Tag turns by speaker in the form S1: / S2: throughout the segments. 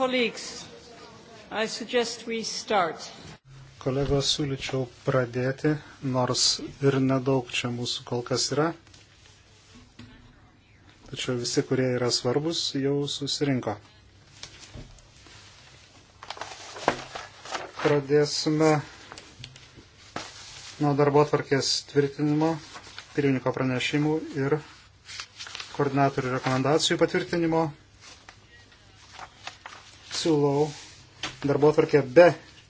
S1: Colleagues, I suggest we start.
S2: Kolegos, siūlyčiau pradėti, nors ir nedaug čia mūsų kol kas yra. Tačiau visi, kurie yra svarbus, jau susirinko. Pradėsime nuo darbo tvarkės tvirtinimo, pirmininko pranešimų ir koordinatorių rekomendacijų patvirtinimo siūlau darbo tvarkę be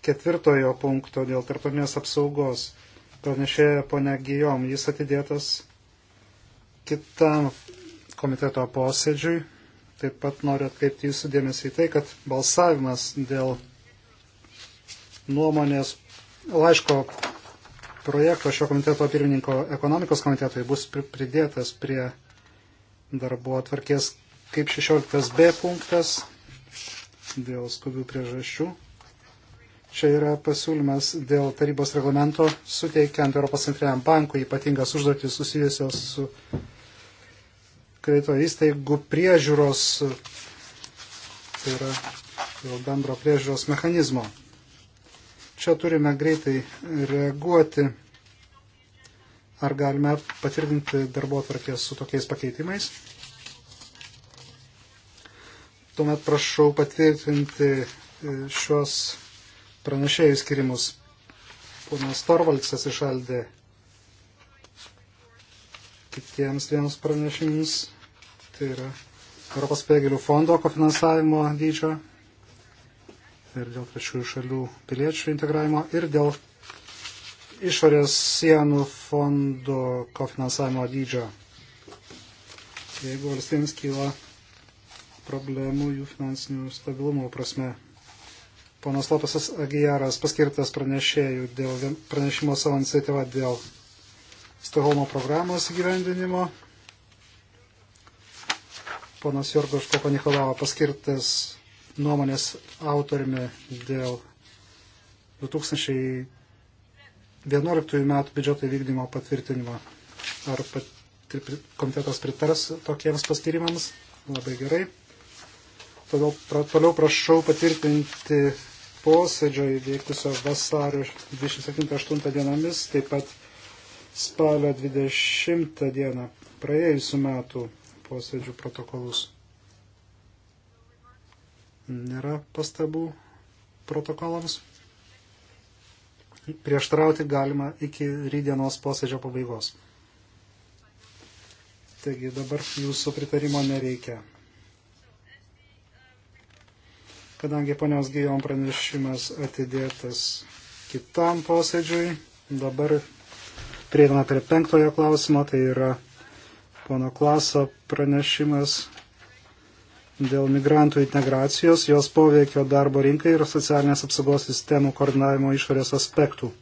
S2: ketvirtojo punkto dėl tarptautinės apsaugos. Pranešė ponia Gijom, jis atidėtas kitam komiteto posėdžiui. Taip pat noriu atkreipti jūsų dėmesį į tai, kad balsavimas dėl nuomonės laiško projekto šio komiteto pirmininko ekonomikos komitetui bus pridėtas prie darbo atvarkės kaip 16b punktas dėl skubių priežasčių. Čia yra pasiūlymas dėl tarybos reglamento suteikiant Europos centriniam bankui ypatingas užduotis susijusios su kredito įstaigų priežiūros, tai yra dėl bendro priežiūros mechanizmo. Čia turime greitai reaguoti, ar galime patvirtinti darbo atvarkės su tokiais pakeitimais. Tuomet prašau patvirtinti e, šios pranešėjų skirimus. Ponas Torvaldsas išaldė kitiems vienus pranešimus. Tai yra Europos pėgėlių fondo kofinansavimo dydžio ir dėl trečiųjų šalių piliečių integravimo ir dėl išorės sienų fondo kofinansavimo dydžio. Jeigu valstybėms kyla problemų jų finansinių stabilumų prasme. Ponas Lopasas Agijaras paskirtas pranešėjų dėl pranešimo savo iniciatyvą dėl Stokholmo programos gyvendinimo. Ponas Jorgos Kopa Nikolava paskirtas nuomonės autoriumi dėl 2011 metų biudžeto įvykdymo patvirtinimo. Ar pat, komitetas pritars tokiems paskirimams? Labai gerai. Toliau, pra, toliau prašau patvirtinti posėdžio įveiktusio vasario 27-8 dienomis, taip pat spalio 20 dieną praėjusių metų posėdžių protokolus. Nėra pastabų protokolams. Prieštrauti galima iki rydienos posėdžio pabaigos. Taigi dabar jūsų pritarimo nereikia. Kadangi ponios Gijom pranešimas atidėtas kitam posėdžiui, dabar prieina prie penktojo klausimo, tai yra pono klaso pranešimas dėl migrantų integracijos, jos poveikio darbo rinkai ir socialinės apsaugos sistemų koordinavimo išorės aspektų.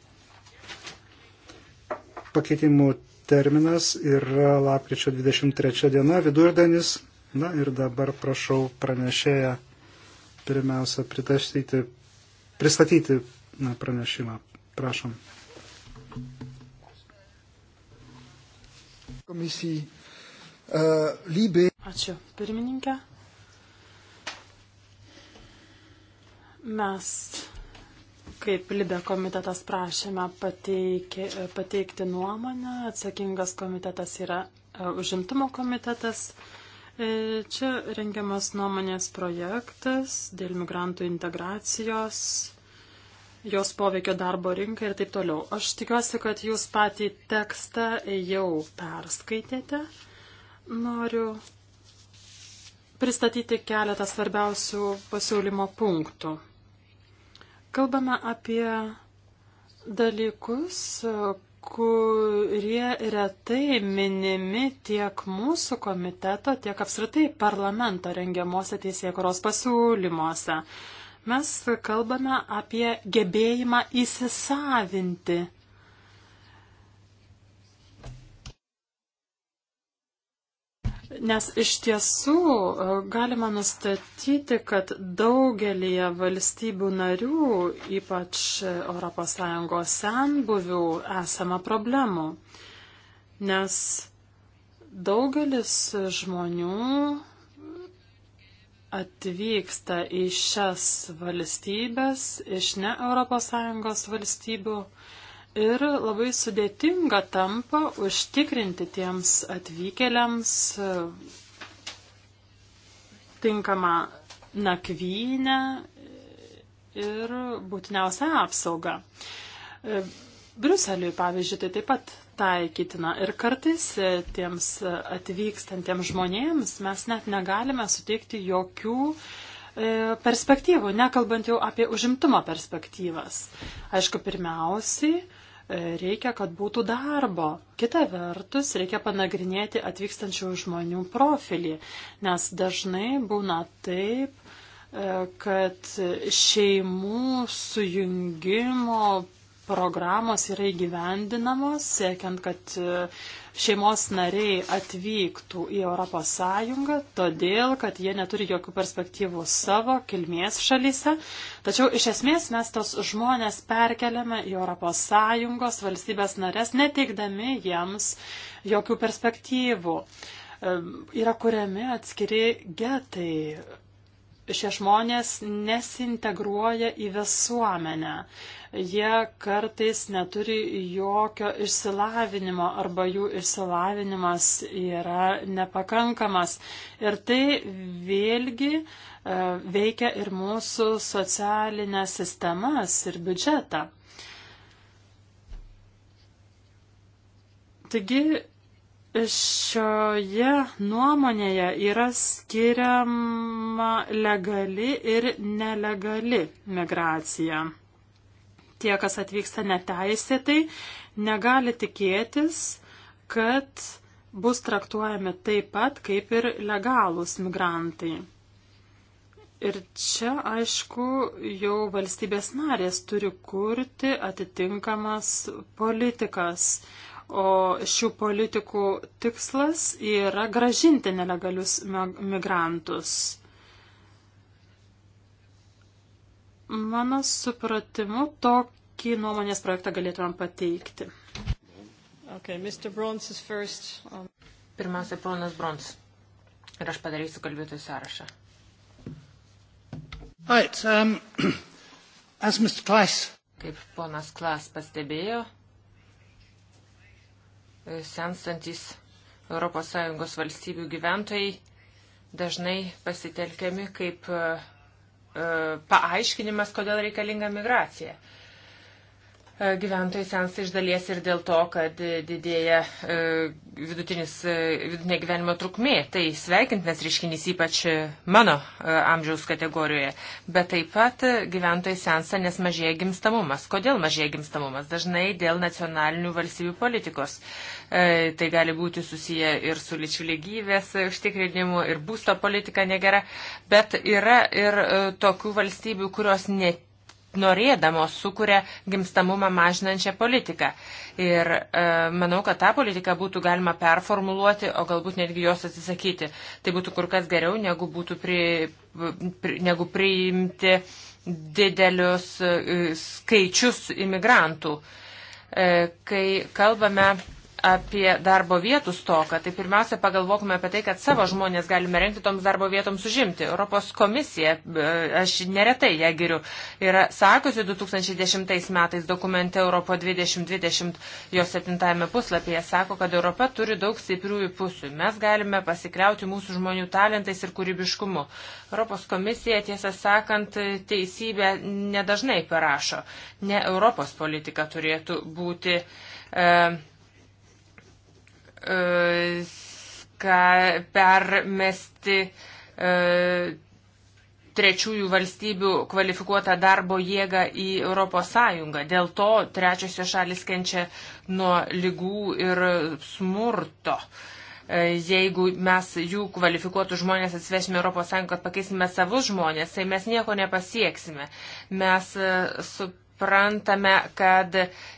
S2: Pakeitimų terminas yra lapkričio 23 diena, vidurdienis. Na ir dabar prašau pranešėją pirmiausia pritašyti, pristatyti na, pranešimą. Prašom. Komisijai. Uh, e, lybė. Ačiū, pirmininkė.
S1: Mes, kaip Libė komitetas, prašėme pateikti, pateikti nuomonę. Atsakingas komitetas yra uh, užimtumo komitetas. Uh, E, čia rengiamas nuomonės projektas dėl migrantų integracijos, jos poveikio darbo rinkai ir taip toliau. Aš tikiuosi, kad jūs patį tekstą jau perskaitėte. Noriu pristatyti keletą svarbiausių pasiūlymo punktų. Kalbame apie dalykus, kurie retai minimi tiek mūsų komiteto, tiek apskritai parlamento rengiamuose teisėkuros pasiūlymuose. Mes kalbame apie gebėjimą įsisavinti Nes iš tiesų e, galima nustatyti, kad daugelį valstybių narių, ypač ES senbuvių, esama problemų. Nes daugelis žmonių atvyksta į šias valstybės iš ne ES valstybių Ir labai sudėtinga tampa užtikrinti tiems atvykėliams e, tinkamą nakvynę ir būtiniausią apsaugą. E, Bruseliui, pavyzdžiui, tai taip pat taikytina. Ir kartais e, tiems atvykstantiems žmonėms mes net negalime suteikti jokių perspektyvų, nekalbant jau apie užimtumo perspektyvas. Aišku, pirmiausiai reikia, kad būtų darbo. Kita vertus, reikia panagrinėti atvykstančių žmonių profilį, nes dažnai būna taip, e, kad šeimų sujungimo programos yra įgyvendinamos, siekiant, kad e, šeimos nariai atvyktų į ES, todėl, kad jie neturi jokių perspektyvų savo kilmės šalyse. Tačiau iš esmės mes tos žmonės perkeliame į ES valstybės narės, neteikdami jiems jokių perspektyvų. E, yra kuriami atskiri getai šie žmonės nesintegruoja į visuomenę. Jie kartais neturi jokio išsilavinimo arba jų išsilavinimas yra nepakankamas. Ir tai vėlgi e, veikia ir mūsų socialinės sistemas ir biudžetą. Taigi šioje nuomonėje yra skiriama legali ir nelegali migracija. Tie, kas atvyksta neteisėtai, negali tikėtis, kad bus traktuojami taip pat kaip ir legalūs migrantai. Ir čia, aišku, jau valstybės narės turi kurti atitinkamas politikas o šių politikų tikslas yra gražinti nelegalius migrantus. Mano supratimu, tokį nuomonės projektą galėtumėm pateikti. Okay,
S3: um... Pirmiausia, ponas Brons. Ir aš padarysiu kalbėtojų sąrašą. Right, um, Kaip ponas Klas pastebėjo, senstantis ES valstybių gyventojai dažnai pasitelkiami kaip e, e, paaiškinimas, kodėl reikalinga migracija gyventojai sensta iš dalies ir dėl to, kad didėja e, e, vidutinė gyvenimo trukmė. Tai sveikintinas reiškinys ypač mano e, amžiaus kategorijoje. Bet taip pat gyventojai sensta, nes mažėja gimstamumas. Kodėl mažėja gimstamumas? Dažnai dėl nacionalinių valstybių politikos. Tai gali būti susiję ir su lyčių lygybės užtikrinimu, ir būsto politika negera. Bet yra ir tokių valstybių, kurios net norėdamos sukuria gimstamumą mažinančią politiką. Ir e, manau, kad tą politiką būtų galima performuluoti, o galbūt netgi jos atsisakyti. Tai būtų kur kas geriau, negu, būtų pri, pri, negu priimti didelius e, skaičius imigrantų. E, kai kalbame apie darbo vietų stoką, tai pirmiausia pagalvokime apie tai, kad savo žmonės galime renkti toms darbo vietoms užimti. Europos komisija, e, aš neretai ją giriu, yra sakusi 2010 metais dokumente Europo 2020, jo septintame puslapyje sako, kad Europa turi daug stipriųjų pusių. Mes galime pasikliauti mūsų žmonių talentais ir kūrybiškumu. Europos komisija, tiesą sakant, teisybę nedažnai parašo. Ne Europos politika turėtų būti. Uh, e, ką permesti e, trečiųjų valstybių kvalifikuotą darbo jėgą į ES. Dėl to trečiosios šalis kenčia nuo lygų ir smurto. E, jeigu mes jų kvalifikuotų žmonės atsivešime ES, kad pakeisime savus žmonės, tai mes nieko nepasieksime. Mes e, su suprantame, kad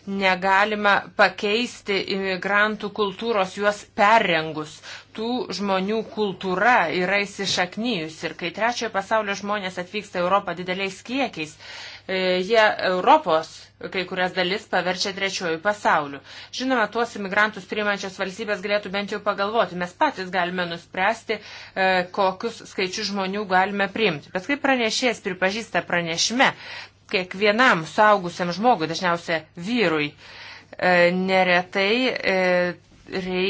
S3: negalima pakeisti imigrantų kultūros juos perrengus. Tų žmonių kultūra yra įsišaknyjusi ir kai trečiojo pasaulio žmonės atvyksta į Europą dideliais kiekiais, e, jie Europos kai kurias dalis paverčia trečiojų pasaulių. Žinoma, tuos imigrantus priimančios valstybės galėtų bent jau pagalvoti. Mes patys galime nuspręsti, e, kokius skaičius žmonių galime priimti. Bet kaip pranešėjas pripažįsta pranešime, kiekvienam suaugusiam žmogui, dažniausiai vyrui, e, neretai e, e,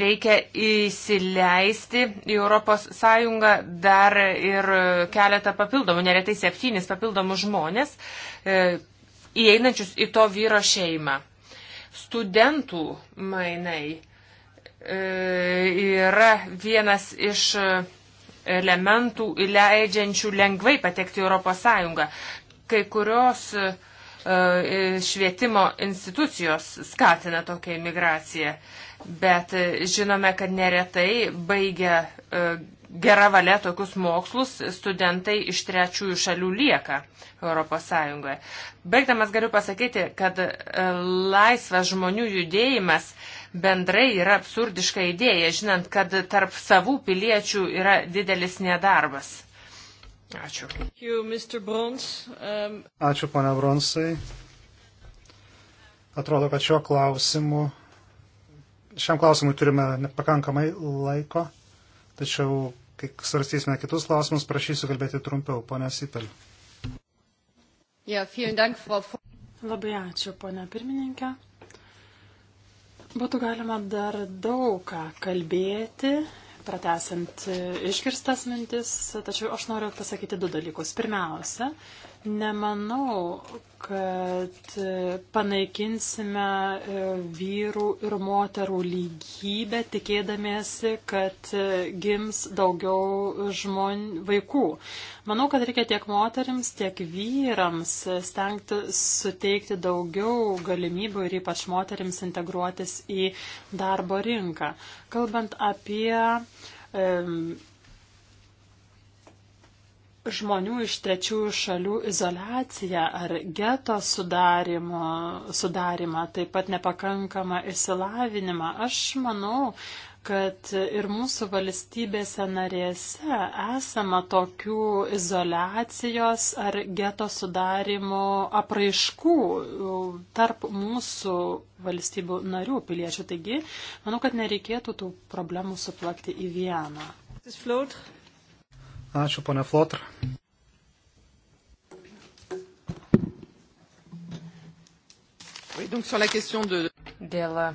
S3: reikia įsileisti į ES dar ir keletą papildomų, neretai septynis papildomų žmonės, įeinančius į to vyro šeimą. Studentų mainai yra vienas iš elementų įleidžiančių lengvai patekti į ES. Kai kurios e, švietimo institucijos skatina tokią imigraciją, bet e, žinome, kad neretai baigia e, gera valia tokius mokslus studentai iš trečiųjų šalių lieka ES. Baigdamas galiu pasakyti, kad laisvas žmonių judėjimas bendrai yra absurdiška idėja, žinant, kad tarp savų piliečių yra didelis nedarbas. Ačiū. Um,
S2: ačiū, ponia Bronsai. Atrodo, kad šiuo klausimu, šiam klausimui turime nepakankamai laiko, tačiau, kai svarstysime kitus klausimus, prašysiu kalbėti trumpiau, ponia Sipel.
S1: Ja, dank, Frau... Labai ačiū, ponia pirmininkė. Būtų galima dar daug ką kalbėti pratesant e, iškirstas mintis, tačiau aš noriu pasakyti du dalykus. Pirmiausia, Nemanau, kad e, panaikinsime e, vyrų ir moterų lygybę, tikėdamiesi, kad e, gims daugiau žmon, vaikų. Manau, kad reikia tiek moteriams, tiek vyrams stengti suteikti daugiau galimybių ir ypač moteriams integruotis į darbo rinką. Kalbant apie um, žmonių iš trečiųjų šalių izolaciją ar geto sudarimą, taip pat nepakankamą išsilavinimą. Aš manau, kad ir mūsų valstybėse narėse esama tokių izolacijos ar geto sudarimo apraiškų tarp mūsų valstybių narių piliečių. Taigi, manau, kad nereikėtų tų problemų suplakti į vieną. Flotre.
S2: Ačiū, ponia Flotr.
S3: Dėl e,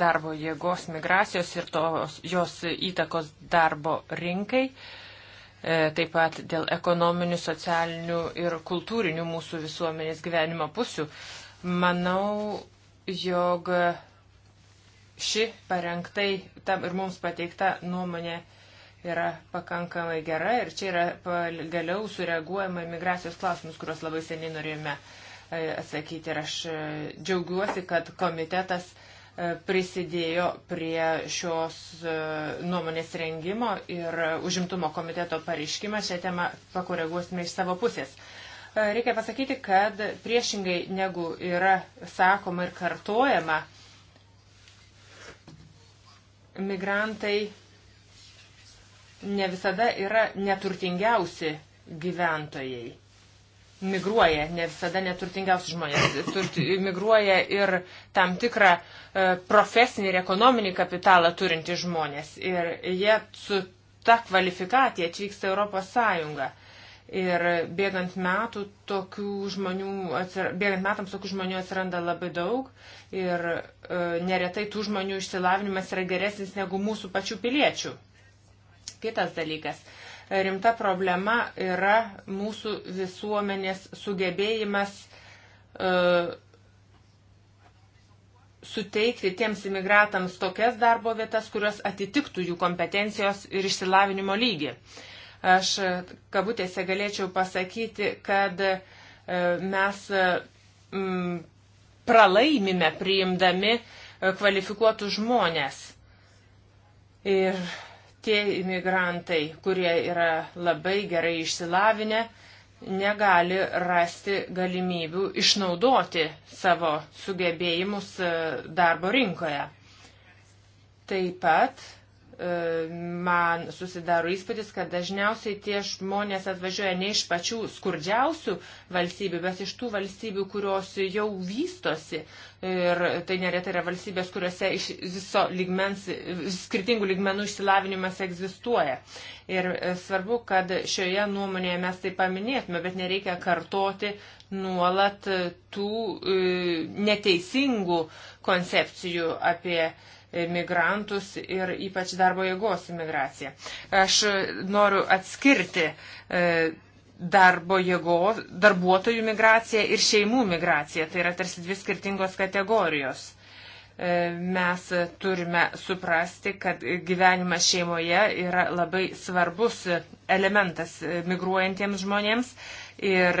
S3: darbo jėgos migracijos ir tos, jos įtakos darbo rinkai, e, taip pat dėl ekonominių, socialinių ir kultūrinių mūsų visuomenės gyvenimo pusių. Manau, jog ši parengtai tam ir mums pateikta nuomonė yra pakankamai gera ir čia yra galiau sureaguojama į migracijos klausimus, kuriuos labai seniai norėjome e, atsakyti. Ir aš e, džiaugiuosi, kad komitetas e, prisidėjo prie šios nuomonės rengimo ir užimtumo komiteto pareiškimą šią temą pakoreguosime iš savo pusės. Reikia pasakyti, kad priešingai negu yra sakoma ir kartojama, migrantai ne visada yra neturtingiausi gyventojai. Migruoja ne visada neturtingiausi žmonės. Turti, migruoja ir tam tikrą e, profesinį ir ekonominį kapitalą turinti žmonės. Ir jie su ta kvalifikacija atvyksta Europos Sąjungą. Ir bėgant, metų, tokių žmonių, bėgant metams tokių žmonių atsiranda labai daug ir e, neretai tų žmonių išsilavinimas yra geresnis negu mūsų pačių piliečių. Kitas dalykas. Rimta problema yra mūsų visuomenės sugebėjimas uh, suteikti tiems imigrantams tokias darbo vietas, kurios atitiktų jų kompetencijos ir išsilavinimo lygį. Aš kabutėse galėčiau pasakyti, kad uh, mes mm, pralaimime priimdami kvalifikuotus žmonės. Ir tie imigrantai, kurie yra labai gerai išsilavinę, negali rasti galimybių išnaudoti savo sugebėjimus e, darbo rinkoje. Taip pat E, man susidaro įspūdis, kad dažniausiai tie žmonės atvažiuoja ne iš pačių skurdžiausių valstybių, bet iš tų valstybių, kurios jau vystosi. Ir tai neretai yra valstybės, kuriuose iš viso ligmens, skirtingų ligmenų išsilavinimas egzistuoja. Ir e, svarbu, kad šioje nuomonėje mes tai paminėtume, bet nereikia kartoti nuolat tų e, neteisingų koncepcijų apie migrantus ir ypač darbo jėgos imigraciją. Aš noriu atskirti e, darbo jėgos, darbuotojų migraciją ir šeimų migraciją. Tai yra tarsi dvi skirtingos kategorijos. E, mes turime suprasti, kad gyvenimas šeimoje yra labai svarbus elementas migruojantiems žmonėms ir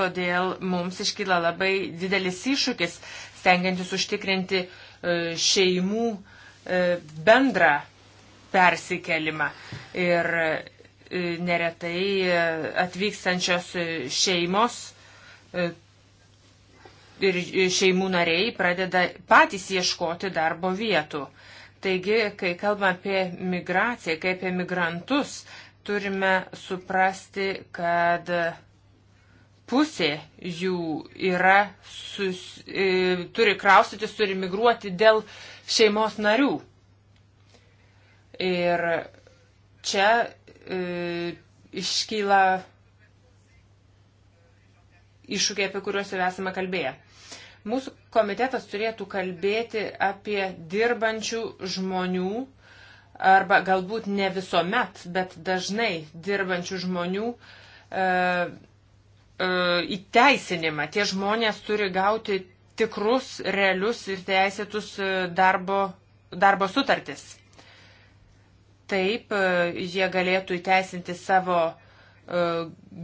S3: todėl mums iškyla labai didelis iššūkis stengiantis užtikrinti e, šeimų e, bendrą persikelimą. Ir e, neretai atvykstančios šeimos ir šeimų nariai pradeda patys ieškoti darbo vietų. Taigi, kai kalbame apie migraciją, kaip apie migrantus, turime suprasti, kad pusė jų yra sus, e, turi kraustytis, turi migruoti dėl šeimos narių. Ir čia e, iškyla iššūkiai, apie kuriuos jau esame kalbėję. Mūsų komitetas turėtų kalbėti apie dirbančių žmonių arba galbūt ne visuomet, bet dažnai dirbančių žmonių e, E, įteisinimą. Tie žmonės turi gauti tikrus, realius ir teisėtus e, darbo, darbo sutartis. Taip e, jie galėtų įteisinti savo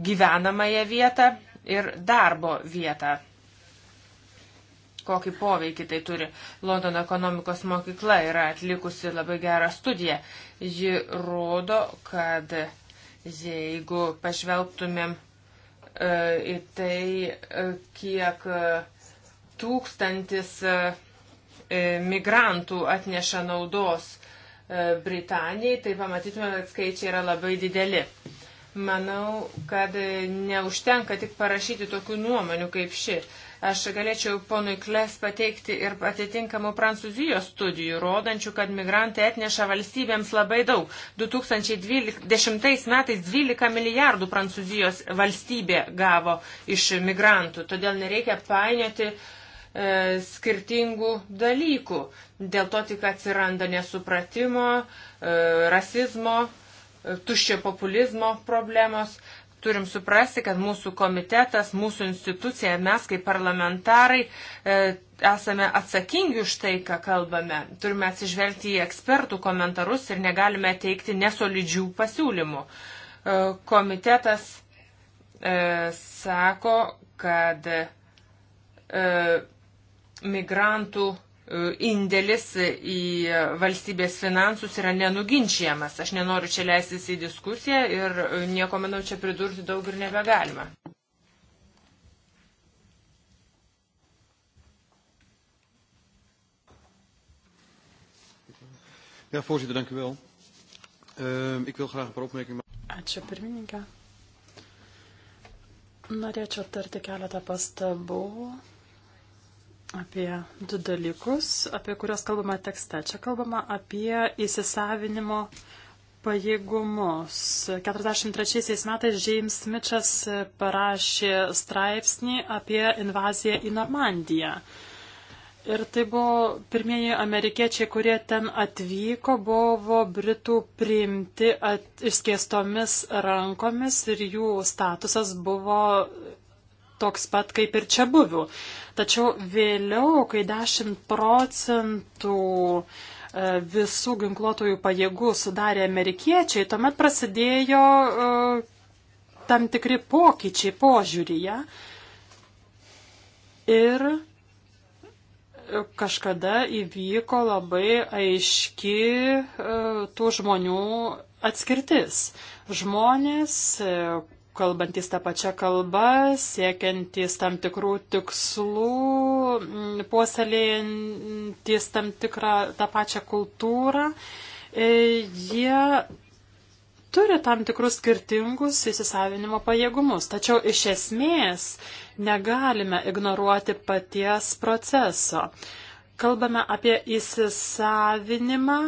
S3: gyvenamąją vietą ir darbo vietą. Kokį poveikį tai turi. Londono ekonomikos mokykla yra atlikusi labai gerą studiją. Ji rodo, kad jeigu pažvelgtumėm E, į tai, e, kiek e, tūkstantis migrantų atneša naudos Britanijai, tai pamatytume, kad skaičiai yra labai dideli. Manau, kad neužtenka tik parašyti tokių nuomonių kaip ši. Aš galėčiau ponui Kles pateikti ir atitinkamų Prancūzijos studijų, rodančių, kad migrantai atneša valstybėms labai daug. 2010 metais 12 milijardų Prancūzijos valstybė gavo iš migrantų. Todėl nereikia painioti e, skirtingų dalykų. Dėl to tik atsiranda nesupratimo, e, rasizmo, e, tuščio populizmo problemos turim suprasti, kad mūsų komitetas, mūsų institucija, mes kaip parlamentarai e, esame atsakingi už tai, ką kalbame. Turime atsižvelgti į ekspertų komentarus ir negalime teikti nesolidžių pasiūlymų. E, komitetas e, sako, kad e, migrantų indėlis į valstybės finansus yra nenuginčiamas. Aš nenoriu čia leistis į diskusiją ir nieko, manau, čia pridurti daug ir nebegalima.
S2: Ja, voorzitter, dank u wel. Uh, ik wil graag een paar opmerkingen maken. Ačiū pirmininkė.
S1: Norėčiau tarti keletą pastabų apie du dalykus, apie kuriuos kalbama tekste. Čia kalbama apie įsisavinimo pajėgumus. 43 metais James Mitchas parašė straipsnį apie invaziją į Normandiją. Ir tai buvo pirmieji amerikiečiai, kurie ten atvyko, buvo britų priimti at, išskėstomis rankomis ir jų statusas buvo toks pat kaip ir čia buvių. Tačiau vėliau, kai 10 procentų e, visų ginkluotojų pajėgų sudarė amerikiečiai, tuomet prasidėjo e, tam tikri pokyčiai požiūryje. Ir kažkada įvyko labai aiški e, tų žmonių atskirtis. Žmonės, kalbantis tą pačią kalbą, siekiantis tam tikrų tikslų, mm, puoselėjantis tam tikrą tą pačią kultūrą, e, jie turi tam tikrus skirtingus įsisavinimo pajėgumus. Tačiau iš esmės negalime ignoruoti paties proceso. Kalbame apie įsisavinimą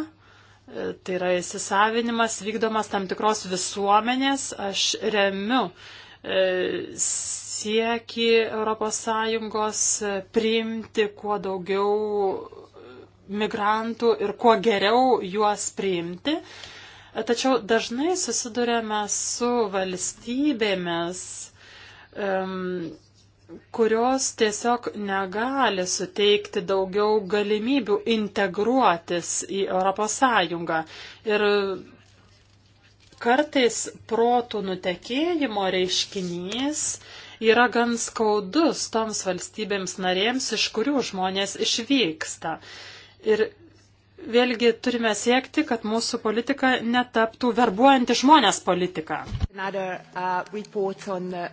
S1: E, tai yra įsisavinimas vykdomas tam tikros visuomenės. Aš remiu e, sieki ES e, priimti kuo daugiau migrantų ir kuo geriau juos priimti. Tačiau dažnai susidurėme su valstybėmis, um, kurios tiesiog negali suteikti daugiau galimybių integruotis į Europos Sąjungą. Ir kartais protų nutekėjimo reiškinys yra gan skaudus toms valstybėms narėms, iš kurių žmonės išvyksta. Ir vėlgi turime siekti, kad mūsų politika netaptų verbuojanti žmonės politika.
S3: Another, uh,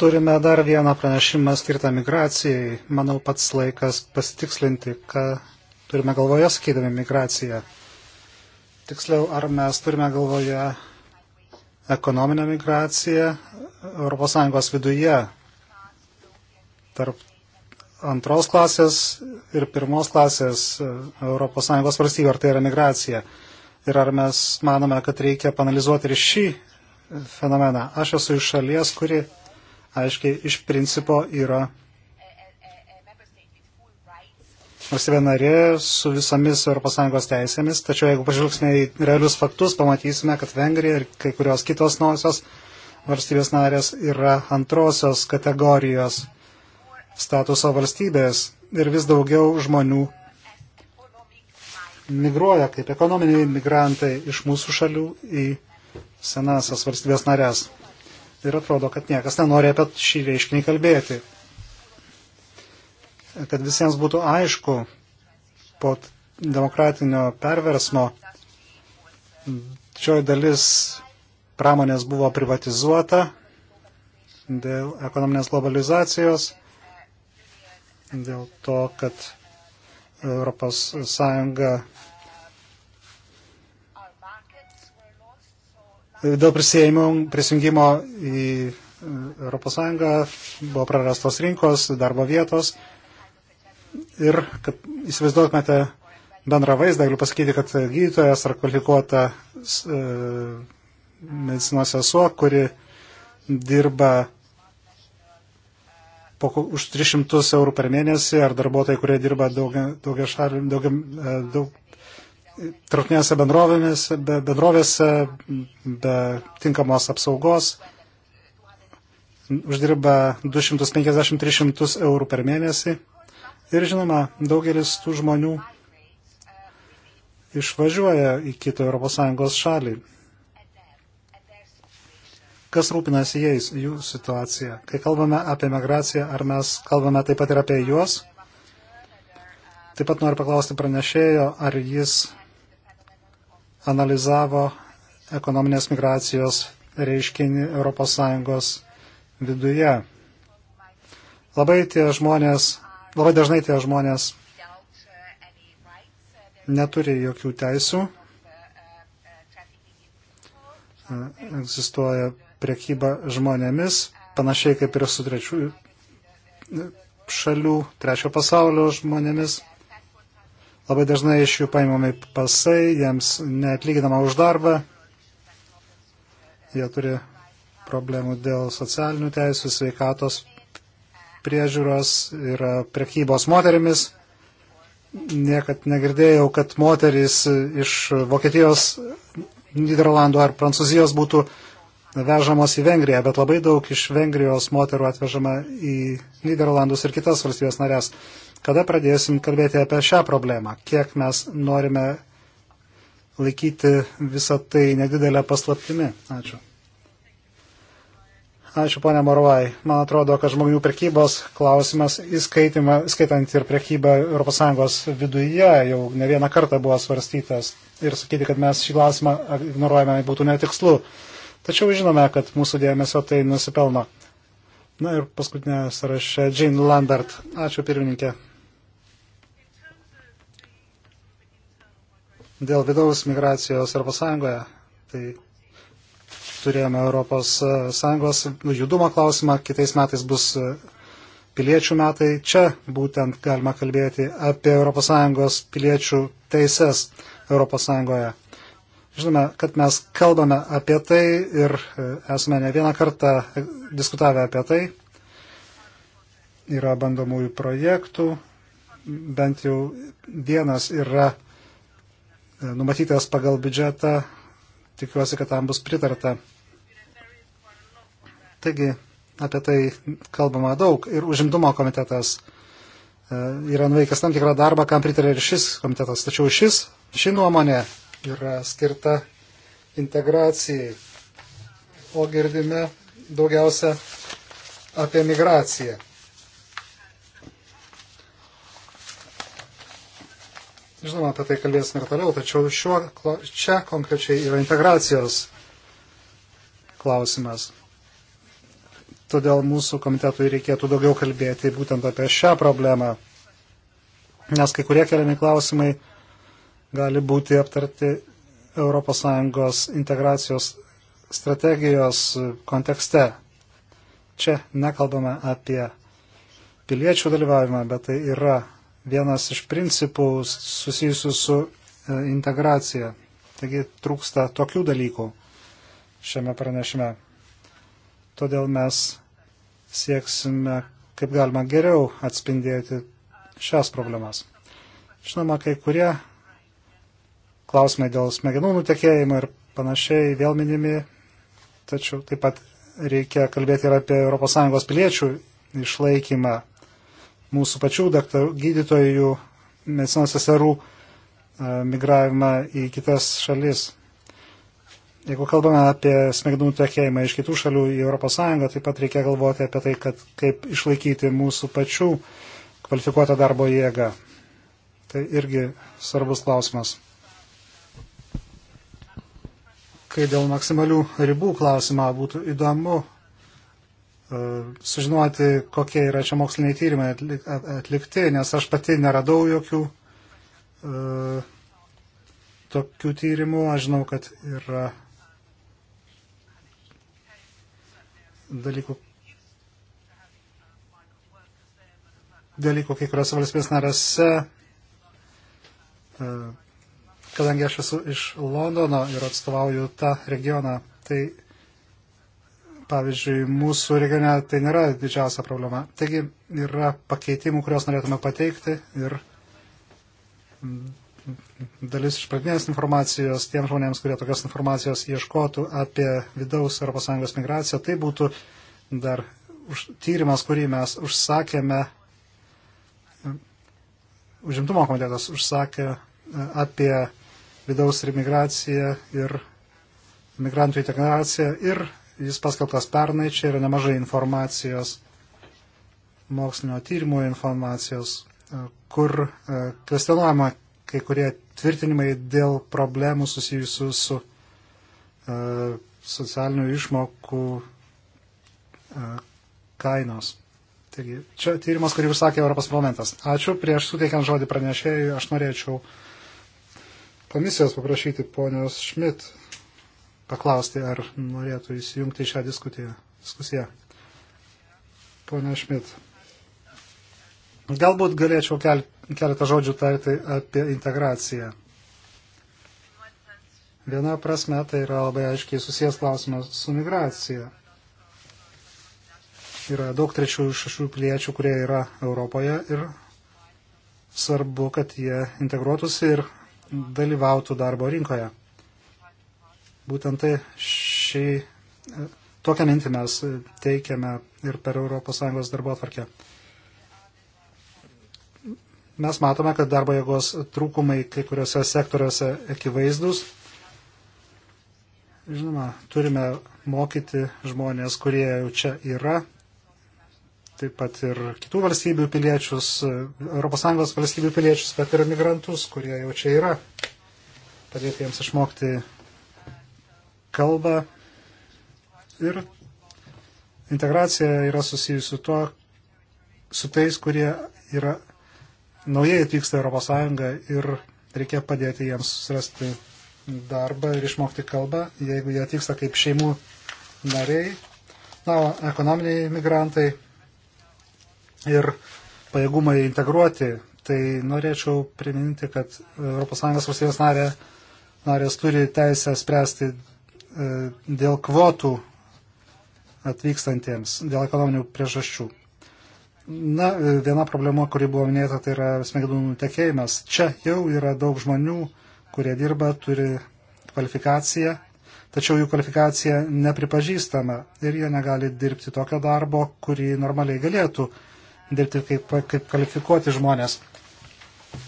S2: Turime dar vieną pranešimą skirtą migracijai. Manau, pats laikas pasitikslinti, ką turime galvoje sakydami migraciją. Tiksliau, ar mes turime galvoje ekonominę migraciją ES viduje tarp antros klasės ir pirmos klasės ES valstybių, ar tai yra migracija. Ir ar mes manome, kad reikia panalizuoti ir šį fenomeną. Aš esu iš šalies, kuri aiškiai iš principo yra valstybė narė su visomis ES teisėmis, tačiau jeigu pažvelgsime į realius faktus, pamatysime, kad Vengrija ir kai kurios kitos nuosios valstybės narės yra antrosios kategorijos statuso valstybės ir vis daugiau žmonių migruoja kaip ekonominiai migrantai iš mūsų šalių į senasias valstybės narės ir atrodo, kad niekas nenori apie šį reiškinį kalbėti. Kad visiems būtų aišku po demokratinio perversmo, didžioji dalis pramonės buvo privatizuota dėl ekonominės globalizacijos, dėl to, kad ES Dėl prisijungimo į ES buvo prarastos rinkos, darbo vietos. Ir, kad įsivaizduotumėte bendrą vaizdą, galiu pasakyti, kad gydytojas ar kvalifikuota e, medicinos esuo, kuri dirba po, už 300 eurų per mėnesį, ar darbuotojai, kurie dirba daugia, daugia šalim, daugia, e, daug, tarptautinėse bendrovėse, be, bendrovėse be tinkamos apsaugos uždirba 250-300 eurų per mėnesį. Ir žinoma, daugelis tų žmonių išvažiuoja į kitą ES šalį. Kas rūpinasi jais, jų situacija? Kai kalbame apie migraciją, ar mes kalbame taip pat ir apie juos? Taip pat noriu paklausti pranešėjo, ar jis analizavo ekonominės migracijos reiškinį ES viduje. Labai, tie žmonės, labai dažnai tie žmonės neturi jokių teisų, egzistuoja priekyba žmonėmis, panašiai kaip ir su trečių šalių, trečio pasaulio žmonėmis. Labai dažnai iš jų paimami pasai, jiems neatlyginama už darbą, jie turi problemų dėl socialinių teisų, sveikatos priežiūros ir prekybos moterimis. Niekad negirdėjau, kad moteris iš Vokietijos, Niderlandų ar Prancūzijos būtų vežamos į Vengriją, bet labai daug iš Vengrijos moterų atvežama į Niderlandus ir kitas valstybės narės. Kada pradėsim kalbėti apie šią problemą? Kiek mes norime laikyti visą tai nedidelę paslaptimi? Ačiū. Ačiū, ponė Morvai. Man atrodo, kad žmonių prekybos klausimas, įskaitant ir prekybą ES viduje, jau ne vieną kartą buvo svarstytas. Ir sakyti, kad mes šį klausimą ignoruojame, būtų netikslu. Tačiau žinome, kad mūsų dėmesio tai nusipelno. Na ir paskutinė sąraše Jane Lambert. Ačiū pirmininkė. Dėl vidaus migracijos Europos Sąjungoje, tai turėjome Europos e, Sąjungos judumo klausimą, kitais metais bus e, piliečių metai. Čia būtent galima kalbėti apie Europos Sąjungos piliečių teises Europos Sąjungoje. Žinome, kad mes kalbame apie tai ir e, esame ne vieną kartą diskutavę apie tai. Yra bandomųjų projektų, bent jau vienas yra E, numatytas pagal biudžetą. Tikiuosi, kad tam bus pritarta. Taigi, apie tai kalbama daug ir užimtumo komitetas e, yra nuveikęs tam tikrą darbą, kam pritarė ir šis komitetas. Tačiau šis, ši nuomonė yra skirta integracijai, o girdime daugiausia apie migraciją. Žinoma, apie tai kalbėsime ir toliau, tačiau šiuo, čia konkrečiai yra integracijos klausimas. Todėl mūsų komitetui reikėtų daugiau kalbėti būtent apie šią problemą, nes kai kurie keliami klausimai gali būti aptarti ES integracijos strategijos kontekste. Čia nekalbame apie piliečių dalyvavimą, bet tai yra vienas iš principų susijusių su e, integracija. Taigi trūksta tokių dalykų šiame pranešime. Todėl mes sieksime, kaip galima geriau atspindėti šias problemas. Žinoma, kai kurie klausimai dėl smegenų nutekėjimo ir panašiai vėl minimi, tačiau taip pat reikia kalbėti ir apie ES piliečių išlaikymą mūsų pačių daktar, gydytojų, medicinos seserų e, migravimą į kitas šalis. Jeigu kalbame apie smegenų tekėjimą iš kitų šalių į ES, taip pat reikia galvoti apie tai, kad kaip išlaikyti mūsų pačių kvalifikuotą darbo jėgą. Tai irgi svarbus klausimas. Kai dėl maksimalių ribų klausimą būtų įdomu E, sužinoti, kokie yra čia moksliniai tyrimai atlikti, nes aš pati neradau jokių uh, tokių tyrimų. Aš žinau, kad yra dalykų, dalykų kai kurios valstybės narėse, uh, kadangi aš esu iš Londono ir atstovauju tą regioną, tai pavyzdžiui, mūsų regione tai nėra didžiausia problema. Taigi yra pakeitimų, kuriuos norėtume pateikti ir dalis iš pradinės informacijos tiem žmonėms, kurie tokios informacijos ieškotų apie vidaus ES migraciją, tai būtų dar už, tyrimas, kurį mes užsakėme, užimtumo komitetas užsakė e, apie vidaus ir migraciją ir migrantų integraciją ir jis paskelbtas pernai, čia yra nemažai informacijos, mokslinio tyrimų informacijos, e, kur e, kvestionuojama kai kurie tvirtinimai dėl problemų susijusių su e, socialinių išmokų kainos. Taigi, čia tyrimas, kurį užsakė Europos parlamentas. Ačiū. Prieš suteikiant žodį pranešėjui, aš norėčiau komisijos paprašyti ponios Šmit paklausti, ar norėtų įsijungti į šią diskusiją. Pone Šmit. Galbūt galėčiau keletą žodžių tarti apie integraciją. Viena prasme tai yra labai aiškiai susijęs klausimas su migracija. Yra daug trečiųjų šešių piliečių, kurie yra Europoje ir svarbu, kad jie integruotųsi ir dalyvautų darbo rinkoje. Būtent tai šį, e, tokią mintį mes teikiame ir per ES darbo atvarkę. Mes matome, kad darbo jėgos trūkumai kai kuriuose sektoriuose akivaizdus. Žinoma, turime mokyti žmonės, kurie jau čia yra, taip pat ir kitų valstybių piliečius, ES valstybių piliečius, bet ir migrantus, kurie jau čia yra, padėti jiems išmokti kalbą. Ir integracija yra susijusi su tuo, su tais, kurie yra naujai atvyksta Europos Sąjungą ir reikia padėti jiems susirasti darbą ir išmokti kalbą, jeigu jie atvyksta kaip šeimų nariai, na, o ekonominiai migrantai ir pajėgumai integruoti. Tai norėčiau priminti, kad ES valstybės narė, narės turi teisę spręsti E, dėl kvotų atvykstantiems, dėl ekonominių priežasčių. Na, e, viena problema, kuri buvo minėta, tai yra smegenų nutekėjimas. Čia jau yra daug žmonių, kurie dirba, turi kvalifikaciją, tačiau jų kvalifikacija nepripažįstama ir jie negali dirbti tokio darbo, kurį normaliai galėtų dirbti kaip, kaip kvalifikuoti žmonės.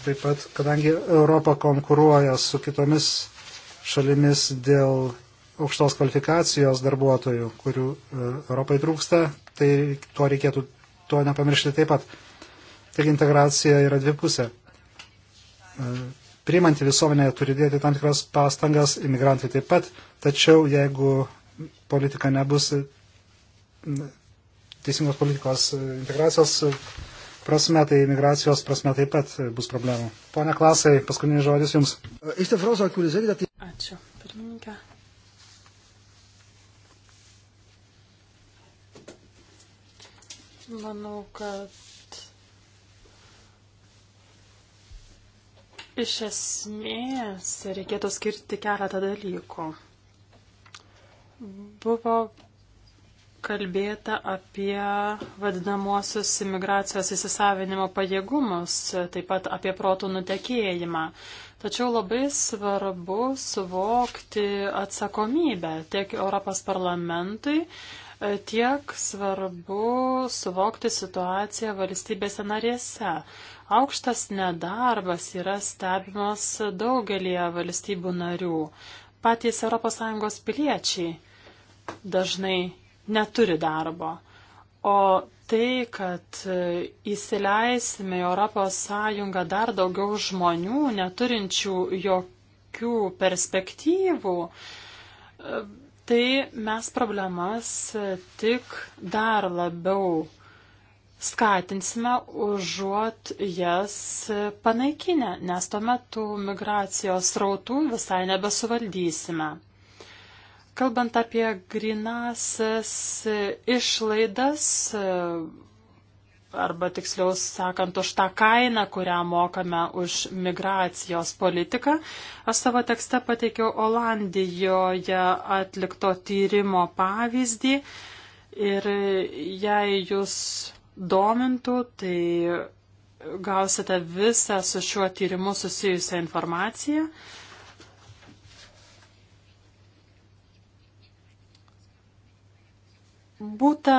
S2: Taip pat, kadangi Europa konkuruoja su kitomis šalimis dėl aukštos kvalifikacijos darbuotojų, kurių e, Europai trūksta, tai tuo reikėtų to nepamiršti taip pat. Taigi integracija yra dvipusė. E, priimanti visuomenė turi dėti tam tikras pastangas, imigrantai taip pat, tačiau jeigu politika nebus e, teisingos politikos integracijos prasme, tai imigracijos prasme taip pat bus problemų. Pone Klasai, paskutinis žodis Jums. Ačiū,
S1: pirmininkė. Manau, kad iš esmės reikėtų skirti keletą dalykų. Buvo kalbėta apie vadinamuosius imigracijos įsisavinimo pajėgumus, taip pat apie protų nutekėjimą. Tačiau labai svarbu suvokti atsakomybę tiek Europos parlamentui, tiek svarbu suvokti situaciją valstybėse narėse. Aukštas nedarbas yra stebimas daugelie valstybių narių. Patys ES piliečiai dažnai neturi darbo. O tai, kad įsileisime į ES dar daugiau žmonių, neturinčių jokių perspektyvų, tai mes problemas tik dar labiau skatinsime užuot jas panaikinę, nes tuo metu migracijos rautų visai nebesuvaldysime. Kalbant apie grinasias išlaidas, arba tiksliau sakant, už tą kainą, kurią mokame už migracijos politiką. Aš savo tekste pateikiau Olandijoje atlikto tyrimo pavyzdį ir jei jūs domintų, tai gausite visą su šiuo tyrimu susijusią informaciją. būta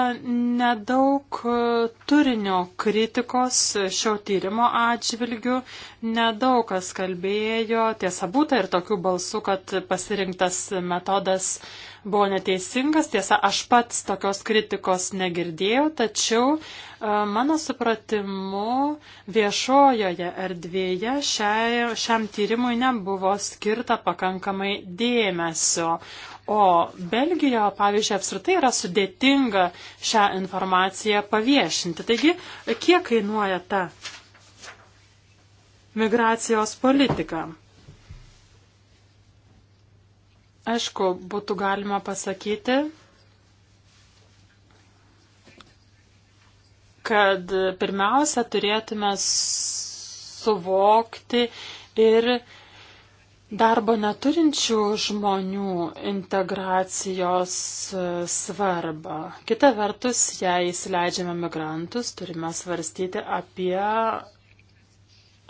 S1: nedaug e, turinio kritikos šio tyrimo atžvilgių, nedaug kas kalbėjo, tiesa būta ir tokių balsų, kad pasirinktas metodas buvo neteisingas, tiesa aš pats tokios kritikos negirdėjau, tačiau e, mano supratimu viešojoje erdvėje šiai, šiam tyrimui nebuvo skirta pakankamai dėmesio. O Belgijoje, pavyzdžiui, apskritai yra sudėtinga šią informaciją paviešinti. Taigi, kiek kainuoja ta migracijos politika? Aišku, būtų galima pasakyti, kad pirmiausia turėtume suvokti ir darbo neturinčių žmonių integracijos e, svarbą. Kita vertus, jei įsileidžiame migrantus, turime svarstyti apie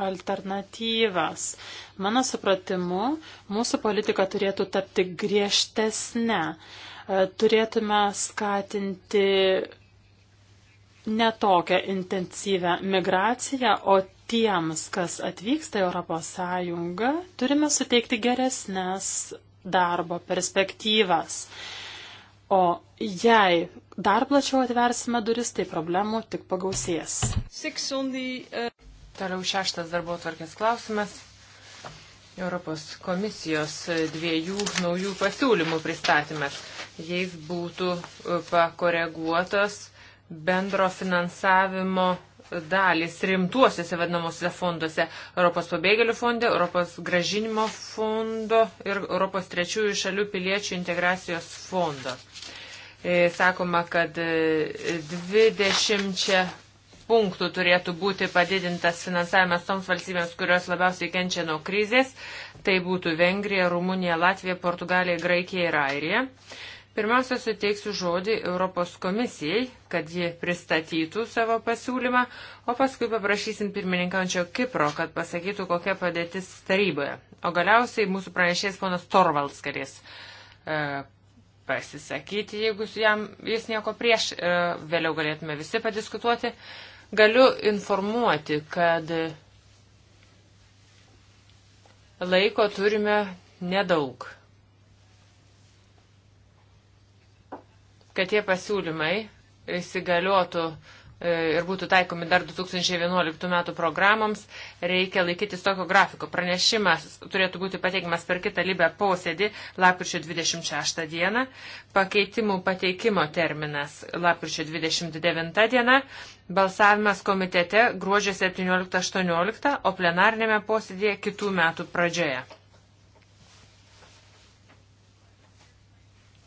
S1: alternatyvas. Mano supratimu, mūsų politika turėtų tapti griežtesnė. E, turėtume skatinti ne tokią intensyvę migraciją, o tiems, kas atvyksta į Europos Sąjungą, turime suteikti geresnės darbo perspektyvas. O jei dar plačiau atversime duris, tai problemų tik pagausės.
S3: The... Uh, Toliau šeštas darbo tvarkės klausimas. Europos komisijos e, dviejų naujų pasiūlymų pristatymas. Jais būtų e, pakoreguotos bendro finansavimo dalis rimtuosiuose vadinamuose fonduose - Europos pabėgėlių fonde, Europos gražinimo fondo ir Europos trečiųjų šalių piliečių integracijos fondo. E, sakoma, kad 20 e, punktų turėtų būti padidintas finansavimas toms valstybėms, kurios labiausiai kenčia nuo krizės. Tai būtų Vengrija, Rumunija, Latvija, Portugalija, Graikija ir Airija. Pirmiausia, suteiksiu žodį Europos komisijai, kad ji pristatytų savo pasiūlymą, o paskui paprašysim pirmininkančio Kipro, kad pasakytų, kokia padėtis taryboje. O galiausiai mūsų pranešėjas ponas Torvalds galės e, pasisakyti, jeigu jam, jis nieko prieš, e, vėliau galėtume visi padiskutuoti. Galiu informuoti, kad laiko turime nedaug. kad tie pasiūlymai įsigaliotų e, ir būtų taikomi dar 2011 metų programoms, reikia laikytis tokio grafiko. Pranešimas turėtų būti pateikimas per kitą lybę posėdį lapkričio 26 dieną, pakeitimų pateikimo terminas lapkričio 29 diena, balsavimas komitete gruodžio 17-18, o plenarnėme posėdėje kitų metų pradžioje.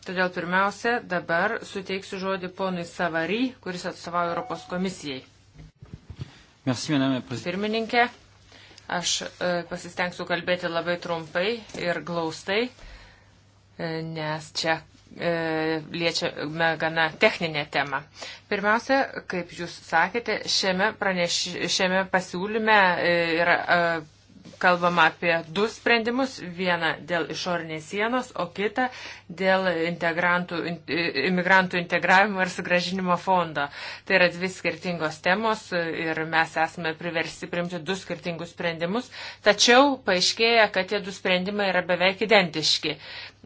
S3: Todėl pirmiausia, dabar suteiksiu žodį ponui Savary, kuris atstovauja Europos komisijai. Merci, Pirmininkė, aš e, pasistengsiu kalbėti labai trumpai ir glaustai, e, nes čia e, liečiame gana techninę temą. Pirmiausia, kaip jūs sakėte, šiame, praneš, šiame pasiūlyme yra kalbama apie du sprendimus, vieną dėl išorinės sienos, o kitą dėl imigrantų integravimo ir sugražinimo fondo. Tai yra dvi skirtingos temos ir mes esame priversti priimti du skirtingus sprendimus, tačiau paaiškėja, kad tie du sprendimai yra beveik identiški.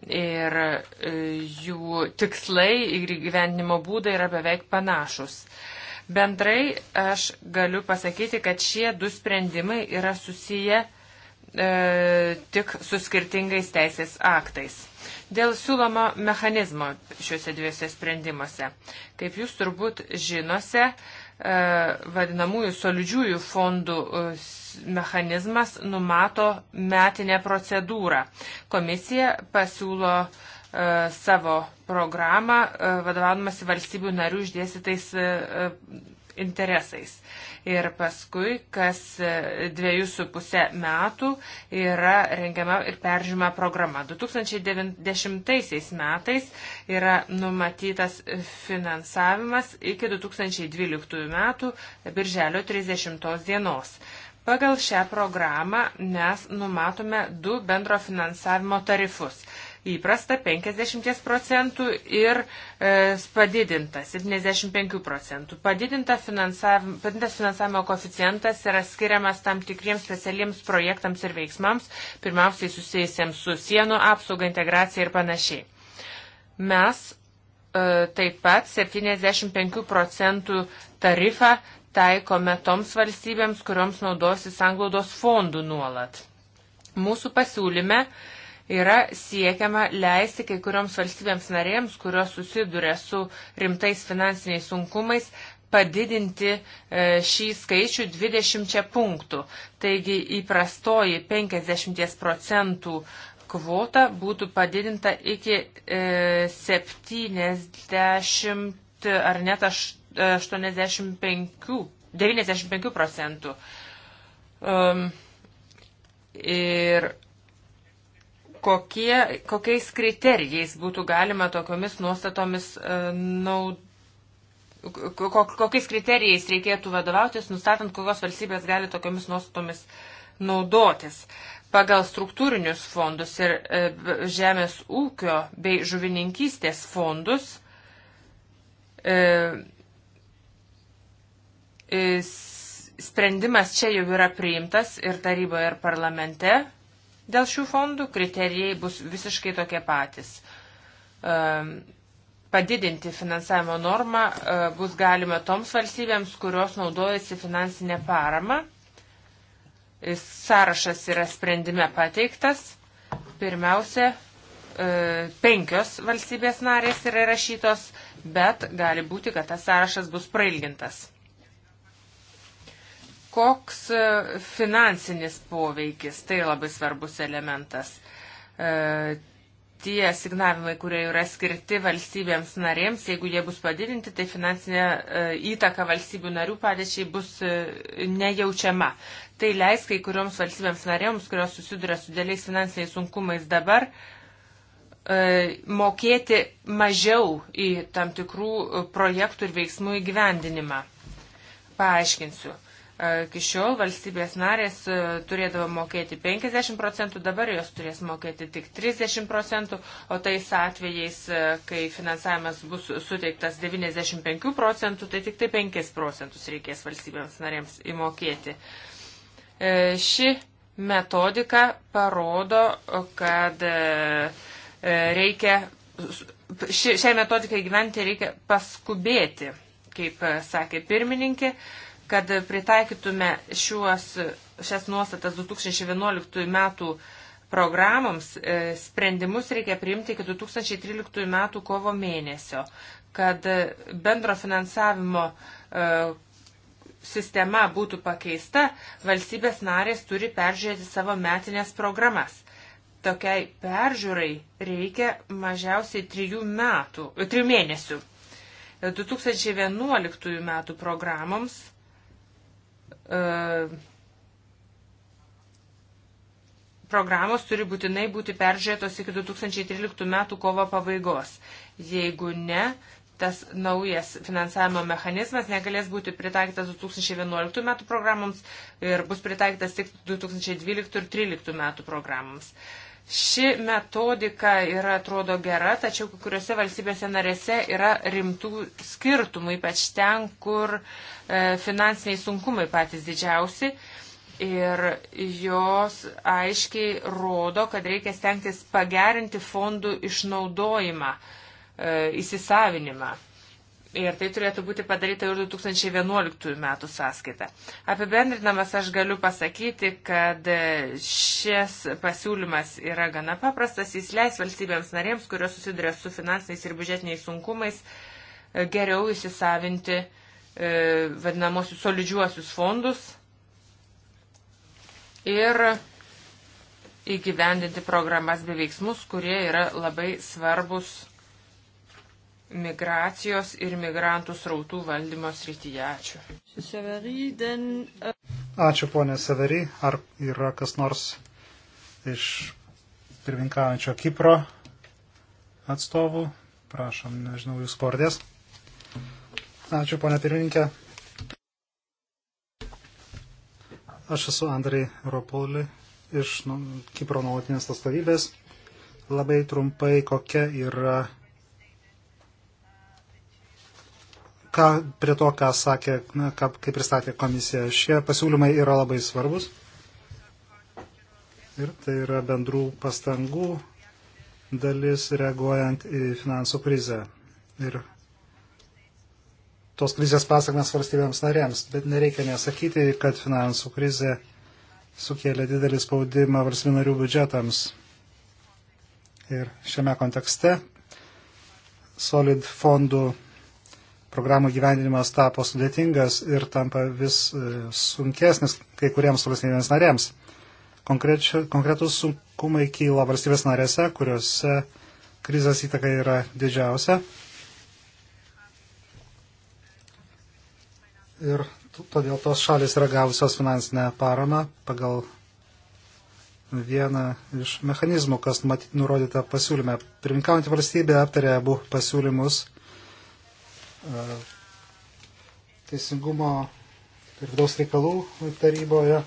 S3: Ir e, jų tikslai ir gyvenimo būdai yra beveik panašus. Bendrai aš galiu pasakyti, kad šie du sprendimai yra susiję uh, e, tik su skirtingais teisės aktais. Dėl siūlomo mechanizmo šiuose dviejose sprendimuose. Kaip jūs turbūt žinose, e, vadinamųjų solidžiųjų fondų e, mechanizmas numato metinę procedūrą. Komisija pasiūlo e, savo programą, e, vadovaudamasi valstybių narių išdėsitais e, e, interesais. E, ir paskui kas dviejus su pusę metų yra rengiama ir peržiūrima programa. 2010 metais yra numatytas finansavimas iki 2012 metų birželio 30 dienos. Pagal šią programą mes numatome du bendro finansavimo tarifus įprasta 50 procentų ir e, padidinta 75 procentų. Padidinta finansavimo, padidintas finansavimo koficijantas yra skiriamas tam tikriems specialiems projektams ir veiksmams, pirmiausiai susijusiems su sienų apsauga, integracija ir panašiai. Mes e, taip pat 75 procentų tarifą taikome toms valstybėms, kurioms naudosi sanglaudos fondų nuolat. Mūsų pasiūlyme uh, yra siekiama leisti kai kurioms valstybėms narėms, kurios susiduria su rimtais finansiniais sunkumais, padidinti e, šį skaičių 20 punktų. Taigi įprastoji 50 procentų kvota būtų padidinta iki 70 e, ar net 85, 95 e, procentų. Um, ir kokie, kokiais kriterijais būtų galima tokiomis nuostatomis e, naudoti. Kokiais kriterijais reikėtų vadovautis, nustatant, kokios valstybės gali tokiamis nuostatomis naudotis. Pagal struktūrinius fondus ir e, žemės ūkio bei žuvininkystės fondus e, sprendimas čia jau yra priimtas ir taryboje, ir parlamente Dėl šių fondų kriterijai bus visiškai tokie patys. Ehm, padidinti finansavimo normą eh, bus galima toms valstybėms, kurios naudojasi finansinę paramą. Sąrašas yra sprendime pateiktas. Pirmiausia, eh, penkios valstybės narės yra rašytos, bet gali būti, kad tas sąrašas bus prailgintas. Koks e, finansinis poveikis, tai labai svarbus elementas. E, tie signavimai, kurie yra skirti valstybėms narėms, jeigu jie bus padidinti, tai finansinė e, įtaka valstybių narių padėčiai bus nejaučiama. Tai leis kai kurioms valstybėms narėms, kurios susiduria su dėliais finansiniais sunkumais dabar, mokėti mažiau į tam tikrų projektų ir veiksmų įgyvendinimą. Paaiškinsiu. Iki šiol valstybės narės e, turėdavo mokėti 50 procentų, dabar jos turės mokėti tik 30 procentų, o tais atvejais, e, kai finansavimas bus suteiktas 95 procentų, tai tik tai 5 procentus reikės valstybėms narėms įmokėti. E, ši metodika parodo, kad reikia, šiai metodikai gyventi reikia paskubėti, kaip sakė pirmininkė kad pritaikytume šiuos, šias nuostatas 2011 metų programoms, e, sprendimus reikia priimti iki 2013 metų kovo mėnesio, kad bendro finansavimo e, sistema būtų pakeista, valstybės narės turi peržiūrėti savo metinės programas. Tokiai peržiūrai reikia mažiausiai trijų, metų, trijų mėnesių. 2011 e, metų programoms E, programos turi būtinai būti peržiūrėtos iki 2013 metų kovo pabaigos. Jeigu ne, tas naujas finansavimo mechanizmas negalės būti pritaikytas 2011 metų programoms ir bus pritaikytas tik 2012 ir 2013 metų programoms. Uh, Ši metodika yra, atrodo, gera, tačiau kai kuriuose valstybėse narėse yra rimtų skirtumų, ypač ten, kur e, finansiniai sunkumai patys didžiausi. Ir jos aiškiai rodo, kad reikia stengtis pagerinti fondų išnaudojimą, e, įsisavinimą. Ir tai turėtų būti padaryta jau 2011 metų sąskaita. Apibendrinamas aš galiu pasakyti, kad šis pasiūlymas yra gana paprastas. Jis leis valstybėms narėms, kurios susiduria su finansiniais ir biudžetiniais sunkumais, geriau įsisavinti e, vadinamosius solidžiuosius fondus ir įgyvendinti programas bei veiksmus, kurie yra labai svarbus migracijos ir migrantų srautų valdymo srityje. Ačiū. Uh,
S2: Ačiū, ponė Severi. Ar yra kas nors iš pirminkaujančio Kipro atstovų? Prašom, nežinau, jūs pavardės. Ačiū, ponė pirmininkė. Aš esu Andrei Ropulį iš nu, Kipro nuolatinės atstovybės. Labai trumpai, kokia yra ką, prie to, ką sakė, na, ką, kaip pristatė komisija. Šie pasiūlymai yra labai svarbus. Ir tai yra bendrų pastangų dalis reaguojant į finansų krizę. Ir tos krizės pasakmes valstybėms narėms. Bet nereikia nesakyti, kad finansų krizė sukėlė didelį spaudimą valstybių narių biudžetams. Ir šiame kontekste Solid fondų programų gyvendinimas tapo sudėtingas ir tampa vis e, sunkesnis kai kuriems valstybėms narėms. Konkrečiu, konkretus sunkumai kyla valstybės narėse, kuriuose krizės įtaka yra didžiausia. Ir todėl tos šalis yra gavusios finansinę paramą pagal vieną iš mechanizmų, kas matyt, nurodyta pasiūlyme. Pirminkaujantį valstybę aptarė abu pasiūlymus E, teisingumo ir vidaus reikalų taryboje.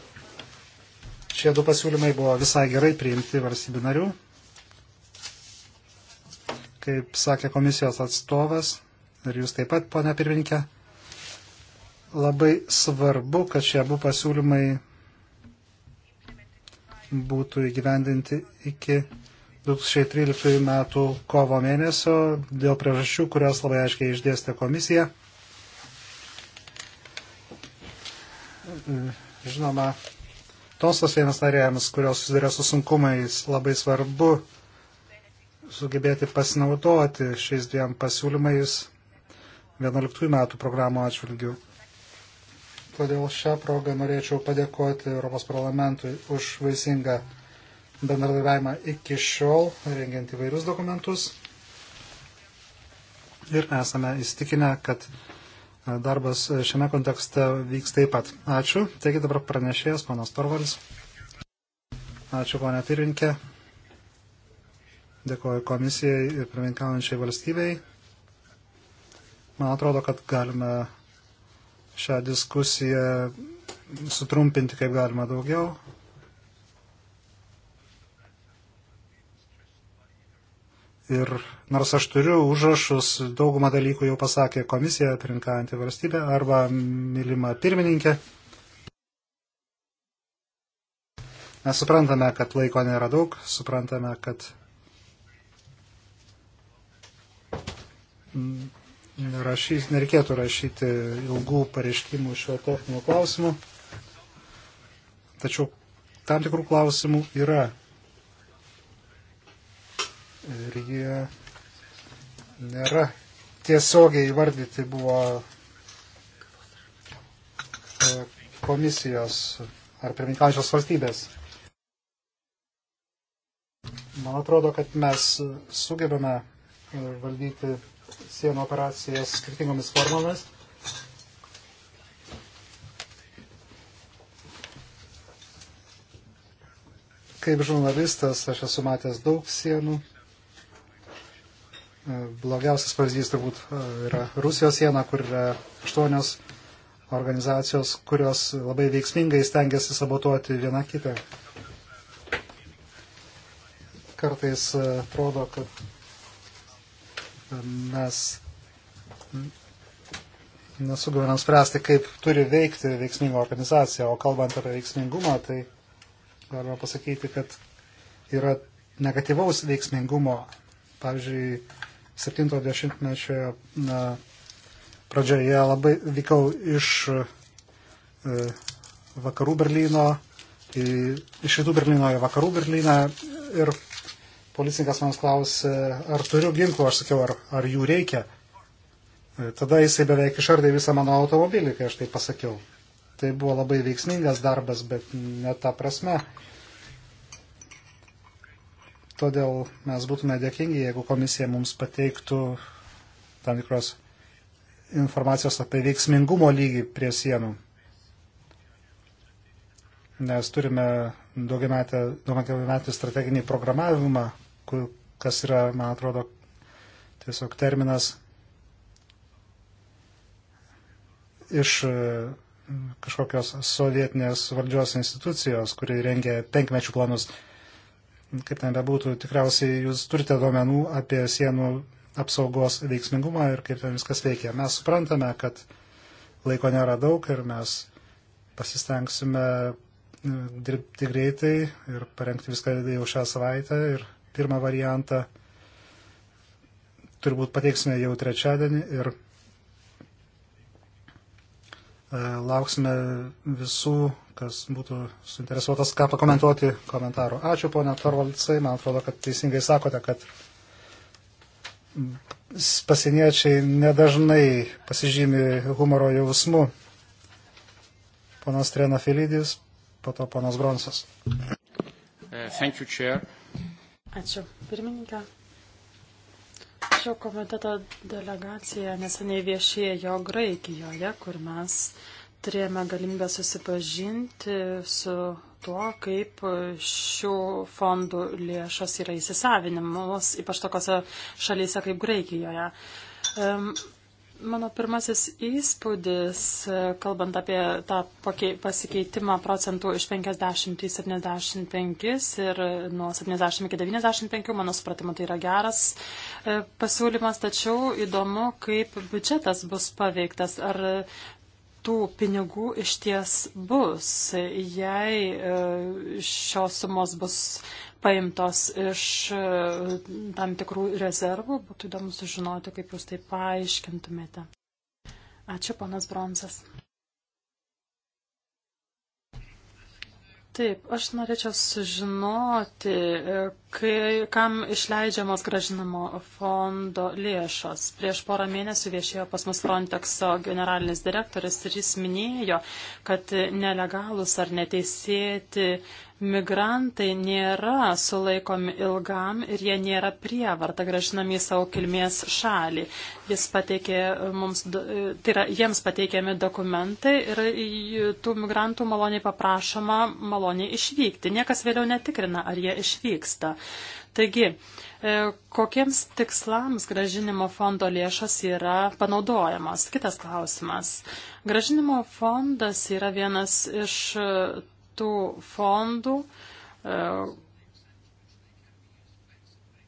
S2: Šie du pasiūlymai buvo visai gerai priimti valstybių narių. Kaip sakė komisijos atstovas, ir jūs taip pat, ponia pirmininkė, labai svarbu, kad šie abu pasiūlymai būtų įgyvendinti iki 2013 metų kovo mėnesio dėl priežasčių, kurios labai aiškiai išdėstė komisija. Žinoma, toms tos vienas narėjams, kurios susiduria su sunkumais, labai svarbu sugebėti pasinaudoti šiais dviem pasiūlymais 11 metų programų atžvilgių. Todėl šią progą norėčiau padėkoti Europos parlamentui už vaisingą bendradarbiavimą iki šiol, rengiant įvairius dokumentus. Ir esame įstikinę, kad e, darbas šiame kontekste vyks taip pat. Ačiū. Taigi dabar pranešėjas, panas Torvalis. Ačiū, ponė Pirinkė. Dėkuoju komisijai ir pirmininkaujančiai valstybei. Man atrodo, kad galime šią diskusiją sutrumpinti kaip galima daugiau. Ir nors aš turiu užrašus, daugumą dalykų jau pasakė komisija, atrinkanti valstybė arba mylima pirmininkė. Mes suprantame, kad laiko nėra daug, suprantame, kad rašys, nereikėtų rašyti ilgų pareiškimų šiuo techniniu klausimu. Tačiau tam tikrų klausimų yra ir jie nėra tiesiogiai įvardyti buvo e, komisijos ar pirmininkančios valstybės. Man atrodo, kad mes sugebame e, valdyti sienų operacijas skirtingomis formomis. Kaip žurnalistas aš esu matęs daug sienų blogiausias pavyzdys turbūt e, yra Rusijos siena, kur yra aštuonios organizacijos, kurios labai veiksmingai stengiasi sabotuoti vieną kitą. Kartais e, atrodo, kad e, mes nesugebame spręsti, kaip turi veikti veiksminga organizacija, o kalbant apie veiksmingumą, tai galima pasakyti, kad yra negatyvaus veiksmingumo. Pavyzdžiui, 70-mečio pradžioje labai vykau iš e, vakarų Berlyno, į, iš rytų Berlyno į vakarų Berlyną ir policininkas man klausė, ar turiu ginklų, aš sakiau, ar, ar jų reikia. E, tada jisai beveik išardė visą mano automobilį, kai aš tai pasakiau. Tai buvo labai veiksmingas darbas, bet ne ta prasme, Todėl mes būtume dėkingi, jeigu komisija mums pateiktų tam tikros informacijos apie veiksmingumo lygį prie sienų. Nes turime daugiametį strateginį programavimą, kas yra, man atrodo, tiesiog terminas iš e, kažkokios sovietinės valdžios institucijos, kuri rengia penkmečių planus kaip ten bebūtų, tikriausiai jūs turite duomenų apie sienų apsaugos veiksmingumą ir kaip ten viskas veikia. Mes suprantame, kad laiko nėra daug ir mes pasistengsime e, dirbti greitai ir parengti viską jau šią savaitę. Ir pirmą variantą turbūt pateiksime jau trečiadienį ir e, lauksime visų kas būtų suinteresuotas ką pakomentuoti komentaru. Ačiū, ponia Torvaldsai, man atrodo, kad teisingai sakote, kad pasieniečiai nedažnai pasižymi humoro jausmu. Ponas Trena Filidis, po to ponas Gronsas. Uh,
S1: Ačiū, pirmininkė. Šio komiteto delegacija neseniai viešėjo Graikijoje, kur mes uh, turėjome galimybę susipažinti su tuo, kaip šių fondų lėšos yra įsisavinimos, ypač tokiose šalyse kaip Graikijoje. Mano pirmasis įspūdis, kalbant apie tą pasikeitimą procentų iš 50 į 75 ir nuo 70 iki 95, mano supratimu, tai yra geras e, pasiūlymas, tačiau įdomu, kaip biudžetas bus paveiktas. Ar tų pinigų iš ties bus, jei e, šios sumos bus paimtos iš e, tam tikrų rezervų. Būtų įdomu sužinoti, kaip jūs tai paaiškintumėte. Ačiū, ponas Bronsas. Taip, aš norėčiau sužinoti, e, kai, kam išleidžiamos gražinamo fondo lėšos. Prieš porą mėnesių viešėjo pas mus Frontexo generalinis direktorius ir jis minėjo, kad nelegalus ar neteisėti migrantai nėra sulaikomi ilgam ir jie nėra prievarta gražinami į savo kilmės šalį. Jis pateikė mums, tai yra, jiems pateikiami dokumentai ir tų migrantų maloniai paprašoma maloniai išvykti. Niekas vėliau netikrina, ar jie išvyksta. Taigi, e, kokiems tikslams gražinimo fondo lėšas yra panaudojamas? Kitas klausimas. Gražinimo fondas yra vienas iš tų fondų, e,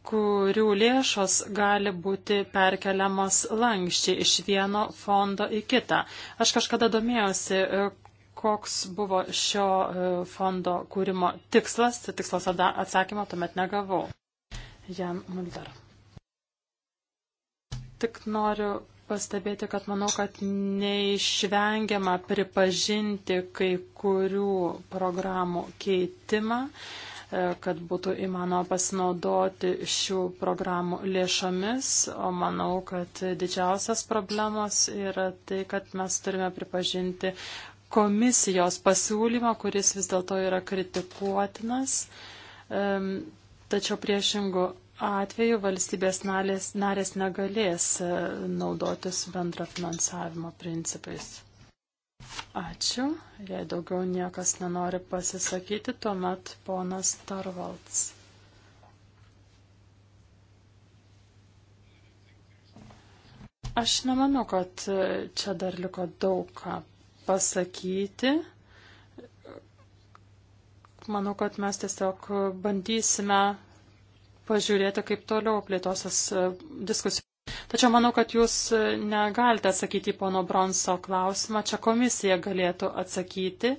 S1: kurių lėšos gali būti perkeliamos lankščiai iš vieno fondo į kitą. Aš kažkada domėjausi, e, koks buvo šio e, fondo kūrimo tikslas, tikslas atsakymą tuomet negavau. Jan Mulder. Tik noriu pastebėti, kad manau, kad neišvengiama pripažinti kai kurių programų keitimą, e, kad būtų įmanoma pasinaudoti šių programų lėšomis, o manau, kad didžiausias problemos yra tai, kad mes turime pripažinti komisijos pasiūlymą, kuris vis dėlto yra kritikuotinas. Tačiau priešingų atveju valstybės narės, narės negalės e, naudotis bendro finansavimo principais. Ačiū. Jei daugiau niekas nenori pasisakyti, tuomet ponas Tarvalds. Aš nemanau, kad e, čia dar liko daug ką pasakyti. Manau, kad mes tiesiog bandysime pažiūrėti, kaip toliau plėtosios e, diskusijos. Tačiau manau, kad jūs e, negalite atsakyti į pono Bronso klausimą. Čia komisija galėtų atsakyti.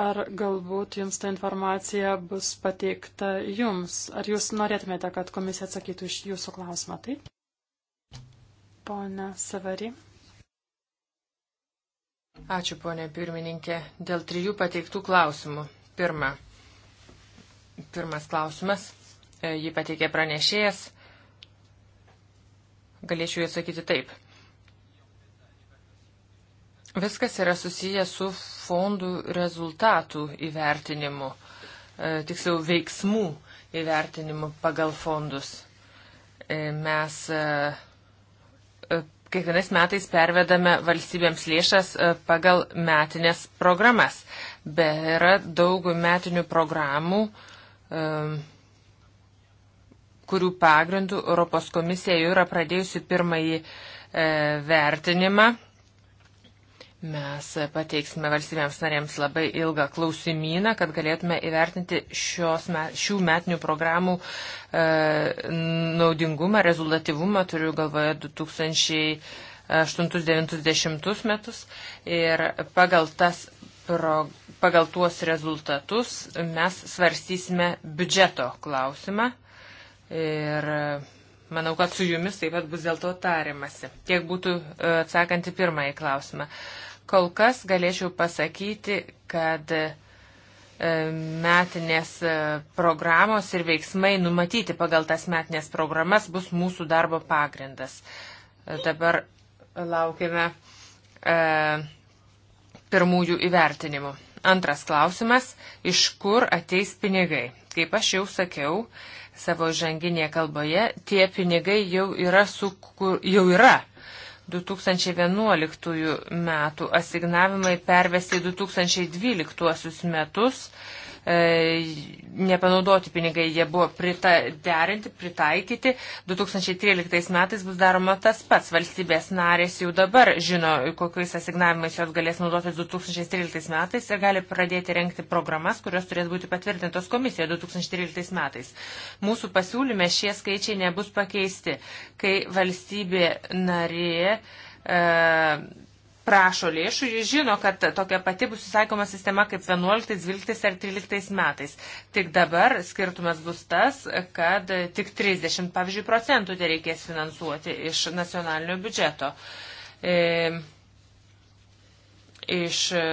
S1: Ar galbūt jums ta informacija bus pateikta jums? Ar jūs norėtumėte, kad komisija atsakytų
S3: iš jūsų klausimą? Taip? Pone Savari. Ačiū, ponė pirmininkė, dėl trijų pateiktų klausimų. Pirma. Pirmas klausimas E, jį pateikė pranešėjas, galėčiau jį atsakyti taip. Viskas yra susiję su fondų rezultatų įvertinimu, e, tiksliau veiksmų įvertinimu pagal fondus. E, mes kiekvienais metais pervedame valstybėms lėšas pagal metinės programas. Be yra daug metinių programų, kurių pagrindų Europos komisija jau yra pradėjusi pirmąjį e, vertinimą. Mes pateiksime valstybėms narėms labai ilgą klausimyną, kad galėtume įvertinti šios, šių metinių programų e, naudingumą, rezultatyvumą, turiu galvoje 2008-2090 metus. Ir pagal, tas, pro, pagal tuos rezultatus mes svarstysime biudžeto klausimą. Ir e, manau, kad su jumis taip pat bus dėl to tarimasi. Tiek būtų e, atsakant į pirmąjį klausimą. Kol kas galėčiau pasakyti, kad e, metinės programos ir veiksmai numatyti pagal tas metinės programas bus mūsų darbo pagrindas. Dabar laukime e, pirmųjų įvertinimų. Antras klausimas - iš kur ateis pinigai? Kaip aš jau sakiau, e, savo žanginėje kalboje, tie pinigai jau yra, sukur, jau yra 2011 metų asignavimai pervesti 2012 metus E, nepanaudoti pinigai, jie buvo prita, derinti, pritaikyti. 2013 metais bus daroma tas pats. Valstybės narės jau dabar žino, kokiais asignavimais jos galės naudotis 2013 metais ir gali pradėti renkti programas, kurios turės būti patvirtintos komisijoje 2013 metais. Mūsų pasiūlyme šie skaičiai nebus pakeisti, kai valstybė narė. E, prašo lėšų, jis žino, kad tokia pati bus susaikoma sistema kaip 11, 12 ar 13 metais. Tik dabar skirtumas bus tas, kad tik 30, pavyzdžiui, procentų tai reikės finansuoti iš nacionalinio biudžeto. E, iš e,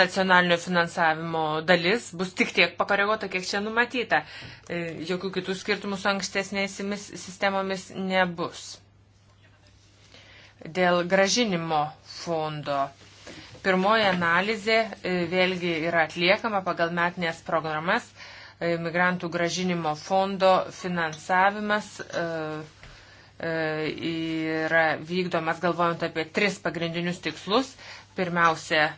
S3: nacionalinio finansavimo dalis bus tik tiek pakoreguota, kiek čia numatyta. E, jokių kitų skirtumų su ankstesnėmis sistemomis nebus dėl gražinimo fondo. Pirmoji analizė e, vėlgi yra atliekama pagal metinės programas. E, migrantų gražinimo fondo finansavimas e, yra vykdomas galvojant apie tris pagrindinius tikslus. Pirmiausia,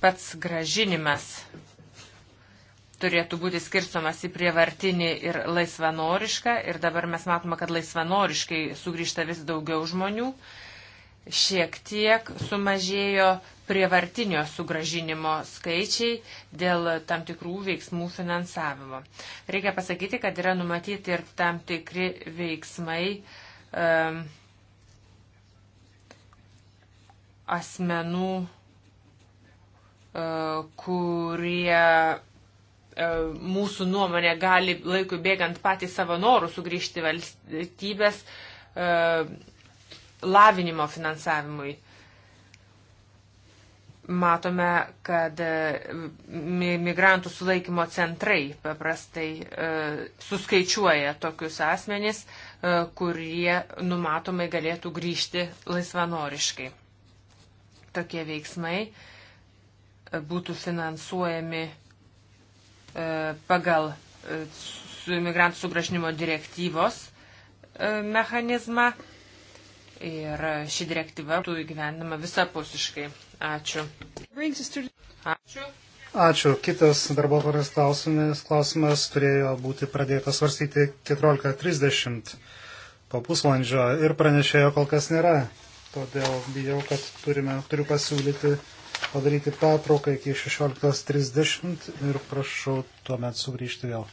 S3: pats gražinimas turėtų būti skirstomas į prievartinį ir laisvanorišką. Ir dabar mes matome, kad laisvanoriškai sugrįžta vis daugiau žmonių. Šiek tiek sumažėjo prievartinio sugražinimo skaičiai dėl tam tikrų veiksmų finansavimo. Reikia pasakyti, kad yra numatyti ir tam tikri veiksmai um, asmenų e, kurie E, mūsų nuomonė gali laikui bėgant patys savo norų sugrįžti valstybės e, lavinimo finansavimui. Matome, kad e, migrantų sulaikymo centrai paprastai suskaičiuoja tokius asmenis, kurie numatomai galėtų grįžti laisvanoriškai. Tokie veiksmai būtų finansuojami E, pagal e, su imigrantų sugražinimo direktyvos e, mechanizmą. Ir ši direktyva būtų įgyvendama visapusiškai. Ačiū. Ačiū.
S2: Ačiū. Kitas darbo tvarkės klausimas, klausimas turėjo būti pradėtas svarstyti 14.30 po pusvalandžio ir pranešėjo kol kas nėra. Todėl bijau, kad turime, turiu pasiūlyti padaryti pertrauką iki 16.30 ir prašau tuomet sugrįžti vėl.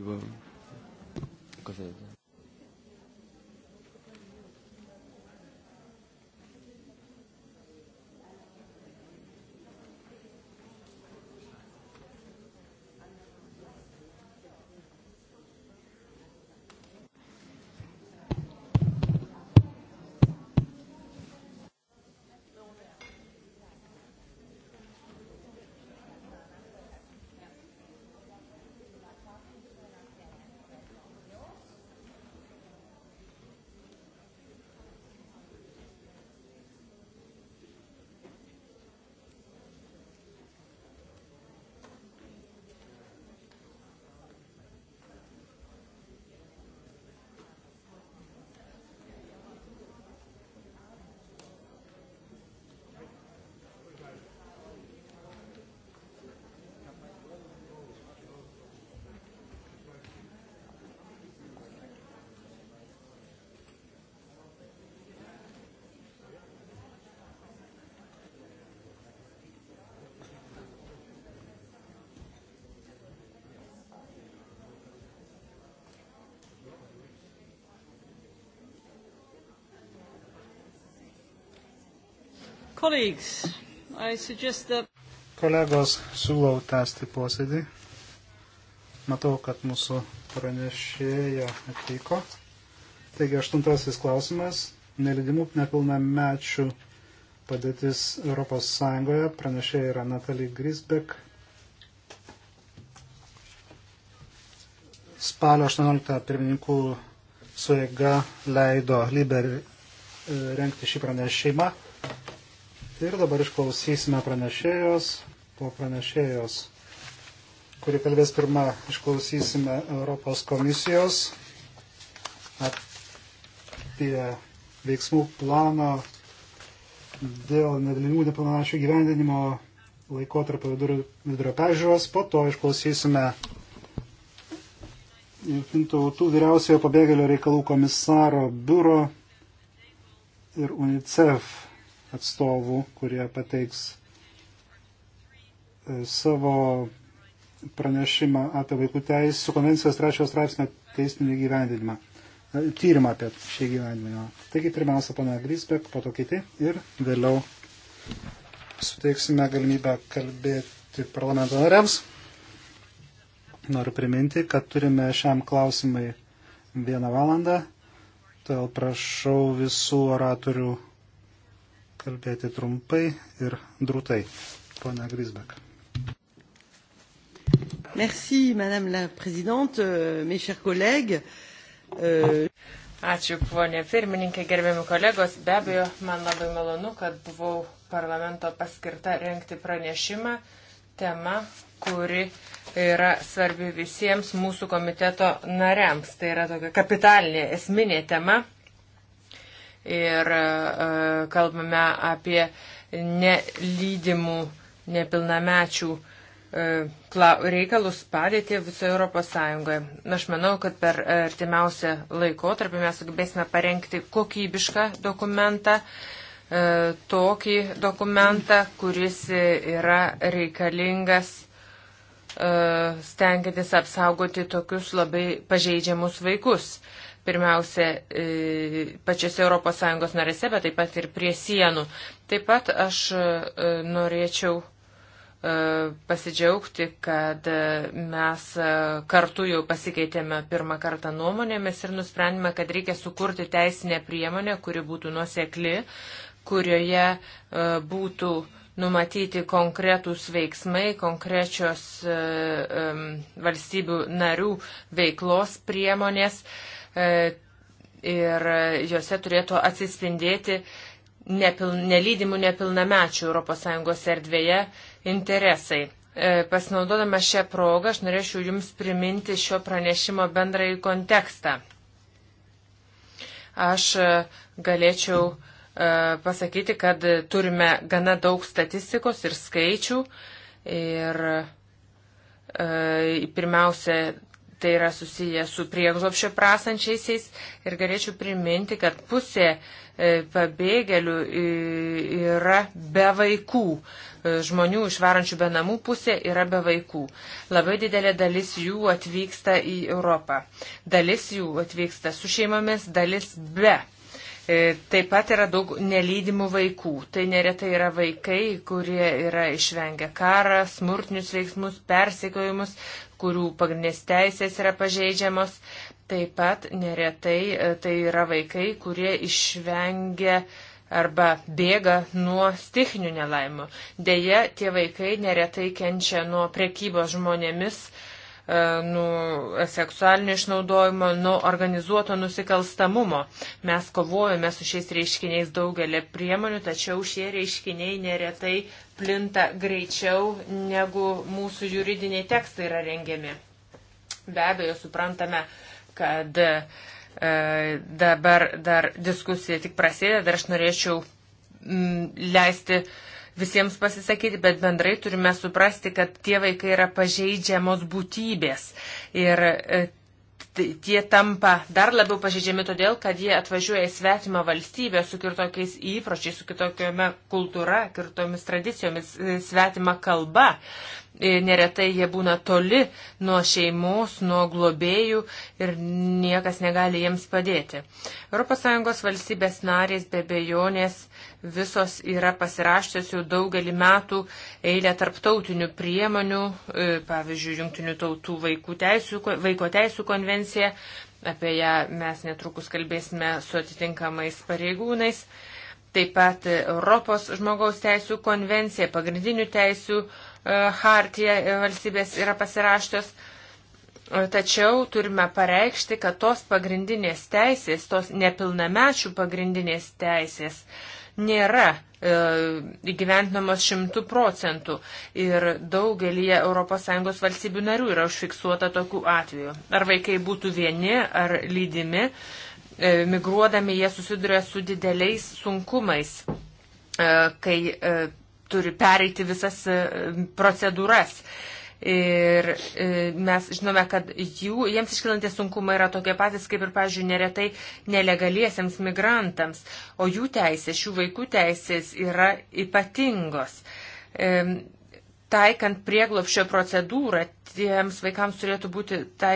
S3: You were... Because of
S1: Kolegos,
S2: siūlau tęsti posėdį. Matau, kad mūsų pranešėja atvyko. Taigi, aštuntasis klausimas. Nelidimų nepilnamečių padėtis ES. Pranešėja yra Natalija Grisbek. Spalio 18 pirmininkų suėga leido Liber e, rengti šį pranešimą. Ir dabar išklausysime pranešėjos. Po pranešėjos, kuri kalbės pirmą, išklausysime Europos komisijos apie veiksmų planą dėl nedalinių nepanašių gyvendinimo laikotarpio vidurio, vidurio peržiūros. Po to išklausysime Junktinių tautų vyriausiojo pabėgėlio reikalų komisaro biuro ir UNICEF atstovų, kurie pateiks e, savo pranešimą apie vaikų teisų konvencijos trečios straipsnio teisminį gyvendinimą. Tyrimą apie šį gyvenimą. Taigi pirmiausia, pana Grisbek, po to kiti ir vėliau suteiksime galimybę kalbėti parlamento nariams. Noriu priminti, kad turime šiam klausimai vieną valandą, todėl prašau visų oratorių kalbėti trumpai ir drūtai. Pone Grisbek.
S3: Merci, Madame la Présidente, euh, mes chers collègues. Euh... Ačiū, ponė pirmininkė, gerbiami kolegos. Be abejo, man labai malonu, kad buvau parlamento paskirta renkti pranešimą tema, kuri yra svarbi visiems mūsų komiteto nariams. Tai yra tokia kapitalinė, esminė tema ir e, kalbame apie nelydimų nepilnamečių e, reikalus padėti visoje Europos Sąjungoje. Aš manau, kad per artimiausią laikotarpį mes sugebėsime parengti kokybišką dokumentą, e, tokį dokumentą, kuris yra reikalingas stengiantis apsaugoti tokius labai pažeidžiamus vaikus pirmiausia, e, pačiose ES narėse, bet taip pat ir prie sienų. Taip pat aš e, norėčiau e, pasidžiaugti, kad mes kartu jau pasikeitėme pirmą kartą nuomonėmis ir nusprendėme, kad reikia sukurti teisinę priemonę, kuri būtų nuosekli, kurioje būtų numatyti konkretūs veiksmai, konkrečios valstybių narių veiklos priemonės. Uh, E, ir juose turėtų atsispindėti nepil, nelydimų nepilnamečių ES erdvėje interesai. E, pasinaudodama šią progą, aš norėčiau Jums priminti šio pranešimo bendrąjį kontekstą. Aš e, galėčiau pasakyti, kad turime gana daug statistikos ir skaičių ir pirmiausia tai yra susiję su prieglopšio prasančiaisiais ir galėčiau priminti, kad pusė e, pabėgėlių e, yra be vaikų. E, žmonių išvarančių be namų pusė yra be vaikų. Labai didelė dalis jų atvyksta į Europą. Dalis jų atvyksta su šeimomis, dalis be. Taip pat yra daug nelydimų vaikų. Tai neretai yra vaikai, kurie yra išvengę karą, smurtinius veiksmus, persikiojimus, kurių pagrindinės teisės yra pažeidžiamos. Taip pat neretai e, tai yra vaikai, kurie išvengia arba bėga nuo stichinių nelaimų. Deja, tie vaikai neretai kenčia nuo prekybos žmonėmis, uh, E, nu, seksualinio išnaudojimo, nuo organizuoto nusikalstamumo. Mes kovojame su šiais reiškiniais daugelį priemonių, tačiau šie reiškiniai neretai plinta greičiau, negu mūsų juridiniai tekstai yra rengiami. Be abejo, suprantame, kad e, dabar dar diskusija tik prasideda, dar aš norėčiau m, leisti visiems pasisakyti, bet bendrai turime suprasti, kad tie vaikai yra pažeidžiamos būtybės. Ir e, tie tampa dar labiau pažeidžiami todėl, kad jie atvažiuoja į svetimą valstybę su kitokiais įpročiais, su kitokiame kultūra, kitomis tradicijomis, e, svetima kalba. E, neretai jie būna toli nuo šeimos, nuo globėjų ir niekas negali jiems padėti. ES valstybės narės be bejonės Visos yra pasirašęs jau daugelį metų eilę tarptautinių priemonių, e, pavyzdžiui, Junktinių tautų vaikų teisų, vaiko teisų konvencija, apie ją mes netrukus kalbėsime su atitinkamais pareigūnais. Taip pat Europos žmogaus teisų konvencija, pagrindinių teisų e, hartija valstybės yra pasirašęs. Tačiau turime pareikšti, kad tos pagrindinės teisės, tos nepilnamečių pagrindinės teisės, uh, nėra e, įgyventinamos šimtų procentų ir daugelį ES valstybių narių yra užfiksuota tokių atvejų. Ar vaikai būtų vieni ar lydimi, e, migruodami jie susiduria su dideliais sunkumais, e, kai turi pereiti visas procedūras. Ir e, mes žinome, kad jų, jiems iškilantie sunkumai yra tokie patys, kaip ir, pavyzdžiui, neretai nelegaliesiems migrantams, o jų teisės, šių vaikų teisės yra ypatingos taikant prieglopšio procedūrą, tiems vaikams turėtų būti tai,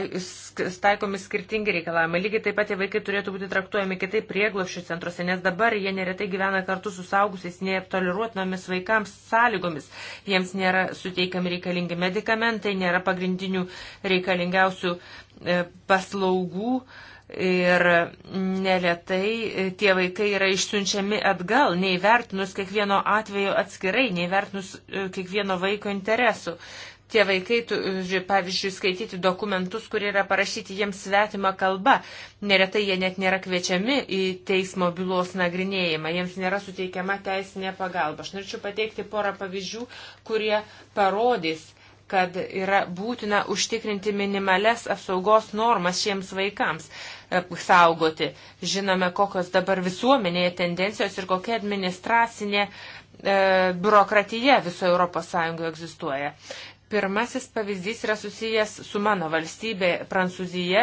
S3: taikomi skirtingi reikalavimai. Lygiai taip pat tie vaikai turėtų būti traktuojami kitaip prieglopšio centruose, nes dabar jie neretai gyvena kartu su saugusiais neaptoleruotinomis vaikams sąlygomis. Jiems nėra suteikiami reikalingi medikamentai, nėra pagrindinių reikalingiausių e, paslaugų. E, Ir neretai tie vaikai yra išsiunčiami atgal, neįvertinus kiekvieno atveju atskirai, neįvertinus e, kiekvieno vaiko interesų. Tie vaikai turi, e, pavyzdžiui, skaityti dokumentus, kurie yra parašyti jiems svetima kalba. Neretai jie net nėra kviečiami į teismo bylos nagrinėjimą, jiems nėra suteikiama teisinė pagalba. Aš norėčiau pateikti porą pavyzdžių, kurie parodys, kad yra būtina užtikrinti minimales apsaugos normas šiems vaikams e, saugoti. Žinome, kokios dabar visuomenėje tendencijos ir kokia administracinė e, biurokratija viso Europos Sąjungoje egzistuoja. Pirmasis pavyzdys yra susijęs su mano valstybė Prancūzija,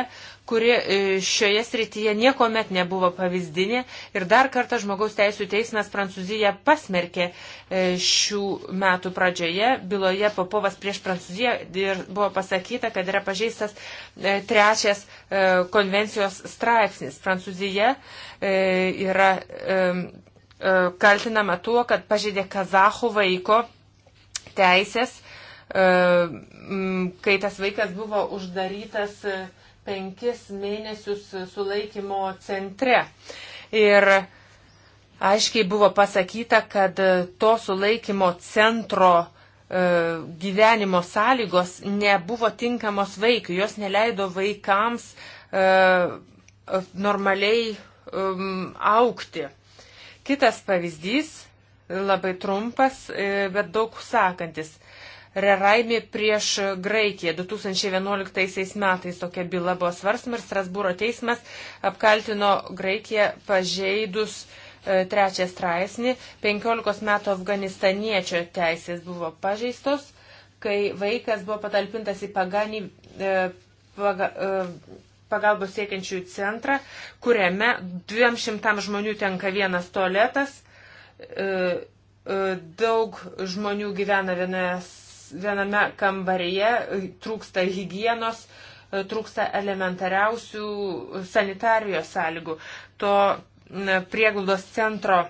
S3: kuri e, šioje srityje nieko met nebuvo pavyzdinė ir dar kartą žmogaus teisų teismas Prancūziją pasmerkė e, šių metų pradžioje byloje Popovas prieš Prancūziją ir buvo pasakyta, kad yra pažeistas e, trečias konvencijos straipsnis. Prancūzija yra kaltinama tuo, kad pažeidė kazachų vaiko teisės E, kai tas vaikas buvo uždarytas e, penkis mėnesius sulaikymo centre. Ir aiškiai buvo pasakyta, kad to sulaikymo centro e, gyvenimo sąlygos nebuvo tinkamos vaikui, jos neleido vaikams normaliai aukti. Kitas pavyzdys, labai trumpas, bet daug sakantis Reraimė prieš Graikiją 2011 metais tokia byla buvo svarstama ir Strasbūro teismas apkaltino Graikiją pažeidus e, trečią straipsnį. 15 metų afganistaniečio teisės buvo pažeistos, kai vaikas buvo patalpintas į paganį. E, paga, e, pagalbos siekiančiųjų centrą, kuriame 200 žmonių tenka vienas tualetas, daug žmonių gyvena vienoje viename kambaryje, e, trūksta hygienos, e, trūksta elementariausių sanitarijos sąlygų. To prieglaudos centro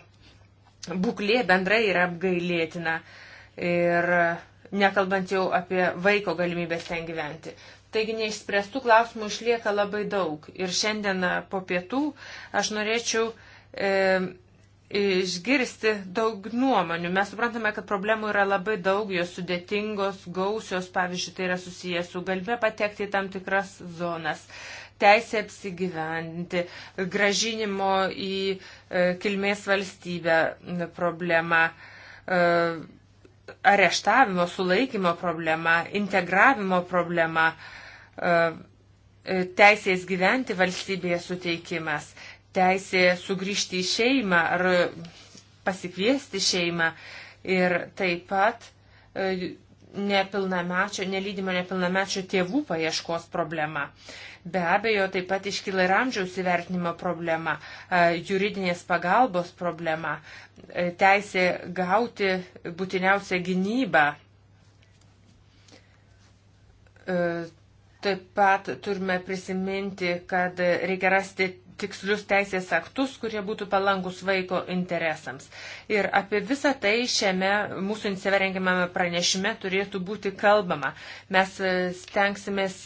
S3: būklė bendrai yra apgailėtina. Ir e, nekalbant jau apie vaiko galimybės ten gyventi. Taigi neišspręstų klausimų išlieka labai daug. Ir šiandien po pietų aš norėčiau e, išgirsti daug nuomonių. Mes suprantame, kad problemų yra labai daug, jos sudėtingos, gausios, pavyzdžiui, tai yra susijęs su galime patekti į tam tikras zonas, teisė apsigyventi, gražinimo į e, kilmės valstybę problema, e, areštavimo, sulaikymo problema, integravimo problema, e, e teisės gyventi valstybėje suteikimas. E, teisė sugrįžti į šeimą ar pasikviesti šeimą ir taip pat e, nepilnamečio, nelydimo nepilnamečio tėvų paieškos problema. Be abejo, taip pat iškyla ir amžiaus įvertinimo problema, e, juridinės pagalbos problema, e, teisė gauti būtiniausią gynybą. Taip pat turime prisiminti, kad reikia rasti tikslius teisės aktus, kurie būtų palankus vaiko interesams. Ir apie visą tai šiame mūsų inseverengiamame pranešime turėtų būti kalbama. Mes e, stengsimės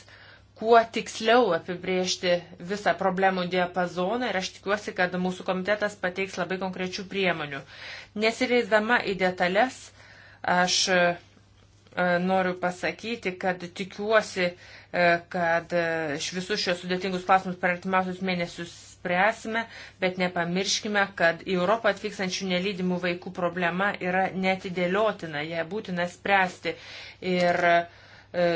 S3: kuo tiksliau apibriežti visą problemų diapazoną ir aš tikiuosi, kad mūsų komitetas pateiks labai konkrečių priemonių. Nesileisdama į detalės, aš e, noriu pasakyti, kad tikiuosi, e, kad iš visus šios sudėtingus klausimus per artimiausius mėnesius spręsime, bet nepamirškime, kad į Europą atvykstančių nelydimų vaikų problema yra netidėliotina, ją būtina spręsti. Ir e,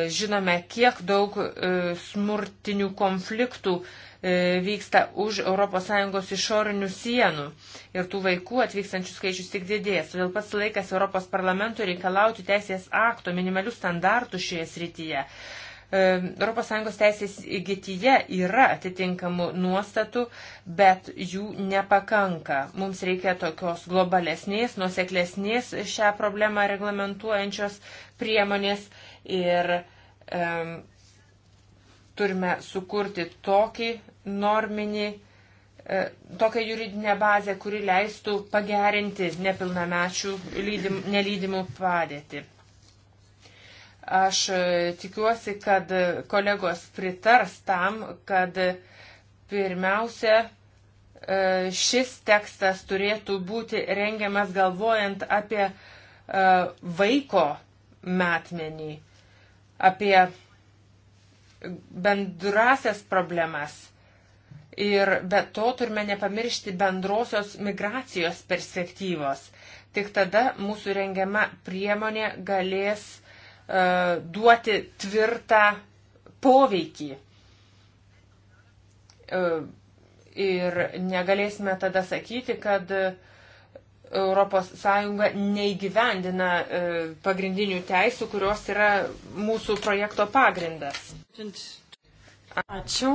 S3: žinome, kiek daug e, smurtinių konfliktų e, vyksta už ES išorinių sienų ir tų vaikų atvykstančių skaičius tik didės. Todėl pats laikas Europos parlamentui reikalauti teisės akto minimalių standartų šioje srityje. ES teisės įgytyje yra atitinkamų nuostatų, bet jų nepakanka. Mums reikia tokios globalesnės, nuseklesnės šią problemą reglamentuojančios priemonės ir um, turime sukurti tokį norminį e, tokią juridinę bazę, kuri leistų pagerinti nepilnamečių nelydimų padėtį. Aš e, tikiuosi, kad kolegos pritars tam, kad pirmiausia e, šis tekstas turėtų būti rengiamas galvojant apie e, vaiko metmenį, apie bendrasias problemas. Ir be to turime nepamiršti bendrosios migracijos perspektyvos. Tik tada mūsų rengiama priemonė galės uh, E, duoti tvirtą poveikį. E, ir negalėsime tada sakyti, kad ES neįgyvendina e, pagrindinių teisų, kurios yra mūsų projekto pagrindas.
S1: Ačiū.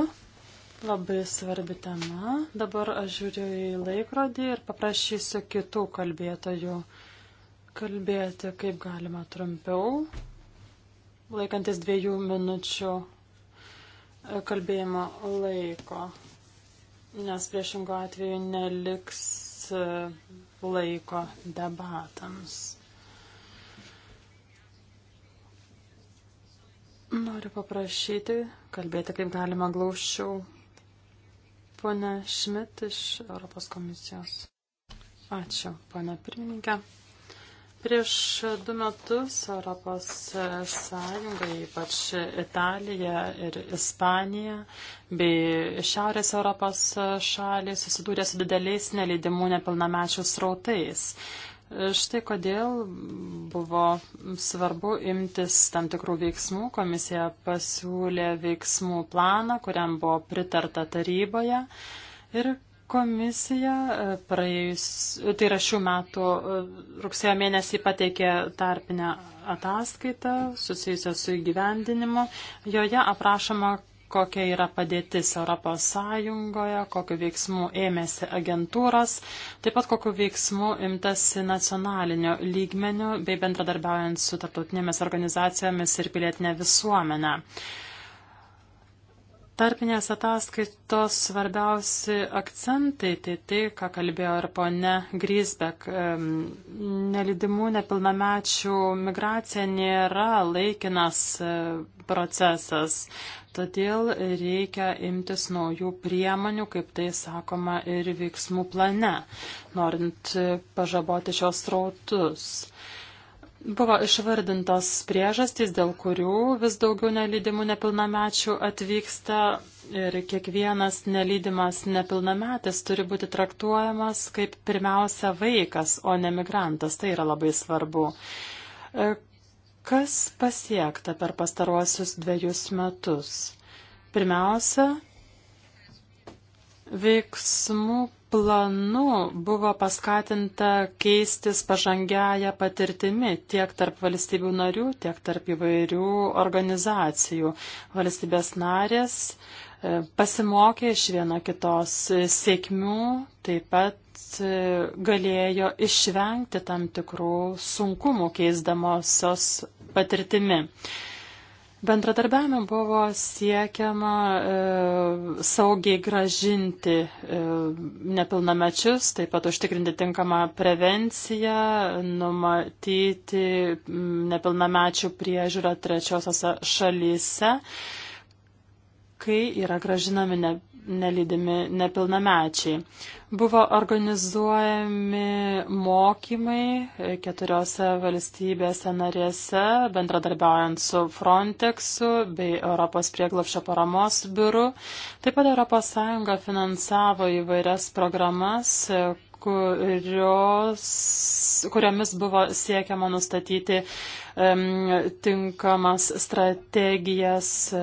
S1: Labai svarbi tema. Dabar aš žiūriu į laikrodį ir paprašysiu kitų kalbėtojų kalbėti kaip galima trumpiau laikantis dviejų minučių e, kalbėjimo laiko, nes priešingo atveju neliks e, laiko debatams. Noriu paprašyti kalbėti kaip galima glaušiau. Pone Šmit iš Europos komisijos. Ačiū, pane pirmininkė. Prieš du metus Europos Sąjunga, ypač Italija ir Ispanija bei Šiaurės Europos šaliai susidūrė su dideliais neleidimų nepilnamečių srautais. Štai kodėl buvo svarbu imtis tam tikrų veiksmų. Komisija pasiūlė veiksmų planą, kuriam buvo pritarta taryboje. Ir Komisija e, praėjus, tai yra šių metų e, rugsėjo mėnesį pateikė tarpinę ataskaitą susijusią su įgyvendinimu. Joje aprašoma, kokia yra padėtis Europos Sąjungoje, kokiu veiksmu ėmėsi agentūros, taip pat kokiu veiksmu imtasi nacionalinio lygmeniu bei bendradarbiaujant su tarptautinėmis organizacijomis ir pilietinė visuomenė tarpinės ataskaitos svarbiausi akcentai, tai tai, ką kalbėjo ir ponė Grisbek, nelidimų nepilnamečių migracija nėra laikinas e, procesas, todėl reikia imtis naujų priemonių, kaip tai sakoma, ir veiksmų plane, norint e, pažaboti šios rautus. Buvo išvardintos priežastys, dėl kurių vis daugiau nelydimų nepilnamečių atvyksta ir kiekvienas nelydimas nepilnametis turi būti traktuojamas kaip pirmiausia vaikas, o ne migrantas. Tai yra labai svarbu. E, kas pasiekta per pastaruosius dviejus metus? Pirmiausia, veiksmų planu buvo paskatinta keistis pažangiaja patirtimi tiek tarp valstybių narių, tiek tarp įvairių organizacijų. Valstybės narės e, pasimokė iš vieno kitos sėkmių, taip pat e, galėjo išvengti tam tikrų sunkumų keisdamosios patirtimi. Bendradarbiavime buvo siekiama e, saugiai gražinti e, nepilnamečius, taip pat užtikrinti tinkamą prevenciją, numatyti nepilnamečių priežiūrą trečiosiose šalyse. E, kai yra gražinami ne, nelydimi nepilnamečiai. Buvo organizuojami mokymai keturiose valstybėse narėse, bendradarbiaujant su Frontexu bei Europos prieglapšio paramos biuru. Taip pat ES finansavo įvairias programas, kurios, kuriomis buvo siekiama nustatyti um, tinkamas strategijas e,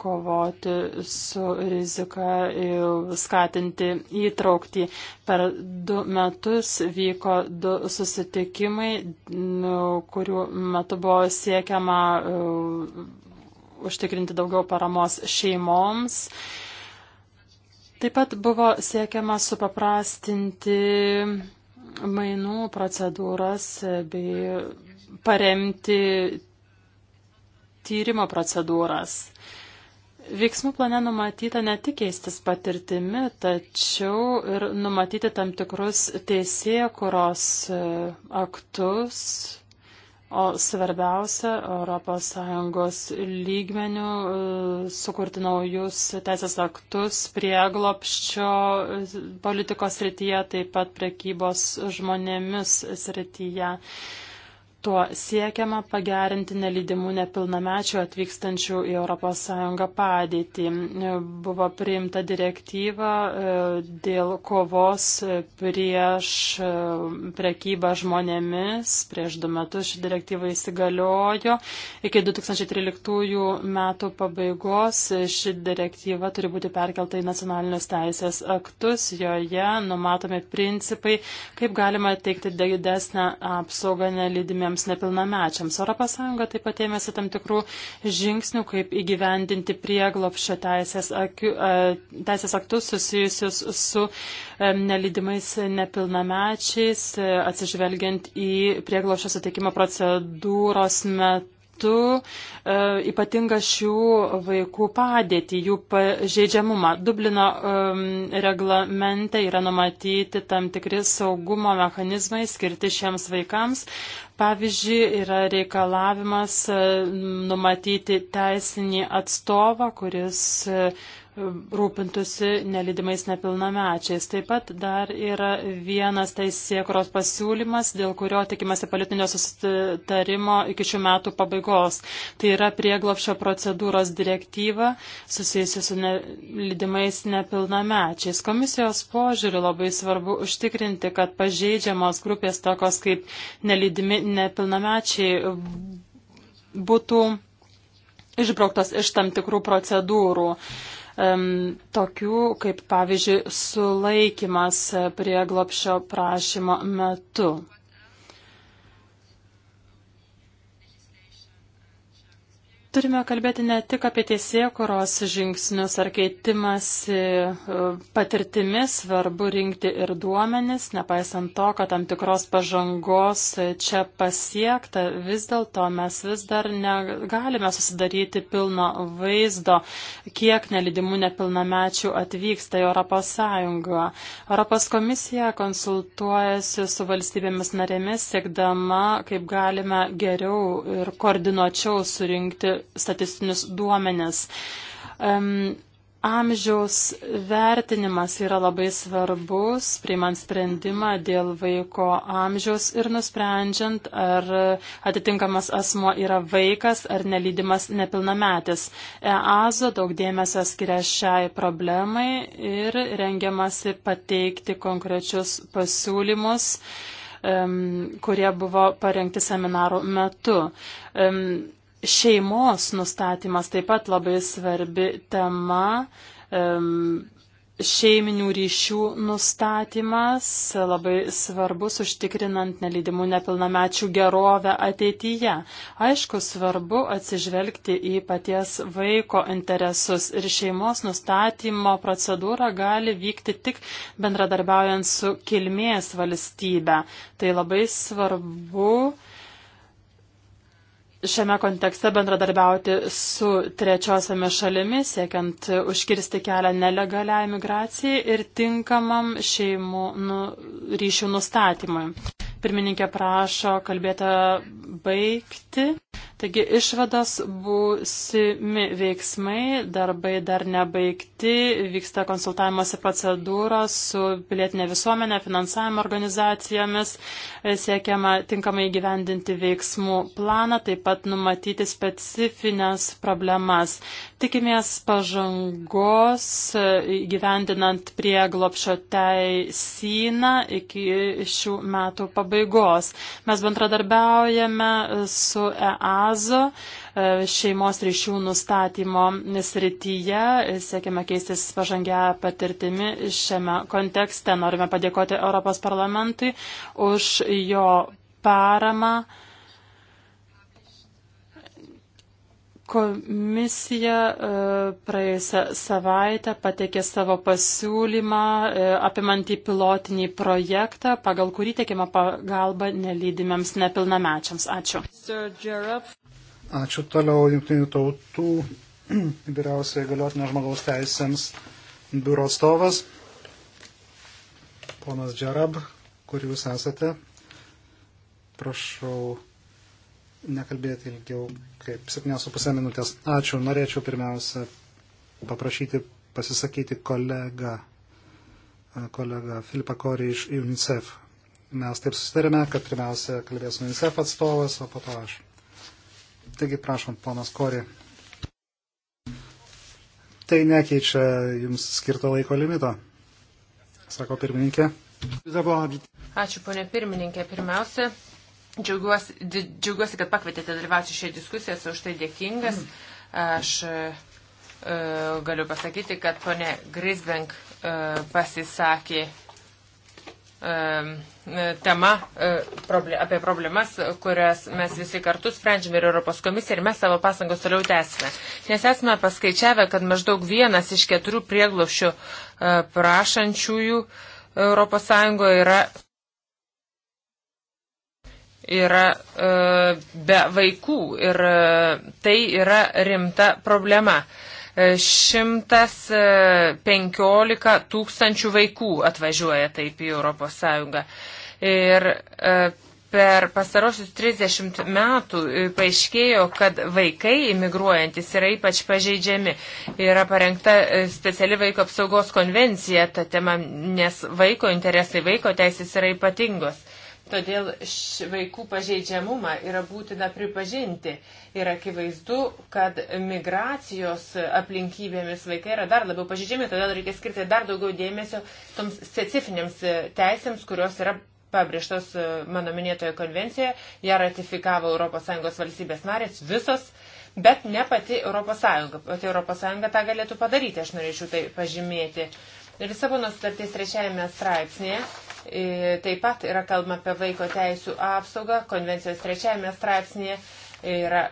S1: kovoti su rizika ir skatinti įtraukti. Per du metus vyko du susitikimai, kurių metu buvo siekiama um, užtikrinti daugiau paramos šeimoms. Um, Taip pat buvo siekiama supaprastinti mainų procedūras bei paremti tyrimo procedūras. Veiksmų plane numatyta ne tik keistis patirtimi, tačiau ir numatyti tam tikrus teisėkuros e, aktus, O svarbiausia, ES lygmenių e, sukurti naujus teisės aktus prieglopščio e, politikos srityje, taip pat prekybos žmonėmis srityje. Tuo siekiama pagerinti nelydimų nepilnamečių atvykstančių į ES padėtį. Buvo priimta direktyva e, dėl kovos e, prieš e, prekybą žmonėmis. Prieš du metus ši direktyva įsigaliojo. Iki 2013 metų pabaigos ši direktyva turi būti perkelta į nacionalinius teisės aktus. Joje numatomi principai, kaip galima teikti didesnę apsaugą nelydimiems gyventojams nepilnamečiams. ES taip pat ėmėsi tam tikrų žingsnių, kaip įgyvendinti prieglopščio teisės, akiu, e, teisės aktus susijusius su e, nelydimais nepilnamečiais, e, atsižvelgiant į prieglopščio suteikimo procedūros metu metu ypatingą šių vaikų padėtį, jų pažeidžiamumą. Dublino um, reglamente yra numatyti tam tikri saugumo mechanizmai skirti šiems vaikams. Pavyzdžiui, yra reikalavimas e, numatyti teisinį atstovą, kuris e, rūpintusi nelidimais nepilnamečiais. Taip pat dar yra vienas teisėkuros pasiūlymas, dėl kurio tikimasi politinio susitarimo iki šių metų pabaigos. Tai yra prieglopšio procedūros direktyva susijusi su nelidimais nepilnamečiais. Komisijos požiūriu labai svarbu užtikrinti, kad pažeidžiamos grupės tokios kaip nelidimi nepilnamečiai būtų išbrauktas iš tam tikrų procedūrų. Uh, tokių kaip pavyzdžiui sulaikimas prie glopšio prašymo metu. Turime kalbėti ne tik apie teisėkuros žingsnius ar keitimas e, patirtimis, svarbu rinkti ir duomenis, nepaisant to, kad tam tikros pažangos e, čia pasiekta, vis dėlto mes vis dar negalime susidaryti pilno vaizdo, kiek nelidimų nepilnamečių atvyksta į Europos Sąjungą. Europos komisija konsultuojasi su valstybėmis narėmis, siekdama, kaip galime geriau ir koordinuočiau surinkti statistinius duomenis. Um, Amžiaus vertinimas yra labai svarbus, priimant sprendimą dėl vaiko amžiaus ir nusprendžiant, ar atitinkamas asmo yra vaikas ar nelydimas nepilnametis. EASO daug dėmesio skiria šiai problemai ir rengiamasi pateikti konkrečius pasiūlymus, um, kurie buvo parengti seminarų metu. Um, Šeimos nustatymas taip pat labai svarbi tema. Šeiminių ryšių nustatymas labai svarbus užtikrinant nelydimų nepilnamečių gerovę ateityje. Aišku, svarbu atsižvelgti į paties vaiko interesus ir šeimos nustatymo procedūra gali vykti tik bendradarbiaujant su kilmės valstybe. Tai labai svarbu šiame kontekste bendradarbiauti su trečiosiamis šalimis, siekiant užkirsti kelią nelegaliai migracijai ir tinkamam šeimų nu, ryšių nustatymui. Pirmininkė prašo kalbėtą baigti. Taigi išvados būsimi veiksmai, darbai dar nebaigti, vyksta konsultavimuose procedūros su pilietinė visuomenė, finansavimo organizacijomis, siekiama tinkamai gyvendinti veiksmų planą, taip pat numatyti specifines problemas. Tikimės pažangos e, gyvendinant prie glopšio teisiną iki šių metų pabaigos. Mes bendradarbiaujame e, su EASO e, šeimos ryšių nustatymo srityje. Siekime keistis pažangę patirtimi šiame kontekste. Norime padėkoti Europos parlamentui už jo paramą. Komisija e, praėjusią savaitę pateikė savo pasiūlymą e, apimantį pilotinį projektą, pagal kurį teikiama pagalba nelydimiams nepilnamečiams. Ačiū.
S2: Ačiū toliau Junktinių tautų vyriausiai galiotinio žmogaus teisėms biuro atstovas, ponas Džerab, kur jūs esate. Prašau nekalbėti ilgiau kaip 7,5 minutės. Ačiū. Norėčiau pirmiausia paprašyti pasisakyti kolegą, kolegą Filipą Korį iš UNICEF. Mes taip susitarėme, kad pirmiausia kalbės UNICEF atstovas, o po to aš. Taigi, prašom, ponas Korį. Tai nekeičia jums skirto laiko limito, sako pirmininkė.
S3: Ačiū, ponė pirmininkė. Pirmiausia, Džiaugiuosi, džiaugiuosi kad pakvietėte dalyvauti šioje diskusijoje, už tai dėkingas. Aš e, galiu pasakyti, kad ponė Grisbank e, pasisakė e, tema apie problemas, kurias mes visi kartu sprendžiame ir Europos komisija, ir mes savo pasangas toliau tęsime. Nes esame paskaičiavę, kad maždaug vienas iš keturių prieglošių prašančiųjų Europos Sąjungoje yra yra e, be vaikų ir e, tai yra rimta problema. 115 e, tūkstančių vaikų atvažiuoja taip į ES. Ir per pastarosius 30 metų paaiškėjo, kad vaikai imigruojantis yra ypač pažeidžiami. Yra parengta speciali vaiko apsaugos konvencija, ta tema, nes vaiko interesai, vaiko teisės yra ypatingos. Todėl vaikų pažeidžiamumą yra būtina pripažinti. Ir akivaizdu, kad migracijos aplinkybėmis vaikai yra dar labiau pažeidžiami, todėl reikia skirti dar daugiau dėmesio toms specifinėms e, teisėms, kurios yra pabrėžtos e, mano minėtoje konvencijoje. Ja ratifikavo ES valstybės narės visos. Bet ne pati ES. Pati ES tą galėtų padaryti, aš norėčiau tai pažymėti. Ir savo nustatys trečiajame straipsnėje E, taip pat yra kalbama apie vaiko teisų apsaugą. Konvencijos trečiajame straipsnėje yra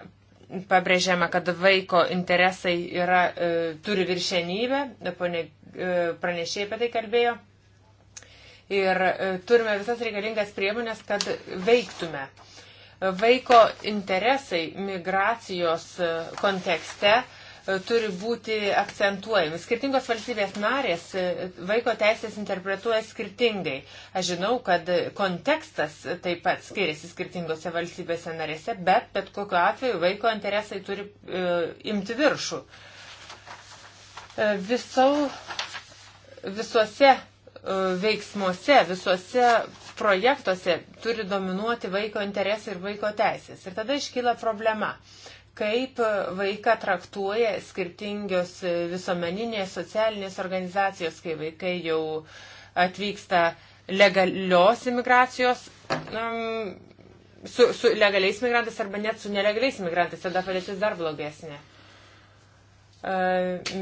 S3: pabrėžiama, kad vaiko interesai yra, e, turi viršenybę. Pone e, pranešėjai apie tai kalbėjo. Ir e, turime visas reikalingas priemonės, kad veiktume. Vaiko interesai migracijos e, kontekste e, E, turi būti akcentuojami. Skirtingos valstybės narės e, vaiko teisės interpretuoja skirtingai. Aš žinau, kad kontekstas taip pat skiriasi skirtingose valstybėse narėse, bet bet kokiu atveju vaiko interesai turi e, imti viršų. E, visau, visuose e, veiksmuose, visuose projektuose turi dominuoti vaiko interesai ir vaiko teisės. Ir tada iškyla problema kaip vaiką traktuoja skirtingios visuomeninės, socialinės organizacijos, kai vaikai jau atvyksta legalios imigracijos, um, su, su legaliais migrantais arba net su nelegaliais migrantais, tada padėtis dar blogesnė. E,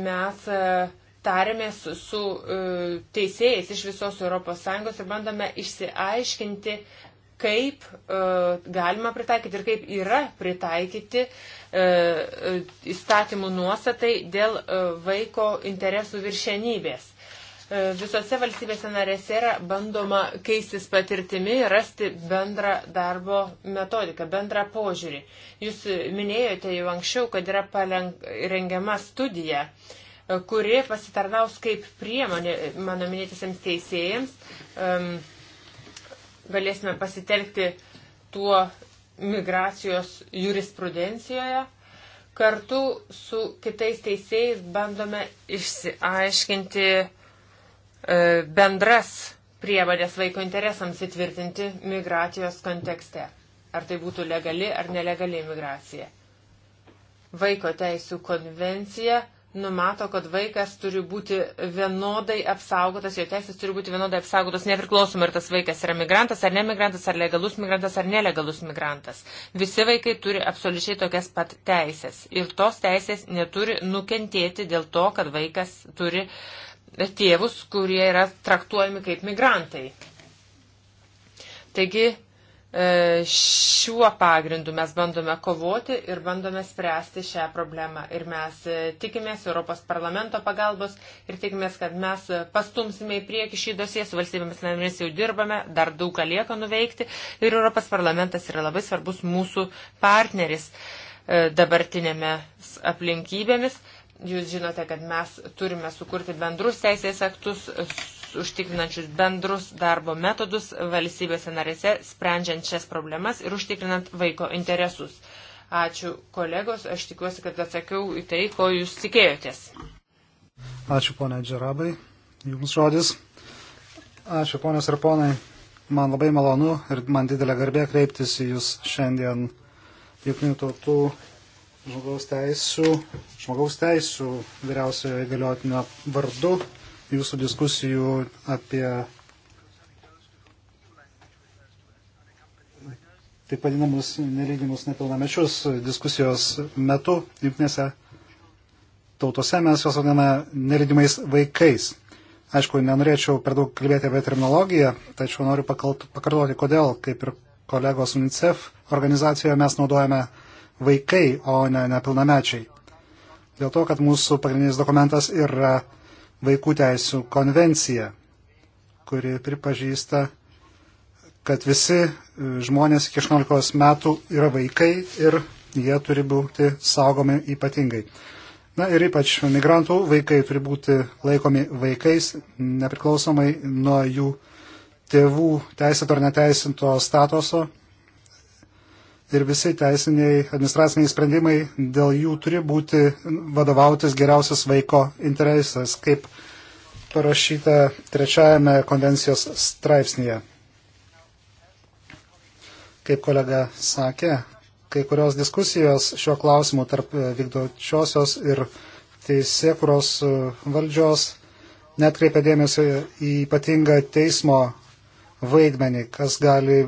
S3: mes e, tarėmės su e, teisėjais iš visos ES ir bandome išsiaiškinti, kaip uh, galima pritaikyti ir kaip yra pritaikyti uh, įstatymų nuostatai dėl uh, vaiko interesų viršenybės. Uh, visose valstybėse narėse yra bandoma keistis patirtimi ir rasti bendrą darbo metodiką, bendrą požiūrį. Jūs minėjote jau anksčiau, kad yra palenk, rengiama studija, uh, kuri pasitarnaus kaip priemonė mano minėtisiems teisėjams. Um, galėsime pasitelkti tuo migracijos jurisprudencijoje. Kartu su kitais teisėjais bandome išsiaiškinti e, bendras priemonės vaiko interesams įtvirtinti migracijos kontekste. Ar tai būtų legali ar nelegali migracija. Vaiko teisų konvencija numato, kad vaikas turi būti vienodai apsaugotas, jo teisės turi būti vienodai apsaugotas, nepriklausomai ar tas vaikas yra migrantas, ar nemigrantas, ar legalus migrantas, ar nelegalus migrantas. Visi vaikai turi absoliučiai tokias pat teisės. Ir tos teisės neturi nukentėti dėl to, kad vaikas turi tėvus, kurie yra traktuojami kaip migrantai. Taigi, E, šiuo pagrindu mes bandome kovoti ir bandome spręsti šią problemą. Ir mes e, tikimės Europos parlamento pagalbos ir tikimės, kad mes pastumsime į priekį šį dosiją, su valstybėmis narėmis jau dirbame, dar daug ką lieka nuveikti ir Europos parlamentas yra labai svarbus mūsų partneris e, dabartinėme aplinkybėmis. Jūs žinote, kad mes turime sukurti bendrus teisės aktus užtikrinančius bendrus darbo metodus valstybėse narėse, sprendžiant šias problemas ir užtikrinant vaiko interesus. Ačiū kolegos, aš tikiuosi, kad atsakiau į tai, ko jūs tikėjotės.
S2: Ačiū ponia Džerabai, jums žodis. Ačiū ponios ir ponai, man labai malonu ir man didelė garbė kreiptis į jūs šiandien Junktinių tautų žmogaus teisų, žmogaus teisų vyriausiojo įgaliotinio vardu jūsų diskusijų apie taip vadinamus nelygimus nepilnamečius diskusijos metu jungtinėse tautose mes juos vadiname nelydimais vaikais. Aišku, nenorėčiau per daug kalbėti apie terminologiją, tačiau noriu pakartoti, kodėl, kaip ir kolegos UNICEF organizacijoje mes naudojame vaikai, o ne nepilnamečiai. Dėl to, kad mūsų pagrindinis dokumentas yra vaikų teisų konvenciją, kuri pripažįsta, kad visi e, žmonės iki 18 metų yra vaikai ir jie turi būti saugomi ypatingai. Na ir ypač migrantų vaikai turi būti laikomi vaikais, nepriklausomai nuo jų tėvų teisėto ar neteisėto statuso ir visi teisiniai administraciniai sprendimai dėl jų turi būti vadovautis geriausias vaiko interesas, kaip parašyta trečiajame konvencijos straipsnėje. Kaip kolega sakė, kai kurios diskusijos šiuo klausimu tarp vykdočiosios ir teisėkuros valdžios netkreipia dėmesio į ypatingą teismo vaidmenį, kas gali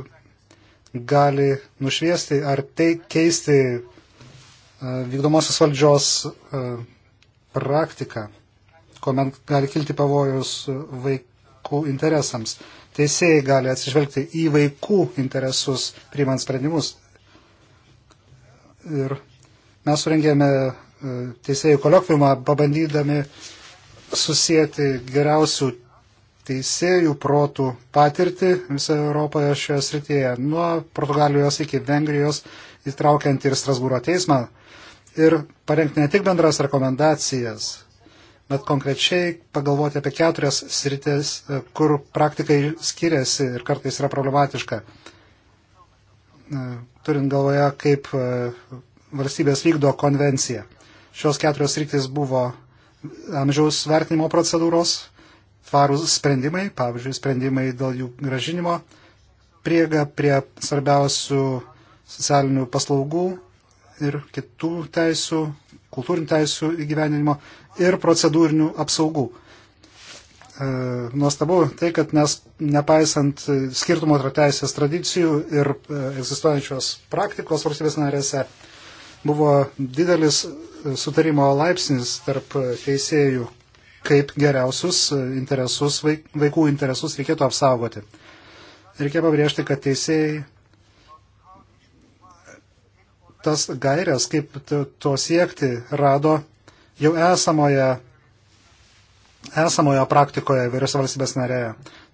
S2: gali nušviesti ar tai keisti e, vykdomosios valdžios e, praktiką, kuomet gali kilti pavojus vaikų interesams. Teisėjai gali atsižvelgti į vaikų interesus priimant sprendimus. Ir mes surengėme e, teisėjų kolokviumą, pabandydami susijęti geriausių teisėjų protų patirtį visoje Europoje šioje srityje, nuo Portugalijos iki Vengrijos, įtraukiant ir Strasbūro teismą, ir parengti ne tik bendras rekomendacijas, bet konkrečiai pagalvoti apie keturias sritis, e, kur praktikai skiriasi ir kartais yra problematiška. E, turint galvoje, kaip e, valstybės vykdo konvenciją. Šios keturios rytis buvo amžiaus vertinimo procedūros, tvarūs sprendimai, pavyzdžiui, sprendimai dėl jų gražinimo, prieiga prie svarbiausių socialinių paslaugų ir kitų teisų, kultūrinių teisų įgyveninimo ir procedūrinių apsaugų. E, nuostabu tai, kad mes nepaisant skirtumo tarp teisės tradicijų ir e, egzistuojančios praktikos valstybės narėse buvo didelis sutarimo laipsnis tarp teisėjų kaip geriausius interesus, vaikų interesus reikėtų apsaugoti. Reikia pabrėžti, kad teisėjai tas gairias, kaip to siekti, rado jau esamoje, esamoje praktikoje įvairiose valstybės narėje.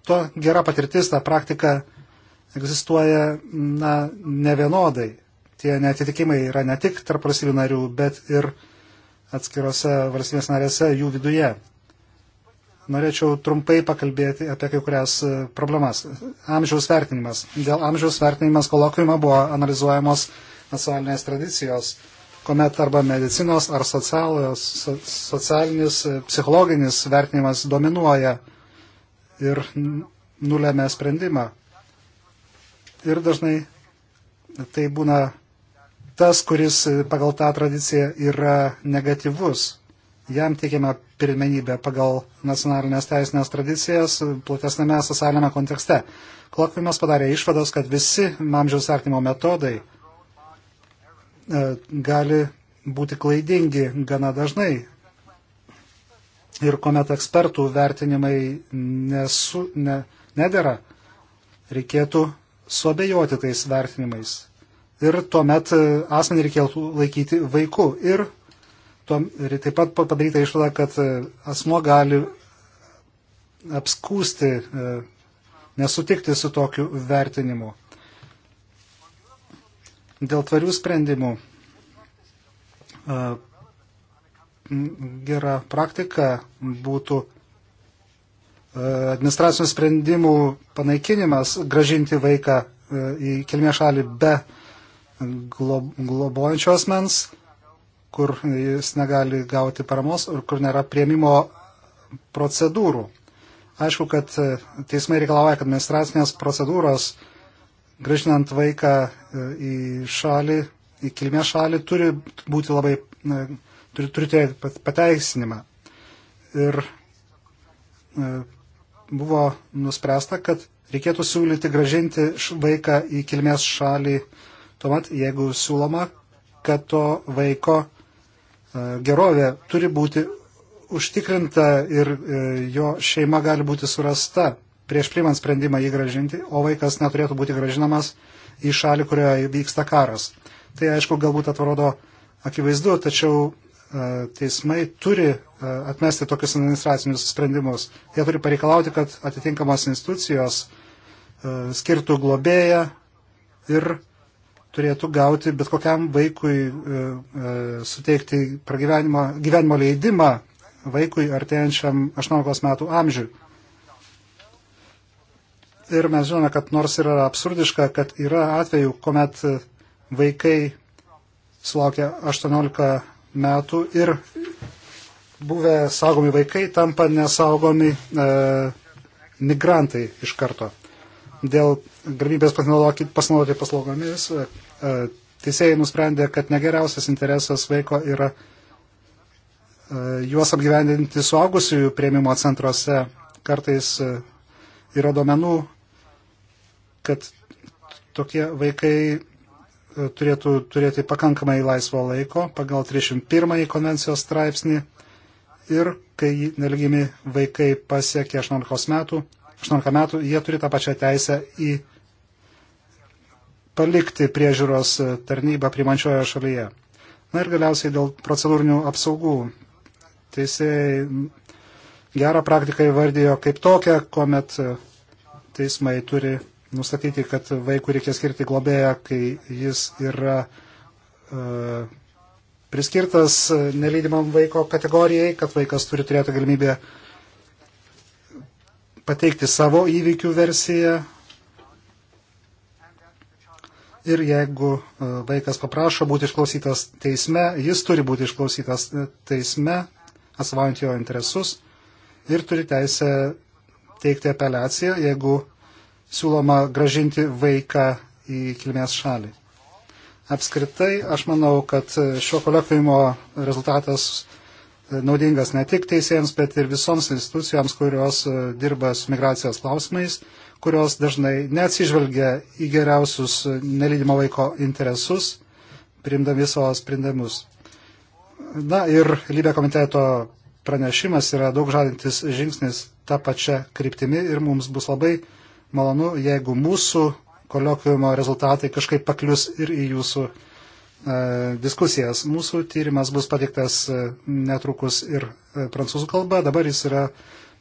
S2: To gera patirtis, ta praktika egzistuoja na, nevienodai. Tie netitikimai yra ne tik tarp valstybių narių, bet ir atskirose valstybės narėse jų viduje norėčiau trumpai pakalbėti apie kai kurias e, problemas. Amžiaus vertinimas. Dėl amžiaus vertinimas kolokvimo buvo analizuojamos nacionalinės tradicijos, kuomet arba medicinos ar socialijos, so, socialinis, e, psichologinis vertinimas dominuoja ir nulėmė sprendimą. Ir dažnai tai būna tas, kuris e, pagal tą tradiciją yra negatyvus jam teikiame pirmenybę pagal nacionalinės teisinės tradicijas platesnėme socialinėme kontekste. Kolokviumas padarė išvados, kad visi amžiaus artimo metodai e, gali būti klaidingi gana dažnai. Ir kuomet ekspertų vertinimai nesu, ne, nedėra, reikėtų suabejoti tais vertinimais. Ir tuomet e, asmenį reikėtų laikyti vaiku ir Ir taip pat padaryta išvada, kad e, asmo gali apskūsti, e, nesutikti su tokiu vertinimu. Dėl tvarių sprendimų e, gera praktika būtų administracinių sprendimų panaikinimas, gražinti vaiką į kilmės šalį be globojančios mens kur jis negali gauti paramos ir kur nėra prieimimo procedūrų. Aišku, kad e, teismai reikalauja, kad administracinės procedūros, grįžinant vaiką e, į šalį, į kilmės šalį, turi būti labai, e, turi turėti pateisinimą. Ir buvo nuspręsta, kad reikėtų siūlyti gražinti vaiką į kilmės šalį, tuomet jeigu siūloma, kad to vaiko E, gerovė turi būti užtikrinta ir e, jo šeima gali būti surasta prieš priimant sprendimą jį gražinti, o vaikas neturėtų būti gražinamas į šalį, kurioje vyksta karas. Tai aišku, galbūt atrodo akivaizdu, tačiau e, teismai turi atmesti tokius administracinius sprendimus. Jie turi pareikalauti, kad atitinkamos institucijos skirtų globėją ir turėtų gauti bet kokiam vaikui e, e, suteikti gyvenimo leidimą vaikui artėjančiam 18 metų amžiui. Ir mes žinome, kad nors yra absurdiška, kad yra atvejų, kuomet vaikai sulaukia 18 metų ir buvę saugomi vaikai tampa nesaugomi e, migrantai iš karto dėl galimybės pasinaudoti paslaugomis, E, teisėjai nusprendė, kad negeriausias interesas vaiko yra e, juos apgyvendinti suaugusiųjų prieimimo centruose. Kartais e, yra domenų, kad tokie vaikai turėtų turėti pakankamai laisvo laiko pagal 31 konvencijos straipsnį ir kai nelgimi vaikai pasiekia 18 metų, 18 metų, jie turi tą pačią teisę į palikti priežiūros tarnybą primančioje šalyje. Na ir galiausiai dėl procedūrinių apsaugų. Teisėjai gerą praktiką įvardijo kaip tokią, kuomet teismai turi nustatyti, kad vaikų reikia skirti globėją, kai jis yra e, priskirtas nelydimam vaiko kategorijai, kad vaikas turi turėti galimybę pateikti savo įvykių versiją, ir jeigu e, vaikas paprašo būti išklausytas teisme, jis turi būti išklausytas e, teisme, atstovaujant jo interesus ir turi teisę teikti apeliaciją, jeigu siūloma gražinti vaiką į kilmės šalį. Apskritai, aš manau, kad šio kolekvimo rezultatas e, naudingas ne tik teisėjams, bet ir visoms institucijoms, kurios dirba su migracijos klausimais kurios dažnai neatsižvelgia į geriausius nelydimo vaiko interesus, priimdami savo sprendimus. Na ir lybė komiteto pranešimas yra daug žadintis žingsnis tą pačią kryptimį ir mums bus labai malonu, jeigu mūsų koliokiumo rezultatai kažkaip paklius ir į jūsų e, diskusijas. Mūsų tyrimas bus patiktas e, netrukus ir e, prancūzų kalba, dabar jis yra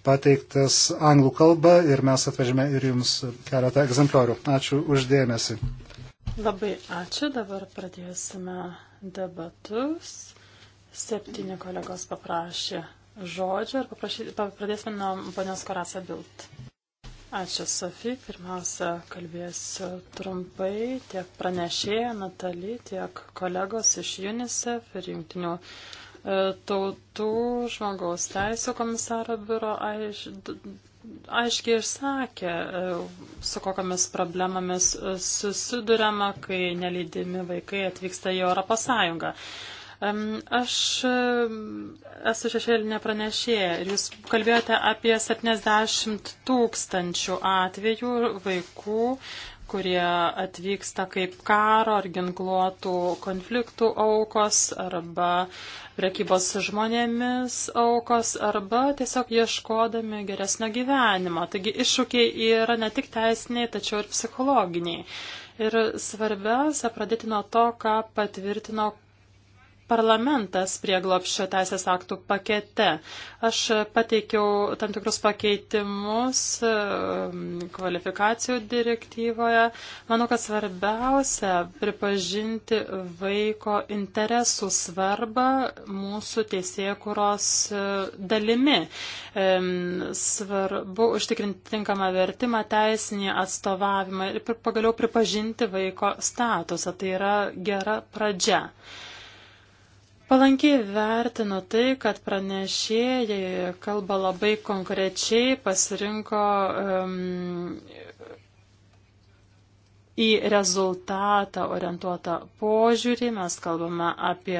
S2: pateiktas anglų kalba ir mes atvežėme ir jums keletą egzempliorių. Ačiū uždėmesi.
S1: Labai ačiū, dabar pradėsime debatus. Septyni kolegos paprašė žodžio ir paprašy, pradėsime nuo ponios Korasa Bilt. Ačiū, Sofija. Pirmiausia, kalbėsiu trumpai tiek pranešėja Natali, tiek kolegos iš UNICEF ir jungtinių E, tautų žmogaus teisų komisaro biuro aiš, aiškiai išsakė, e, su kokiamis problemomis e, susidurėma, kai nelydimi vaikai atvyksta į Europos Sąjungą. Aš esu šešėlinė pranešėja ir jūs kalbėjote apie 70 tūkstančių atvejų vaikų, kurie atvyksta kaip karo ar ginkluotų konfliktų aukos arba prekybos žmonėmis aukos arba tiesiog ieškodami geresnio gyvenimo. Taigi iššūkiai yra ne tik teisiniai, tačiau ir psichologiniai. Ir svarbiausia pradėti nuo to, ką patvirtino parlamentas prie glopščio teisės aktų pakete. Aš pateikiau tam tikrus pakeitimus um, kvalifikacijų direktyvoje. Manau, kad svarbiausia pripažinti vaiko interesų svarbą mūsų teisėkuros uh, dalimi. Um, svarbu užtikrinti tinkamą vertimą, teisinį atstovavimą ir pagaliau pripažinti vaiko statusą. Tai yra gera pradžia. Yeah. Palankiai vertinu tai, kad pranešėjai kalba labai konkrečiai, pasirinko um, į rezultatą orientuotą požiūrį, mes kalbame apie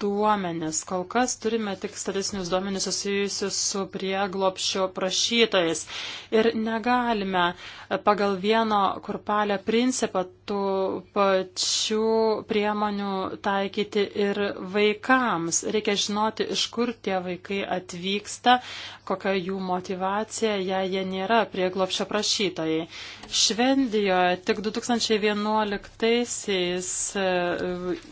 S1: duomenis. Kol kas turime tik statistinius duomenis susijusius su prieglopščio prašytojais ir negalime pagal vieno kurpalę principą tų pačių priemonių taikyti ir vaikams. Reikia žinoti, iš kur tie vaikai atvyksta, kokia jų motivacija, jei jie nėra prieglopščio prašytojai. Švedijoje tik 2000 2011-aisiais e,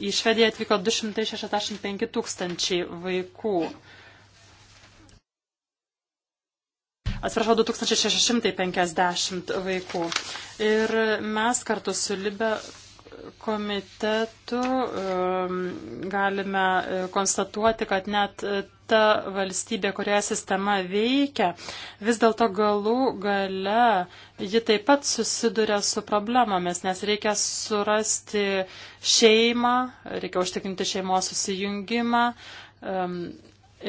S1: į Švediją atvyko 265 tūkstančiai vaikų. Atsiprašau, 2650 vaikų. Ir mes kartu su Libe komitetu e, galime e, konstatuoti, kad net ta valstybė, kurioje sistema veikia, vis dėlto galų gale ji taip pat susiduria su problemomis, nes reikia surasti šeimą, reikia užtikrinti šeimos susijungimą. Um,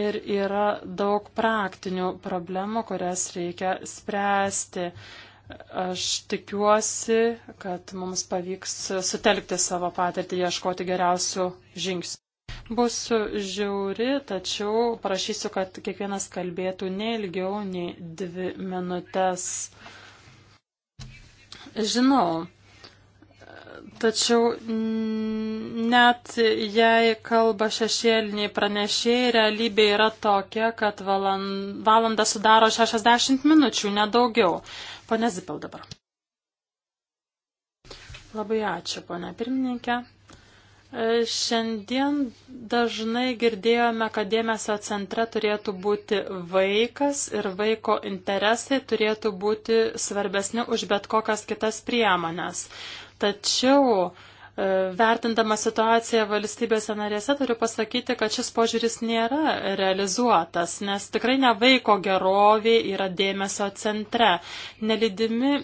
S1: ir yra daug praktinių problemų, kurias reikia spręsti. Aš tikiuosi, kad mums pavyks sutelkti savo patirtį, ieškoti geriausių žingsnių. Būsiu žiauri, tačiau prašysiu, kad kiekvienas kalbėtų neilgiau nei dvi minutės. Žinau, tačiau net jei kalba šešėliniai pranešėjai, realybė yra tokia, kad valanda sudaro 60 minučių, nedaugiau. Pone Zipel dabar. Labai ačiū, pone pirmininkė. E, šiandien dažnai girdėjome, kad dėmesio centre turėtų būti vaikas ir vaiko interesai turėtų būti svarbesni už bet kokias kitas priemonės. Tačiau e, vertindama situaciją valstybėse narėse, turiu pasakyti, kad šis požiūris nėra realizuotas, nes tikrai ne vaiko gerovė yra dėmesio centre. Nelydimi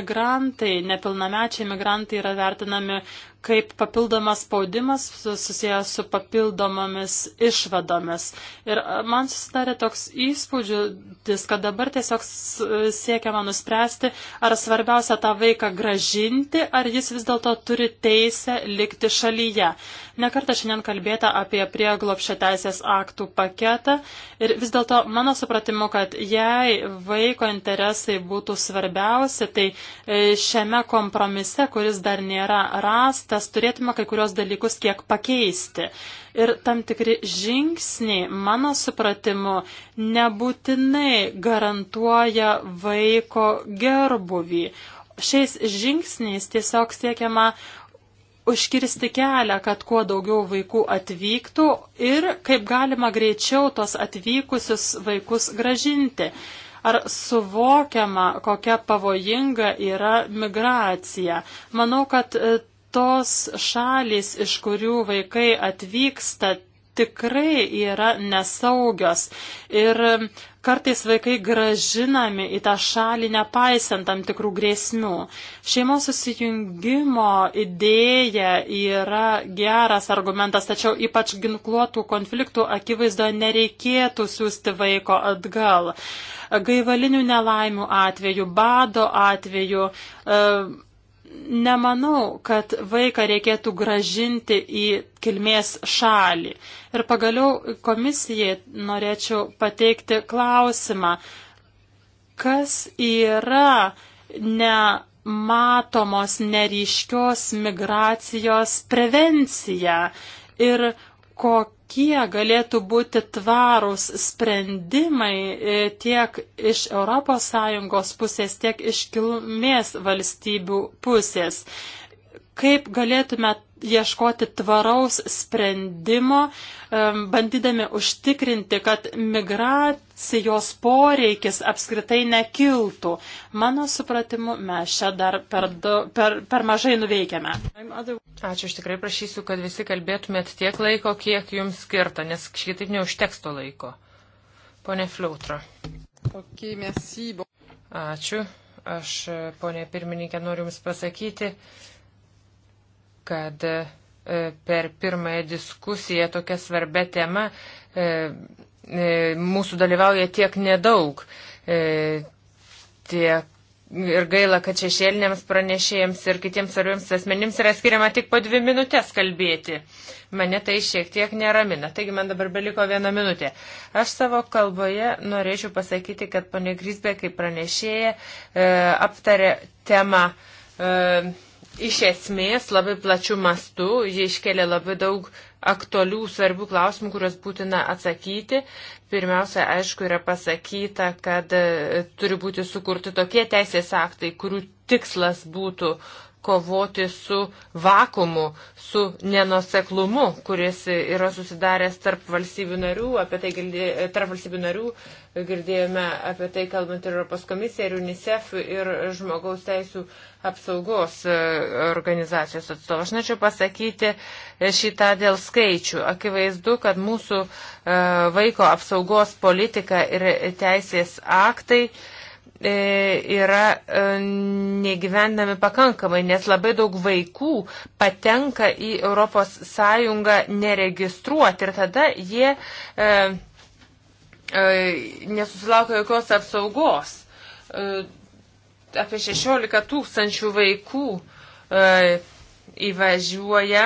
S1: migrantai, nepilnamečiai migrantai yra vertinami kaip papildomas spaudimas susijęs su papildomomis išvadomis. Ir man susidarė toks įspūdis, kad dabar tiesiog siekiama nuspręsti, ar svarbiausia tą vaiką gražinti, ar jis vis dėlto turi teisę likti šalyje. Nekartą šiandien kalbėta apie prieglopšio teisės aktų paketą ir vis dėlto mano supratimu, kad jei vaiko interesai būtų svarbiausi, tai e, šiame kompromise, kuris dar nėra rastas, turėtume kai kurios dalykus kiek pakeisti. Ir tam tikri žingsniai, mano supratimu, nebūtinai garantuoja vaiko gerbuvį, šiais žingsniais tiesiog siekiama užkirsti kelią, kad kuo daugiau vaikų atvyktų ir kaip galima greičiau tos atvykusius vaikus gražinti. Ar suvokiama, kokia pavojinga yra migracija? Manau, kad e, tos šalys, iš kurių vaikai atvyksta, tikrai yra nesaugios. Ir Kartais vaikai gražinami į tą šalį nepaisant tam tikrų grėsmių. Šeimos susijungimo idėja yra geras argumentas, tačiau ypač ginkluotų konfliktų akivaizdoje nereikėtų siūsti vaiko atgal. Gaivalinių nelaimių atveju, bado atveju. E, Nemanau, kad vaiką reikėtų gražinti į kilmės šalį. Ir pagaliau komisijai norėčiau pateikti klausimą, kas yra nematomos neryškios migracijos prevencija ir kokie galėtų būti tvarūs sprendimai e, tiek iš ES pusės, tiek iš kilmės valstybių pusės kaip galėtume ieškoti tvaraus sprendimo, bandydami užtikrinti, kad migracijos poreikis apskritai nekiltų. Mano supratimu,
S3: mes čia dar per, per, per mažai nuveikėme.
S1: Ačiū,
S3: aš tikrai prašysiu, kad visi kalbėtumėt tiek laiko, kiek jums skirta, nes šitaip neužteks to laiko. Pone Fliautra. Okay, merci. Ačiū. Aš, ponė pirmininkė, noriu Jums pasakyti, kad e, per pirmąją diskusiją tokia svarbia tema e, e, mūsų dalyvauja tiek nedaug. Tiek ir gaila, kad šešėliniams pranešėjams ir kitiems svarbiams asmenims yra skiriama tik po dvi minutės kalbėti. Mane tai šiek tiek neramina. Taigi man dabar beliko viena minutė. Aš savo kalboje norėčiau pasakyti, kad ponė Grisbė kaip pranešėja e, aptarė temą. E, iš esmės labai plačių mastų, jie iškelia labai daug aktualių, svarbių klausimų, kuriuos būtina atsakyti. Pirmiausia, aišku, yra pasakyta, kad e, turi būti sukurti tokie teisės aktai, kurių tikslas būtų kovoti su vakumu, su nenoseklumu, kuris yra susidaręs tarp valstybių narių, apie tai girdė, tarp valstybių narių girdėjome apie tai kalbant ir Europos komisija, ir UNICEF, ir žmogaus teisų apsaugos e, organizacijos atstovas. Aš norėčiau pasakyti e, šitą dėl skaičių. Akivaizdu, kad mūsų e, vaiko apsaugos politika ir teisės aktai uh, E, yra e, negyvendami pakankamai, nes labai daug vaikų patenka į ES neregistruoti ir tada jie e, nesusilaukia jokios apsaugos. Apie 16 tūkstančių vaikų įvažiuoja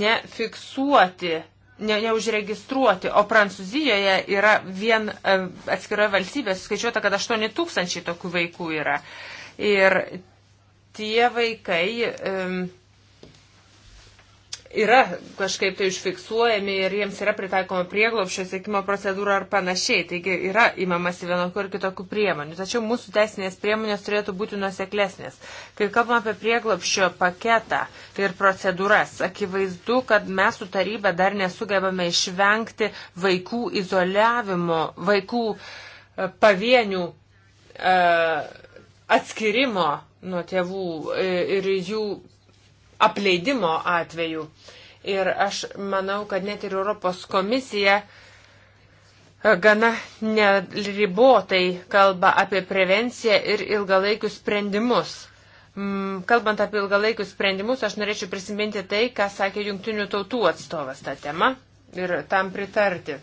S3: nefiksuoti ne, neužregistruoti, o Prancūzijoje yra vien e, atskiroje valstybėje skaičiuota, kad 8 tūkstančiai tokių vaikų yra. Ir tie vaikai. Um, yra kažkaip tai užfiksuojami ir jiems yra pritaikoma prieglopščio sėkimo procedūra ar panašiai. Taigi yra įmamasi vienokių ir kitokių priemonių. Tačiau mūsų teisinės priemonės turėtų būti nuseklesnės. Kai kalbame apie prieglopščio paketą ir procedūras, akivaizdu, kad mes su taryba dar nesugebame išvengti vaikų izoliavimo, vaikų e, pavienių e, atskirimo nuo tėvų e, ir jų apleidimo atveju. Ir aš manau, kad net ir Europos komisija e, gana neribotai kalba apie prevenciją ir ilgalaikius sprendimus. Mm, kalbant apie ilgalaikius sprendimus, aš norėčiau prisiminti tai, ką sakė jungtinių tautų atstovas tą temą ir tam pritarti.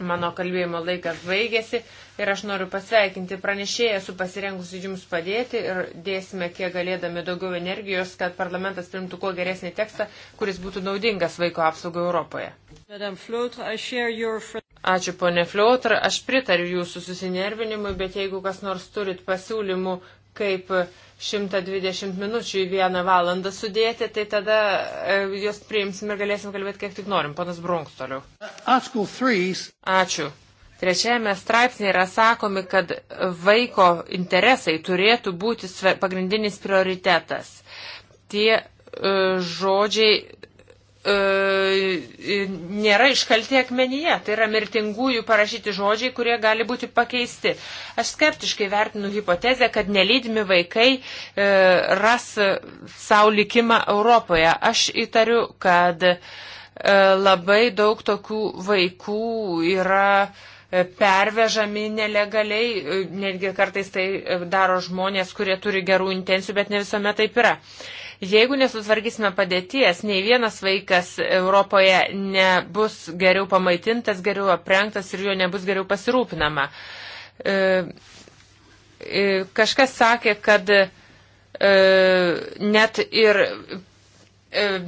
S3: Mano kalbėjimo laikas baigėsi ir aš noriu pasveikinti pranešėją, esu pasirengusi jums padėti ir dėsime kiek galėdami daugiau energijos, kad parlamentas primtų kuo geresnį tekstą, kuris būtų naudingas vaiko apsaugai Europoje. Ačiū ponė Fliotra, aš pritariu jūsų susinervinimui, bet jeigu kas nors turit pasiūlymų, kaip 120 minučių į vieną valandą sudėti, tai tada e, jos priimsim ir galėsim kalbėti kiek tik norim. Panas Brunks toliau. Ačiū. Trečiajame straipsnėje yra sakomi, kad vaiko interesai turėtų būti pagrindinis prioritetas. Tie e, žodžiai E, nėra iškalti akmenyje. Tai yra mirtingųjų parašyti žodžiai, kurie gali būti pakeisti. Aš skeptiškai vertinu hipotezę, kad nelydimi vaikai e, ras savo likimą Europoje. Aš įtariu, kad e, labai daug tokių vaikų yra pervežami nelegaliai, netgi kartais tai daro žmonės, kurie turi gerų intencijų, bet ne visuomet taip yra. Jeigu nesutvarkysime padėties, nei vienas vaikas Europoje nebus geriau pamaitintas, geriau aprengtas ir jo nebus geriau pasirūpinama. E, e, kažkas sakė, kad e, net ir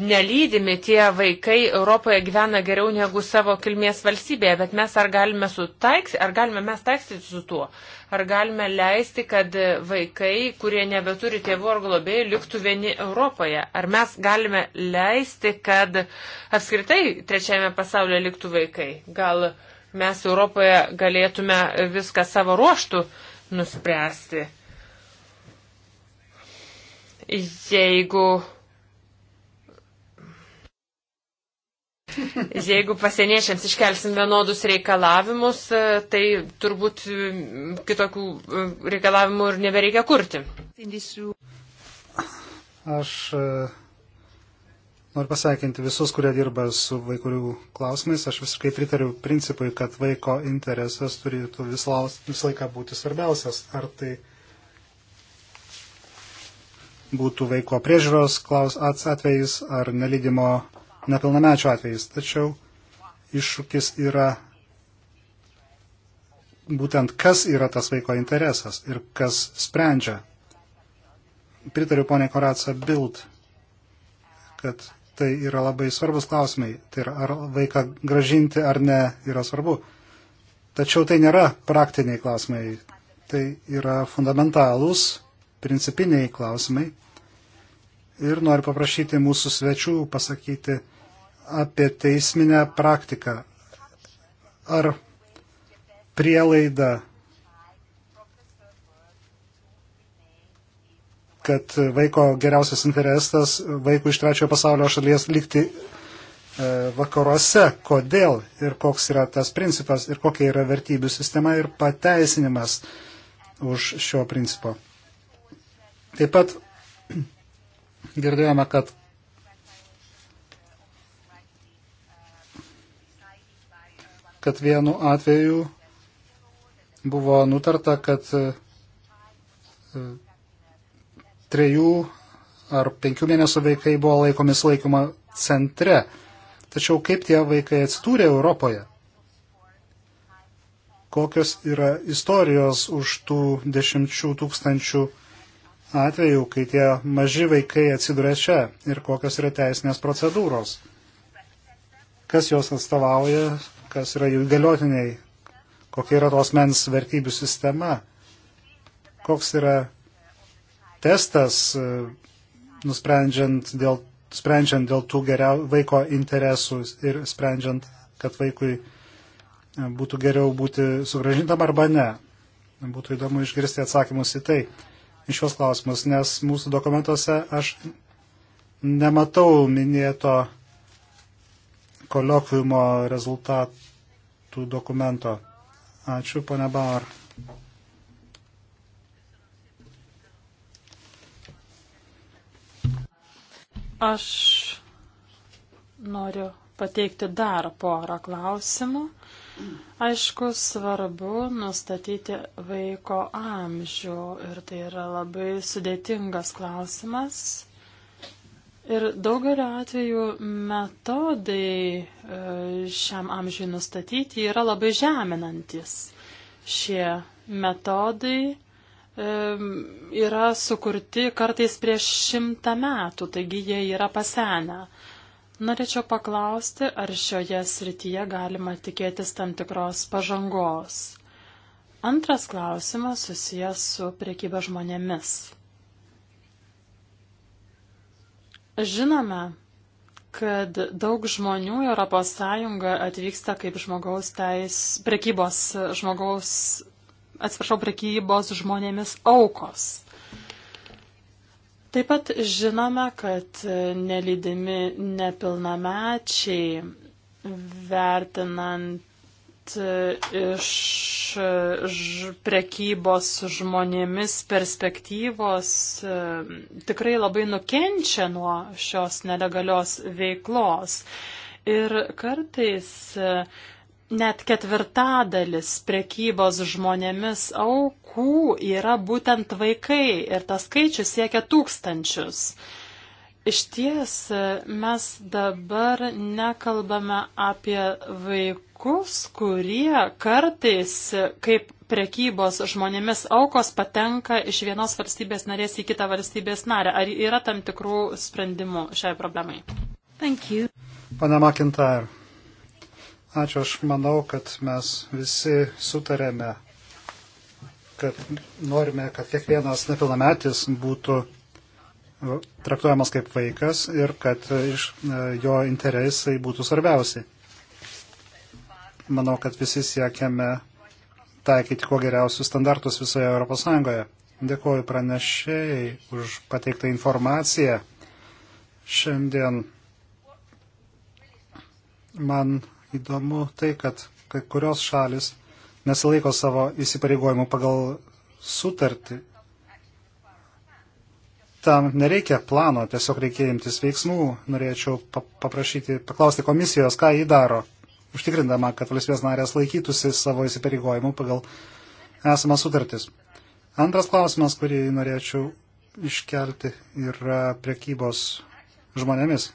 S3: nelydimi tie vaikai Europoje gyvena geriau negu savo kilmės valstybėje, bet mes ar galime, sutaiks, ar galime mes taiksyti su tuo? Uh, Ar galime leisti, kad vaikai, kurie nebeturi tėvų ar globėjų, liktų vieni Europoje? Ar mes galime leisti, kad apskritai trečiajame pasaulyje liktų vaikai? Gal mes Europoje galėtume viską savo ruoštų nuspręsti? Jeigu Jeigu pasieniečiams iškelsim vienodus reikalavimus, e, tai turbūt e, kitokių e, reikalavimų ir nebereikia kurti.
S2: Aš noriu pasveikinti visus, kurie dirba su vaikų klausimais. Aš visiškai pritariu principui, kad vaiko interesas turėtų visą laiką būti svarbiausias. Ar tai būtų vaiko priežiūros klaus atvejais ar nelydimo nepilnamečių atvejais. Tačiau iššūkis yra būtent kas yra tas vaiko interesas ir kas sprendžia. Pritariu ponė Koratsa Bild, kad tai yra labai svarbus klausimai. Tai yra, ar vaiką gražinti ar ne yra svarbu. Tačiau tai nėra praktiniai klausimai. Tai yra fundamentalūs, principiniai klausimai. Ir noriu paprašyti mūsų svečių pasakyti, apie teisminę praktiką. Ar prielaida, kad vaiko geriausias interesas vaikų iš trečiojo pasaulio šalies likti e, vakaruose, kodėl ir koks yra tas principas ir kokia yra vertybių sistema ir pateisinimas už šio principo. Taip pat girdėjome, kad kad vienu atveju buvo nutarta, kad e, trejų ar penkių mėnesių vaikai buvo laikomi sulaikymo centre. Tačiau kaip tie vaikai atsidūrė Europoje? Kokios yra istorijos už tų dešimčių tūkstančių atvejų, kai tie maži vaikai atsidūrė čia ir kokios yra teisinės procedūros? Kas juos atstovauja, kas yra jų galiotiniai, kokia yra tos mens vertybių sistema, koks yra testas, e, nusprendžiant dėl, sprendžiant dėl tų geriau, vaiko interesų ir sprendžiant, kad vaikui e, būtų geriau būti sugražintam arba ne. Būtų įdomu išgirsti atsakymus į tai, iš šios klausimus, nes mūsų dokumentuose aš nematau minėto kolokviumo rezultatų dokumento. Ačiū, ponia Bauer.
S1: Aš noriu pateikti dar porą klausimų. Aišku, svarbu nustatyti vaiko amžių ir tai yra labai sudėtingas klausimas. Ir daugelio atvejų metodai e, šiam amžiui nustatyti yra labai žeminantis. Šie metodai e, yra sukurti kartais prieš šimtą metų, taigi jie yra pasenę. Norėčiau paklausti, ar šioje srityje galima tikėtis tam tikros pažangos. Antras klausimas susijęs su priekyba žmonėmis. Žinome, kad daug žmonių į ES atvyksta kaip žmogaus teis, prekybos žmogaus, atsiprašau, prekybos žmonėmis aukos. Taip pat žinome, kad nelydimi nepilnamečiai vertinant E, iš e, prekybos žmonėmis perspektyvos e, tikrai labai nukenčia nuo šios nelegalios veiklos. Ir kartais net ketvirtadalis prekybos žmonėmis aukų yra būtent vaikai ir tas skaičius siekia tūkstančius. Iš ties mes dabar nekalbame apie vaikų dalykus, kurie kartais, kaip prekybos žmonėmis aukos, patenka iš vienos valstybės narės į kitą valstybės narę. Ar yra tam tikrų sprendimų šiai problemai?
S2: Pane McIntyre, ačiū, aš manau, kad mes visi sutarėme, kad norime, kad kiekvienas nepilnametis būtų traktuojamas kaip vaikas ir kad iš e, jo interesai būtų svarbiausi manau, kad visi siekiame taikyti kuo geriausius standartus visoje Europos Sąjungoje. Dėkuoju pranešėjai už pateiktą informaciją. Šiandien man įdomu tai, kad kai kurios šalis nesilaiko savo įsipareigojimų pagal sutartį. Tam nereikia plano, tiesiog reikia imtis veiksmų. Norėčiau paprašyti, paklausti komisijos, ką jį daro užtikrindama, kad valstybės narės laikytųsi savo įsipareigojimų pagal esamas sutartis. Antras klausimas, kurį norėčiau iškelti, yra priekybos žmonėmis.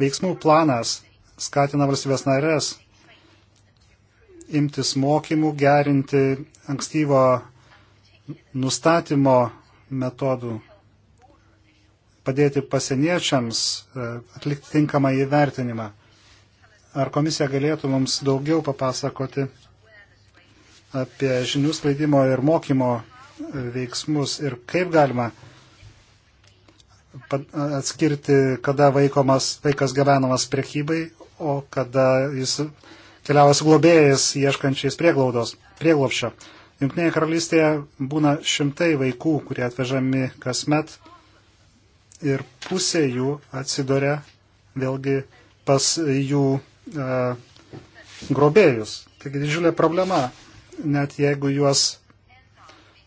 S2: Veiksmų planas skatina valstybės narės imtis mokymų, gerinti ankstyvo nustatymo metodų, padėti pasieniečiams e, atlikti tinkamą įvertinimą. Ar komisija galėtų mums daugiau papasakoti apie žinių sklaidimo ir mokymo veiksmus ir kaip galima atskirti, kada vaikomas, vaikas gabenamas priekybai, o kada jis keliauja su globėjais ieškančiais prieglaudos, prieglopščio. Junktinėje karalystėje būna šimtai vaikų, kurie atvežami kasmet ir pusė jų atsiduria vėlgi pas jų e, grobėjus. Taigi didžiulė problema, net jeigu juos,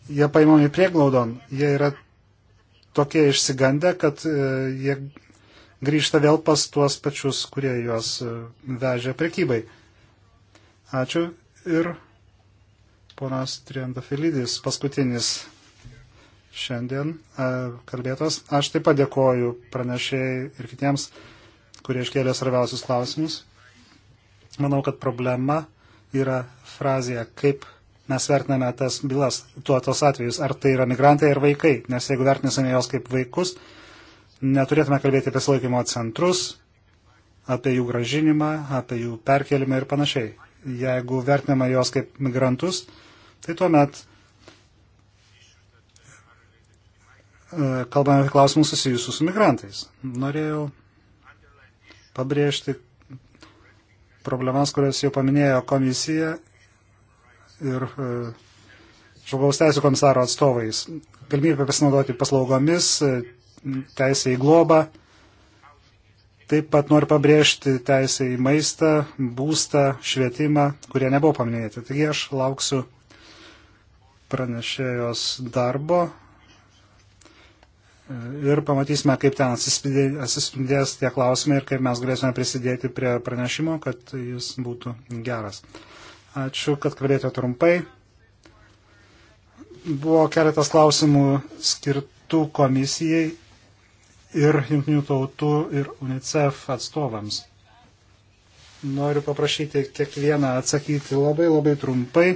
S2: jie paimami prieglaudon, jie yra tokie išsigandę, kad e, jie grįžta vėl pas tuos pačius, kurie juos e, vežė prekybai. Ačiū ir ponas Triandafilidis, paskutinis šiandien e, kalbėtos. Aš taip pat dėkoju pranešėjai ir kitiems, kurie iškėlė svarbiausius klausimus. Manau, kad problema yra frazėje, kaip mes vertiname tas bylas, tuo tos atvejus, ar tai yra migrantai ar vaikai, nes jeigu vertinsime jos kaip vaikus, neturėtume kalbėti apie sulaikymo centrus, apie jų gražinimą, apie jų perkelimą ir panašiai. Jeigu vertiname jos kaip migrantus, tai tuomet e, kalbame apie klausimus susijusius su migrantais. Norėjau pabrėžti, problemas, kurias jau paminėjo komisija ir e, žmogaus teisų komisaro atstovais. Galimybė pasinaudoti paslaugomis, e, teisė į globą. Taip pat noriu pabrėžti teisę į maistą, būstą, švietimą, kurie nebuvo paminėti. Taigi aš lauksiu pranešėjos darbo ir pamatysime, kaip ten atsispindės tie klausimai ir kaip mes galėsime prisidėti prie pranešimo, kad jis būtų geras. Ačiū, kad kalbėjote trumpai. Buvo keletas klausimų skirtų komisijai ir Junktinių tautų ir UNICEF atstovams. Noriu paprašyti kiekvieną atsakyti labai labai trumpai,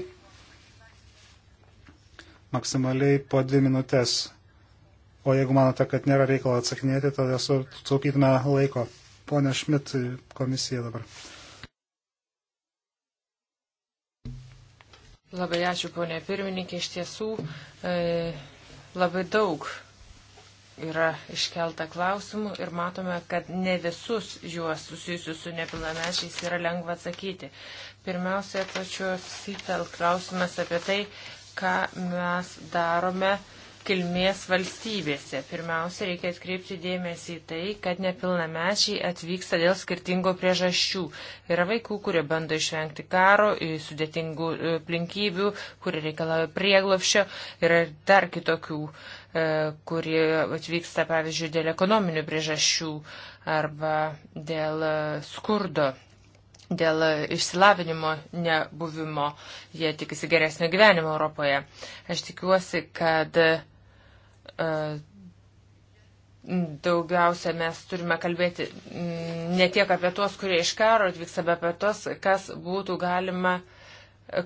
S2: maksimaliai po dvi minutės O jeigu manote, kad nėra reikalo atsakinėti, tada sutaupytume laiko. Pone Šmit, komisija dabar.
S3: Labai ačiū, ponė pirmininkė. Iš tiesų e, labai daug yra iškelta klausimų ir matome, kad ne visus juos susijusius su nepilnamečiais yra lengva atsakyti. Pirmiausia, pačios Sitel klausimas apie tai, ką mes darome e, kilmės valstybėse. Pirmiausia, reikia atkreipti dėmesį į tai, kad nepilnamečiai atvyksta dėl skirtingo priežasčių. Yra vaikų, kurie bando išvengti karo, sudėtingų e, aplinkybių, kurie reikalauja prieglopščio. Yra dar kitokių, e, kurie atvyksta, pavyzdžiui, dėl ekonominių priežasčių arba dėl e, skurdo dėl išsilavinimo nebuvimo, jie tikisi geresnio gyvenimo Europoje. Aš tikiuosi, kad E, daugiausia mes turime kalbėti ne tiek apie tuos, kurie iš karo atvyksta, bet apie tuos, kas būtų galima,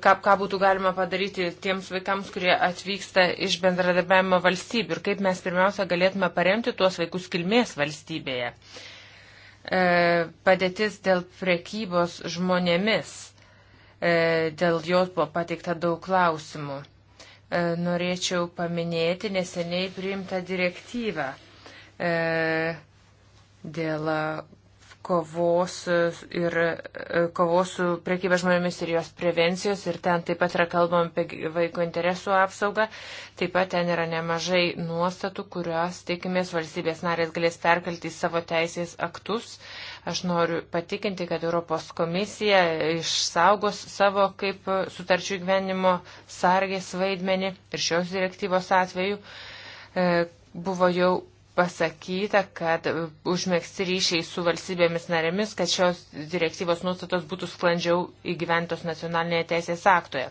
S3: ką, ką būtų galima padaryti tiems vaikams, kurie atvyksta iš bendradarbiavimo valstybių ir kaip mes pirmiausia galėtume paremti tuos vaikus kilmės valstybėje. E, padėtis dėl prekybos žmonėmis, e, dėl jos buvo pateikta daug klausimų E, norėčiau paminėti neseniai priimtą direktyvą e, dėl kovos e, ir e, kovos su priekybė žmonėmis ir jos prevencijos ir ten taip pat yra kalbama apie vaiko interesų apsaugą. Taip pat ten yra nemažai nuostatų, kurios tikimės valstybės narės galės perkelti į savo teisės aktus. Aš noriu patikinti, kad Europos komisija išsaugos savo kaip sutarčių gyvenimo sargės vaidmenį ir šios direktyvos atveju e, buvo jau pasakyta, kad užmėgsti ryšiai su valstybėmis narėmis, kad šios direktyvos nuostatos būtų sklandžiau įgyventos nacionalinėje teisės aktoje.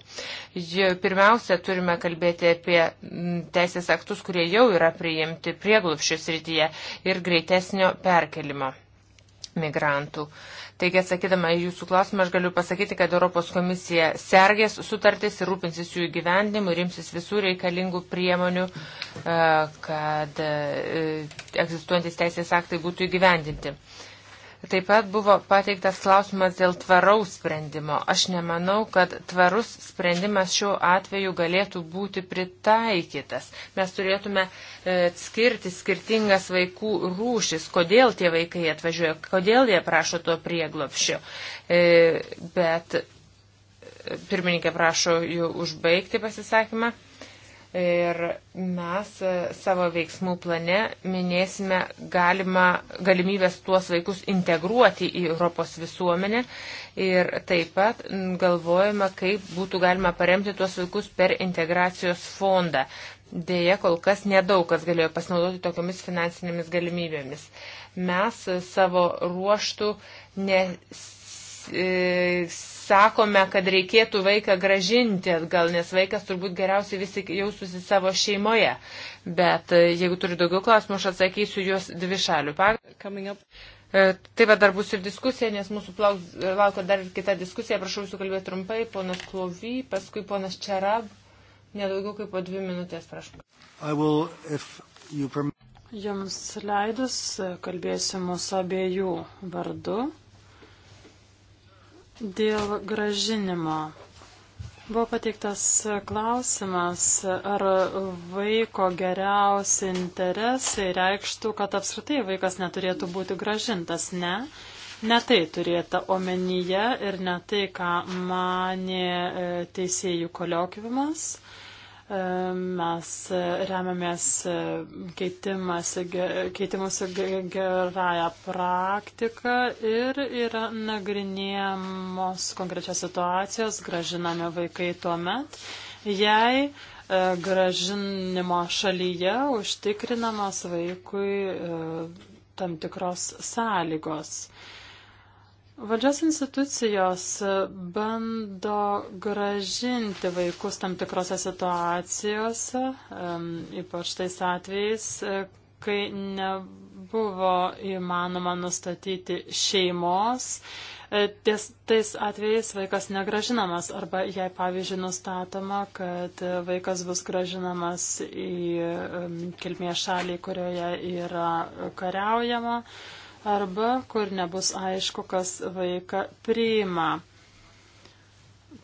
S3: Pirmiausia, turime kalbėti apie teisės aktus, kurie jau yra priimti prieglupščių srityje ir greitesnio perkelimo migrantų. Uh, Taigi, atsakydama į jūsų klausimą, aš galiu pasakyti, kad Europos komisija sergės sutartis ir rūpinsis jų įgyvendimu ir imsis visų reikalingų priemonių, e, kad e, egzistuojantis teisės aktai būtų įgyvendinti. Taip pat buvo pateiktas klausimas dėl tvaraus sprendimo. Aš nemanau, kad tvarus sprendimas šiuo atveju galėtų būti pritaikytas. Mes turėtume atskirti e, skirtingas vaikų rūšis, kodėl tie vaikai atvažiuoja, kodėl jie prašo to prieglopščio. E, bet e, pirmininkė prašo jų užbaigti pasisakymą. Ir mes e, savo veiksmų plane minėsime galima, galimybės tuos vaikus integruoti į Europos visuomenę ir taip pat galvojame, kaip būtų galima paremti tuos vaikus per integracijos fondą. Deja, kol kas nedaug kas galėjo pasinaudoti tokiamis finansinėmis galimybėmis. Mes savo ruoštų nes e, sakome, kad reikėtų vaiką gražinti atgal, nes vaikas turbūt geriausiai visi jaususi savo šeimoje. Bet e, jeigu turi daugiau klausimų, aš atsakysiu juos dvi šalių. E, taip pat dar bus ir diskusija, nes mūsų laukia dar ir kita diskusija. Prašau jūsų kalbėti trumpai, ponas Klovy, paskui ponas Čerab. Nedaugiau kaip po dvi minutės, prašau.
S2: Will, you...
S1: Jums leidus kalbėsiu mūsų abiejų vardu. Dėl gražinimo. Buvo pateiktas klausimas, ar vaiko geriausi interesai reikštų, kad apskritai vaikas neturėtų būti gražintas. Ne, ne tai turėta omenyje ir ne tai, ką manė e, teisėjų koliokiumas mes remiamės e, keitimusi gerąją praktiką ir yra nagrinėjamos konkrečios situacijos, gražinami vaikai tuo met, jei e, gražinimo šalyje užtikrinamos vaikui e, tam tikros sąlygos. Valdžios institucijos e, bando gražinti vaikus tam tikrose situacijose, ypač tais atvejais, e, kai nebuvo įmanoma nustatyti šeimos. E, ties, tais atvejais vaikas negražinamas arba jei, pavyzdžiui, nustatoma, kad vaikas bus gražinamas į kilmės šalį, kurioje yra kariaujama. Um, arba kur nebus aišku, kas vaiką priima.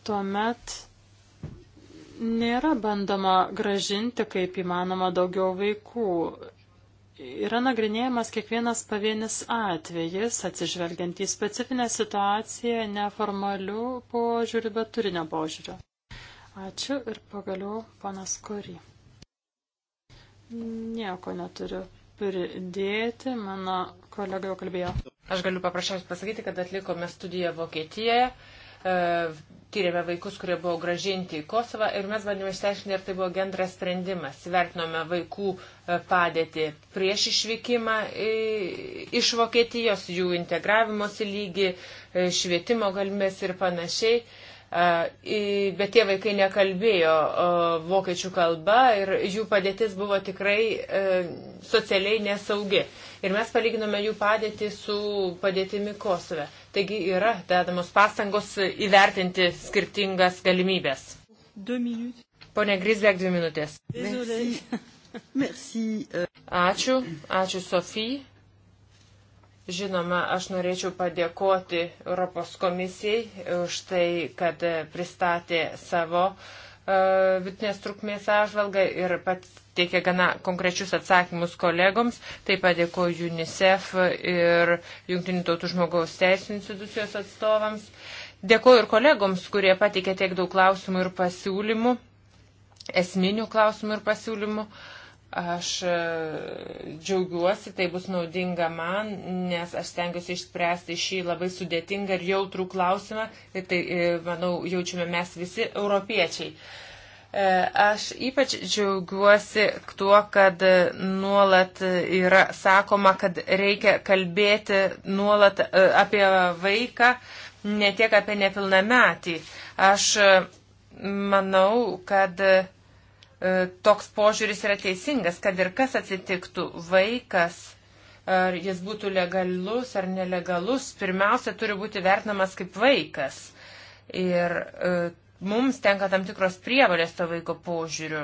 S1: Tuomet nėra bandoma gražinti kaip įmanoma daugiau vaikų. Yra nagrinėjamas kiekvienas pavienis atvejis, atsižvelgiant į specifinę situaciją, neformalių požiūrių, bet turinio požiūrių. Ačiū ir pagaliau panas Kori. Nieko neturiu pridėti, mano kolega jau kalbėjo. Aš galiu
S3: paprasčiausiai pasakyti, kad atlikome studiją Vokietijoje, e, tyrėme vaikus, kurie buvo gražinti į Kosovą ir mes bandėme išteiškinti, ar tai buvo gendras sprendimas. Vertinome vaikų e, padėtį prieš išvykimą iš Vokietijos, jų integravimosi lygį, e, švietimo galimės ir panašiai bet tie vaikai nekalbėjo e, vokiečių kalba ir jų padėtis buvo tikrai e, socialiai nesaugi. Ir mes palyginome jų padėtį su padėtimi Kosove. Taigi yra dedamos pastangos įvertinti skirtingas galimybės. Pone Grisbek, dvi minutės. Merci. Merci. Euh. Ačiū, ačiū Sofijai. Žinoma, aš norėčiau padėkoti Europos komisijai už tai, kad pristatė savo e, vidutinės trukmės apžvalgą ir pat teikia gana konkrečius atsakymus kolegoms. Taip pat dėkoju UNICEF ir Junktinių tautų žmogaus teisų institucijos atstovams. Dėkoju ir kolegoms, kurie pateikė tiek daug klausimų ir pasiūlymų, esminių klausimų ir pasiūlymų. Uh, Aš e, džiaugiuosi, tai bus naudinga man, nes aš stengiuosi išspręsti šį labai sudėtingą ir jautrų klausimą, ir tai, e, manau, jaučiame mes visi europiečiai. E, aš ypač džiaugiuosi tuo, kad nuolat yra sakoma, kad reikia kalbėti nuolat apie vaiką, ne tiek apie nepilnametį. Aš manau, kad E, toks požiūris yra teisingas, kad ir kas atsitiktų, vaikas, ar jis būtų legalus ar nelegalus, pirmiausia turi būti vertinamas kaip vaikas. Ir e, mums tenka tam tikros prievalės to vaiko požiūriu,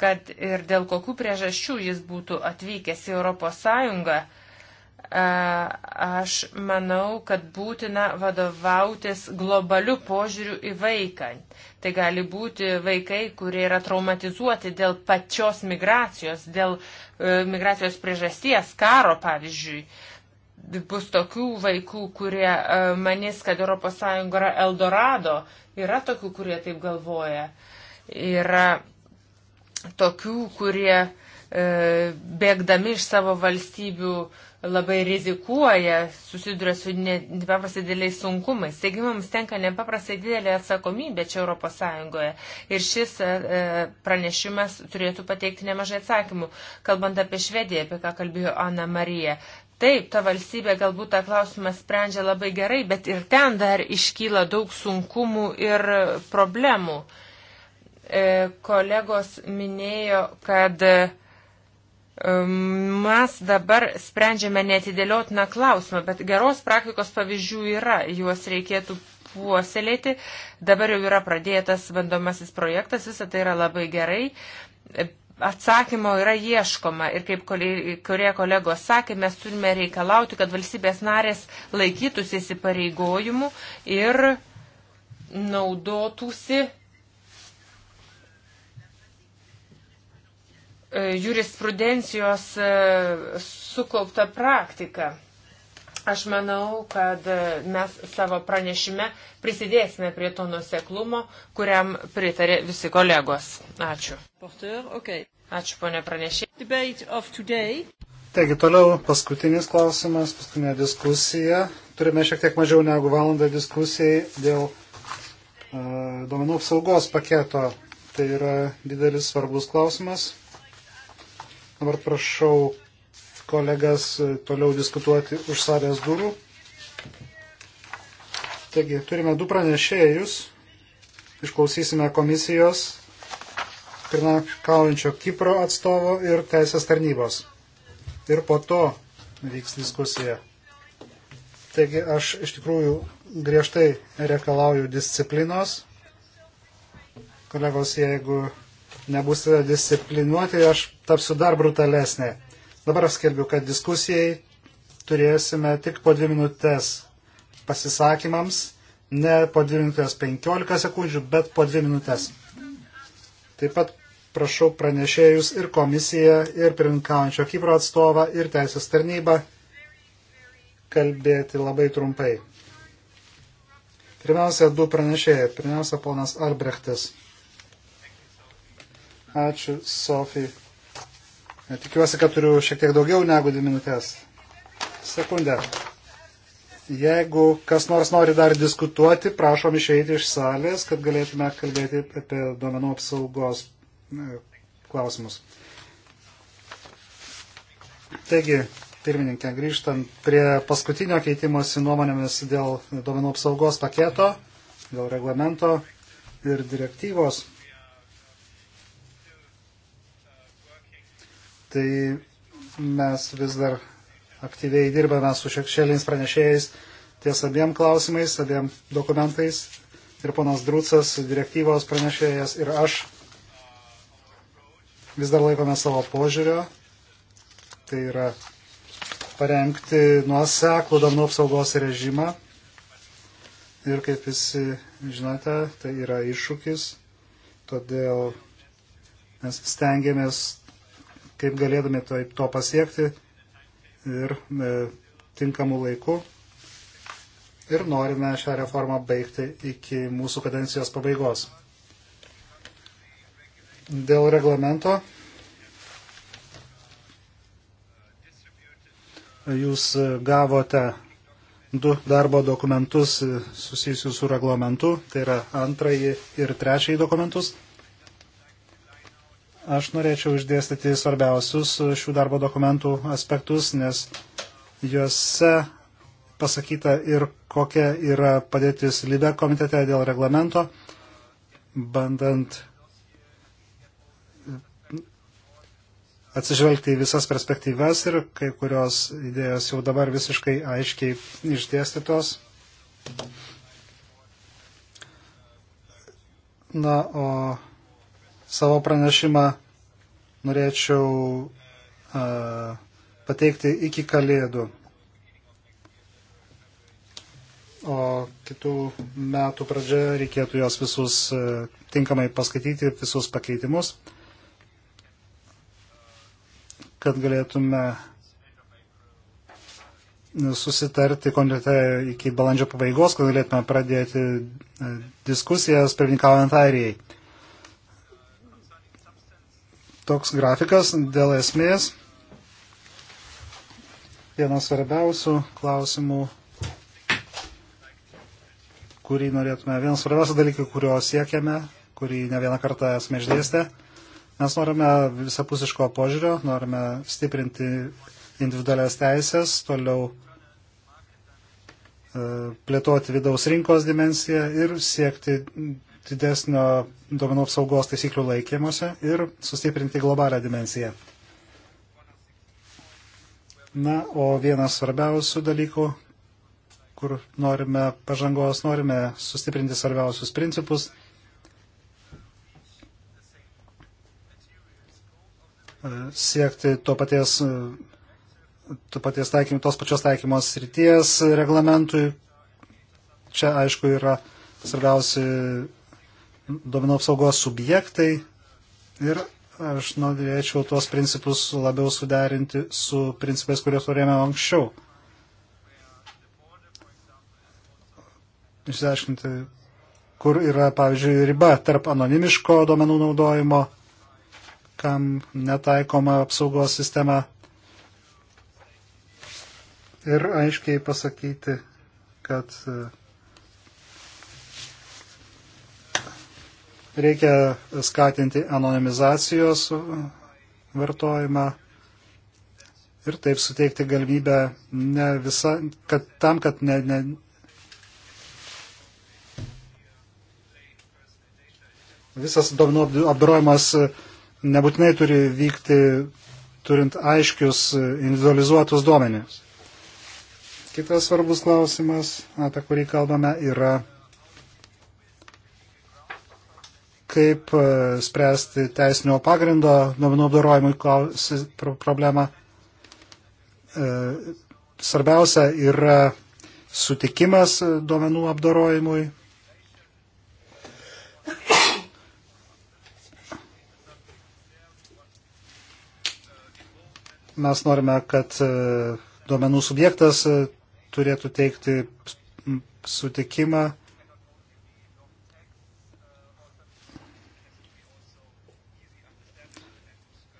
S3: kad ir dėl kokių priežasčių jis būtų atvykęs į Europos Sąjungą, E, aš manau, kad būtina vadovautis globaliu požiūriu į vaiką. Tai gali būti vaikai, kurie yra traumatizuoti dėl pačios migracijos, dėl e, migracijos priežasties, karo pavyzdžiui bus tokių vaikų, kurie e, manys, kad ES yra Eldorado, yra tokių, kurie taip galvoja, yra tokių, kurie bėgdami iš savo valstybių labai rizikuoja, susiduria su nepaprastai dideliais sunkumais. Taigi mums tenka nepaprastai didelė atsakomybė čia Europos Sąjungoje. Ir šis e, e, pranešimas turėtų pateikti nemažai atsakymų. Kalbant apie Švediją, apie ką kalbėjo Ana Marija. Taip, ta valstybė galbūt tą klausimą sprendžia labai gerai, bet ir ten dar iškyla daug sunkumų ir problemų. E, kolegos minėjo, kad Mes dabar sprendžiame netidėliotiną klausimą, bet geros praktikos pavyzdžių yra, juos reikėtų puoselėti. Dabar jau yra pradėtas bandomasis projektas, visą tai yra labai gerai. Atsakymo yra ieškoma ir kaip kurie kolegos sakė, mes turime reikalauti, kad valstybės narės laikytųsi įsipareigojimų ir naudotųsi E, jurisprudencijos e, sukauptą praktiką. Aš manau, kad e, mes savo pranešime prisidėsime prie to nuseklumo, kuriam pritarė visi kolegos. Ačiū. Ačiū, ponė pranešė.
S2: Taigi toliau paskutinis klausimas, paskutinė diskusija. Turime šiek tiek mažiau negu valandą diskusijai dėl uh, duomenų apsaugos paketo. Tai yra didelis svarbus klausimas. Dabar prašau kolegas e, toliau diskutuoti už salės durų. Taigi, turime du pranešėjus. Išklausysime komisijos, pirmininkaujančio Kipro atstovo ir teisės tarnybos. Ir po to vyks diskusija. Taigi, aš iš tikrųjų griežtai reikalauju disciplinos. Kolegos, jeigu nebusite disciplinuoti, aš tapsiu dar brutalesnė. Dabar aš skelbiu, kad diskusijai turėsime tik po dvi minutės pasisakymams, ne po dvi minutės 15 sekundžių, bet po dvi minutės. Taip pat prašau pranešėjus ir komisiją, ir pirinkaujančio Kipro atstovą, ir teisės tarnybą kalbėti labai trumpai. Pirmiausia, du pranešėjai. Pirmiausia, ponas Albrechtas. Ačiū, Sofija. Tikiuosi, kad turiu šiek tiek daugiau negu dvi minutės. Sekundę. Jeigu kas nors nori dar diskutuoti, prašom išeiti iš salės, kad galėtume kalbėti apie duomenų apsaugos e, klausimus. Taigi, pirmininkė, grįžtant prie paskutinio keitimosi nuomonėmis dėl duomenų apsaugos paketo, dėl reglamento ir direktyvos. tai mes vis dar aktyviai dirbame su šešėliniais pranešėjais ties abiem klausimais, abiem dokumentais. Ir ponas Drūcas, direktyvos pranešėjas ir aš vis dar laikome savo požiūrio. Tai yra parengti nuoseklų domnų apsaugos režimą. Ir kaip visi žinote, tai yra iššūkis. Todėl mes stengiamės kaip galėdami to, tai, to pasiekti ir e, tinkamų laikų. Ir norime šią reformą baigti iki mūsų kadencijos pabaigos. Dėl reglamento jūs gavote du darbo dokumentus susijusius su reglamentu, tai yra antrąjį ir trečiąjį dokumentus. Aš norėčiau išdėstyti svarbiausius šių darbo dokumentų aspektus, nes juose pasakyta ir kokia yra padėtis lyde komitete dėl reglamento, bandant atsižvelgti į visas perspektyvas ir kai kurios idėjos jau dabar visiškai aiškiai išdėstytos. Na, o Savo pranešimą norėčiau uh, pateikti iki kalėdų. O kitų metų pradžia reikėtų jos visus uh, tinkamai paskaityti, visus pakeitimus, kad galėtume susitarti komitete iki balandžio pabaigos, kad galėtume pradėti diskusijas pirmininkaujant Airijai toks grafikas dėl esmės vienas svarbiausių klausimų, kurį norėtume, vienas svarbiausių dalykų, kurio siekiame, kurį ne vieną kartą esame išdėstę. Mes norime visapusiško požiūrio, norime stiprinti individualias teisės, toliau e, plėtoti vidaus rinkos dimensiją ir siekti didesnio duomenų apsaugos taisyklių laikymuose ir sustiprinti globalią dimensiją. Na, o vienas svarbiausių dalykų, kur norime pažangos, norime sustiprinti svarbiausius principus. E, siekti to paties, e, to paties taikym, tos pačios taikymos ryties reglamentui. Čia, aišku, yra svarbiausi duomenų apsaugos subjektai ir aš norėčiau tuos principus labiau suderinti su principais, kuriuos turėjome anksčiau. Išsiaiškinti, kur yra, pavyzdžiui, riba tarp anonimiško duomenų naudojimo, kam netaikoma apsaugos sistema. Ir aiškiai pasakyti, kad Reikia skatinti anonimizacijos vartojimą ir taip suteikti galimybę ne visą, kad tam, kad ne, ne, visas duomenų apdorojimas nebūtinai turi vykti turint aiškius individualizuotus duomenis. Kitas svarbus klausimas, apie kurį kalbame, yra kaip e, spręsti teisinio pagrindo duomenų apdorojimui problemą. E, svarbiausia yra sutikimas e, duomenų apdorojimui. Mes norime, kad duomenų subjektas turėtų teikti sutikimą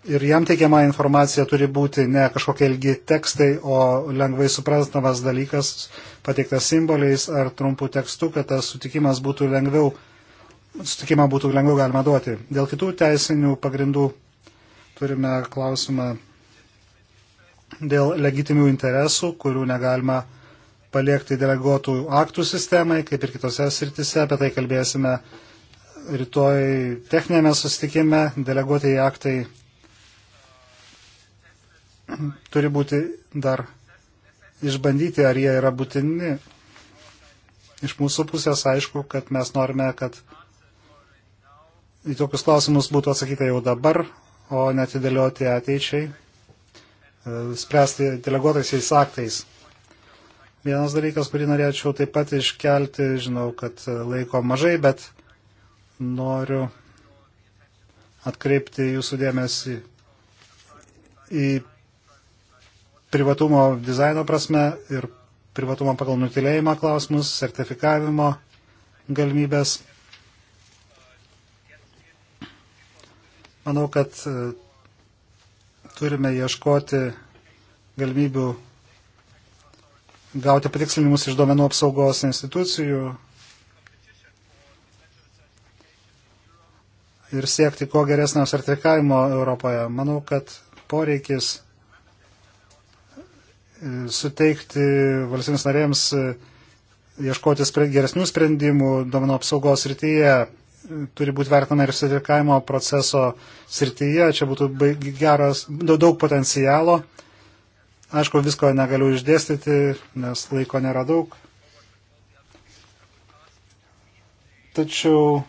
S2: ir jam teikiama informacija turi būti ne kažkokie ilgi tekstai, o lengvai suprantamas dalykas, pateiktas simboliais ar trumpų tekstų, kad tas sutikimas būtų lengviau, sutikimą būtų lengviau galima duoti. Dėl kitų teisinių pagrindų turime klausimą dėl legitimių interesų, kurių negalima paliekti deleguotų aktų sistemai, kaip ir kitose sritise, apie tai kalbėsime rytoj techninėme susitikime, deleguotieji aktai turi būti dar išbandyti, ar jie yra būtini. Iš mūsų pusės aišku, kad mes norime, kad į tokius klausimus būtų atsakyta jau dabar, o netidėlioti ateičiai, e, spręsti deleguotaisiais aktais. Vienas dalykas, kurį norėčiau taip pat iškelti, žinau, kad e, laiko mažai, bet noriu atkreipti jūsų dėmesį į privatumo dizaino prasme ir privatumo pagal nutilėjimą klausimus, sertifikavimo galimybės. Manau, kad e, turime ieškoti galimybių gauti patikslinimus iš duomenų apsaugos institucijų ir siekti kuo geresnio sertifikavimo Europoje. Manau, kad poreikis suteikti valstybės narėms e, ieškoti geresnių sprendimų duomenų apsaugos srityje, e, turi būti vertinama ir sertifikavimo proceso srityje, čia būtų geras, daug potencialo. Aišku, visko negaliu išdėstyti, nes laiko nėra daug. Tačiau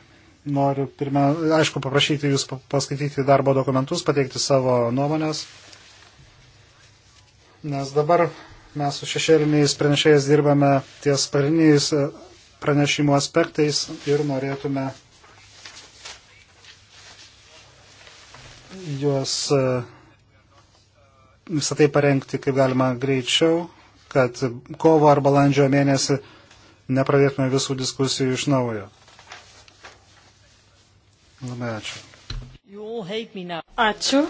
S2: noriu pirmiausia, aišku, paprašyti jūs paskaityti darbo dokumentus, pateikti savo nuomonės nes dabar mes su šešėliniais pranešėjais dirbame ties pariniais e, pranešimo aspektais ir norėtume juos e, visą tai parengti kaip galima greičiau, kad kovo ar balandžio mėnesį nepradėtume visų diskusijų iš naujo. Labai ačiū.
S1: Ačiū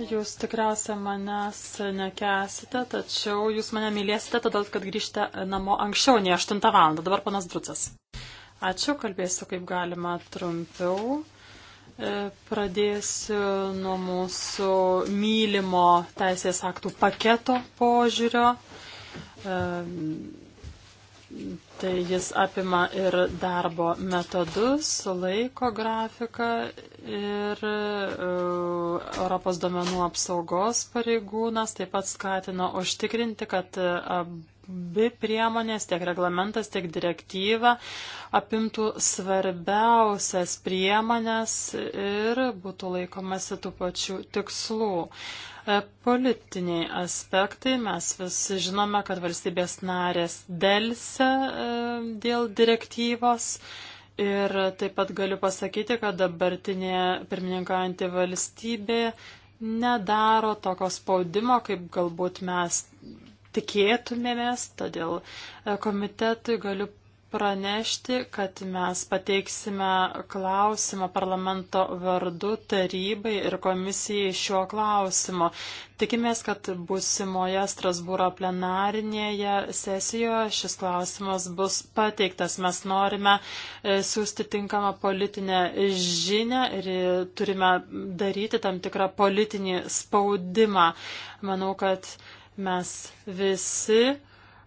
S1: jūs tikriausia manęs nekesite, tačiau jūs mane mylėsite, todėl kad grįžte namo anksčiau nei 8 val. Dabar panas Drucas. Ačiū, kalbėsiu kaip galima trumpiau. E, pradėsiu nuo mūsų mylimo teisės aktų paketo požiūrio. E, Tai jis apima ir darbo metodus, laiko grafiką ir e, Europos domenų apsaugos pareigūnas taip pat skatino užtikrinti, kad e, abi priemonės, tiek reglamentas, tiek direktyva apimtų svarbiausias priemonės ir būtų laikomasi tų pačių tikslų. E, politiniai aspektai. Mes visi žinome, kad valstybės narės dėlse e, dėl direktyvos. Ir taip pat galiu pasakyti, kad dabartinė pirmininkaujanti valstybė nedaro tokio spaudimo, kaip galbūt mes tikėtumėmės, todėl e, komitetui galiu pranešti, kad mes pateiksime klausimą parlamento vardu tarybai ir komisijai šiuo klausimu. Tikimės, kad busimoje Strasbūro plenarinėje sesijoje šis klausimas bus pateiktas. Mes norime e, siūsti tinkamą politinę žinę ir e, turime daryti tam tikrą politinį spaudimą. Manau, kad mes visi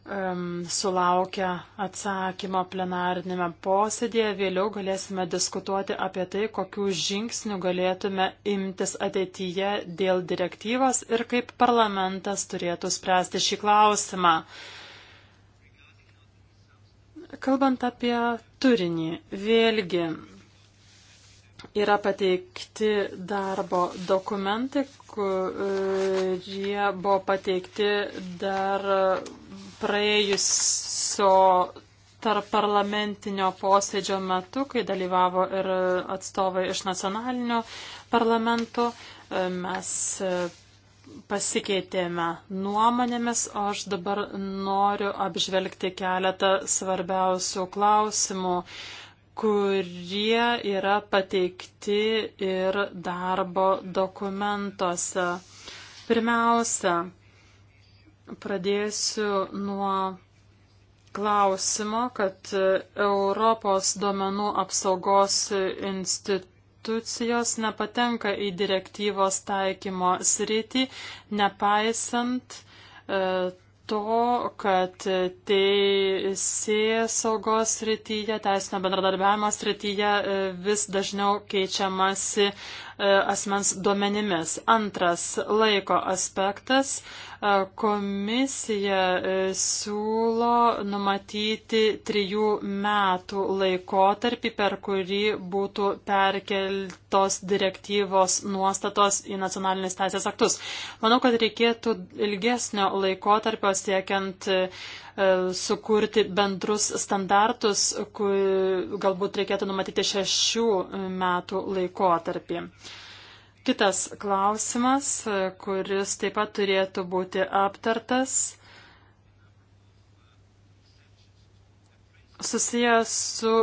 S1: um, sulaukę atsakymo plenarinėme posėdėje, vėliau galėsime diskutuoti apie tai, kokių žingsnių galėtume imtis ateityje dėl direktyvos ir kaip parlamentas turėtų spręsti šį klausimą. Kalbant apie turinį, vėlgi yra pateikti darbo dokumentai, kurie e, buvo pateikti dar praėjusio tarp parlamentinio posėdžio metu, kai dalyvavo ir atstovai iš nacionalinio parlamento, e, mes e, pasikeitėme nuomonėmis, o aš dabar noriu apžvelgti keletą svarbiausių klausimų, kurie yra pateikti ir darbo dokumentuose. Pirmiausia, Pradėsiu nuo klausimo, kad e, Europos duomenų apsaugos institucijos nepatenka į direktyvos taikymo sritį, nepaisant e, to, kad teisė saugos srityje, teisinio bendradarbiavimo srityje e, vis dažniau keičiamasi E, asmens duomenimis. Antras laiko aspektas. E, komisija e, siūlo numatyti trijų metų laikotarpį, per kurį būtų perkeltos direktyvos nuostatos į nacionalinės teisės aktus. Manau, kad reikėtų ilgesnio laikotarpio siekiant E, sukurti bendrus standartus, kur galbūt reikėtų numatyti šešių metų laikotarpį. Kitas klausimas, e, kuris taip pat turėtų būti aptartas, susijęs su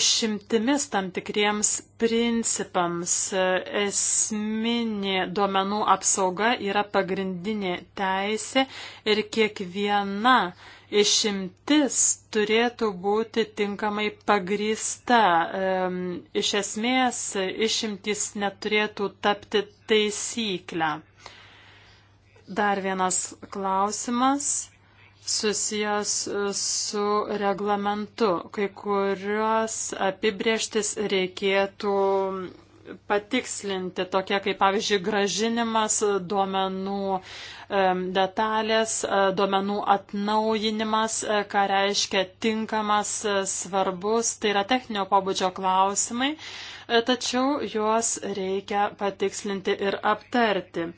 S1: išimtimis tam tikriems principams. E, esminė duomenų apsauga yra pagrindinė teisė ir kiekviena išimtis turėtų būti tinkamai pagrįsta. Iš esmės, išimtis neturėtų tapti taisyklę. Dar vienas klausimas susijęs su reglamentu, kai kurios apibrieštis reikėtų patikslinti, tokie kaip pavyzdžiui gražinimas duomenų detalės, e, duomenų atnaujinimas, e, ką reiškia tinkamas, e, svarbus, tai yra techninio pobūdžio klausimai, tačiau juos reikia patikslinti ir aptarti.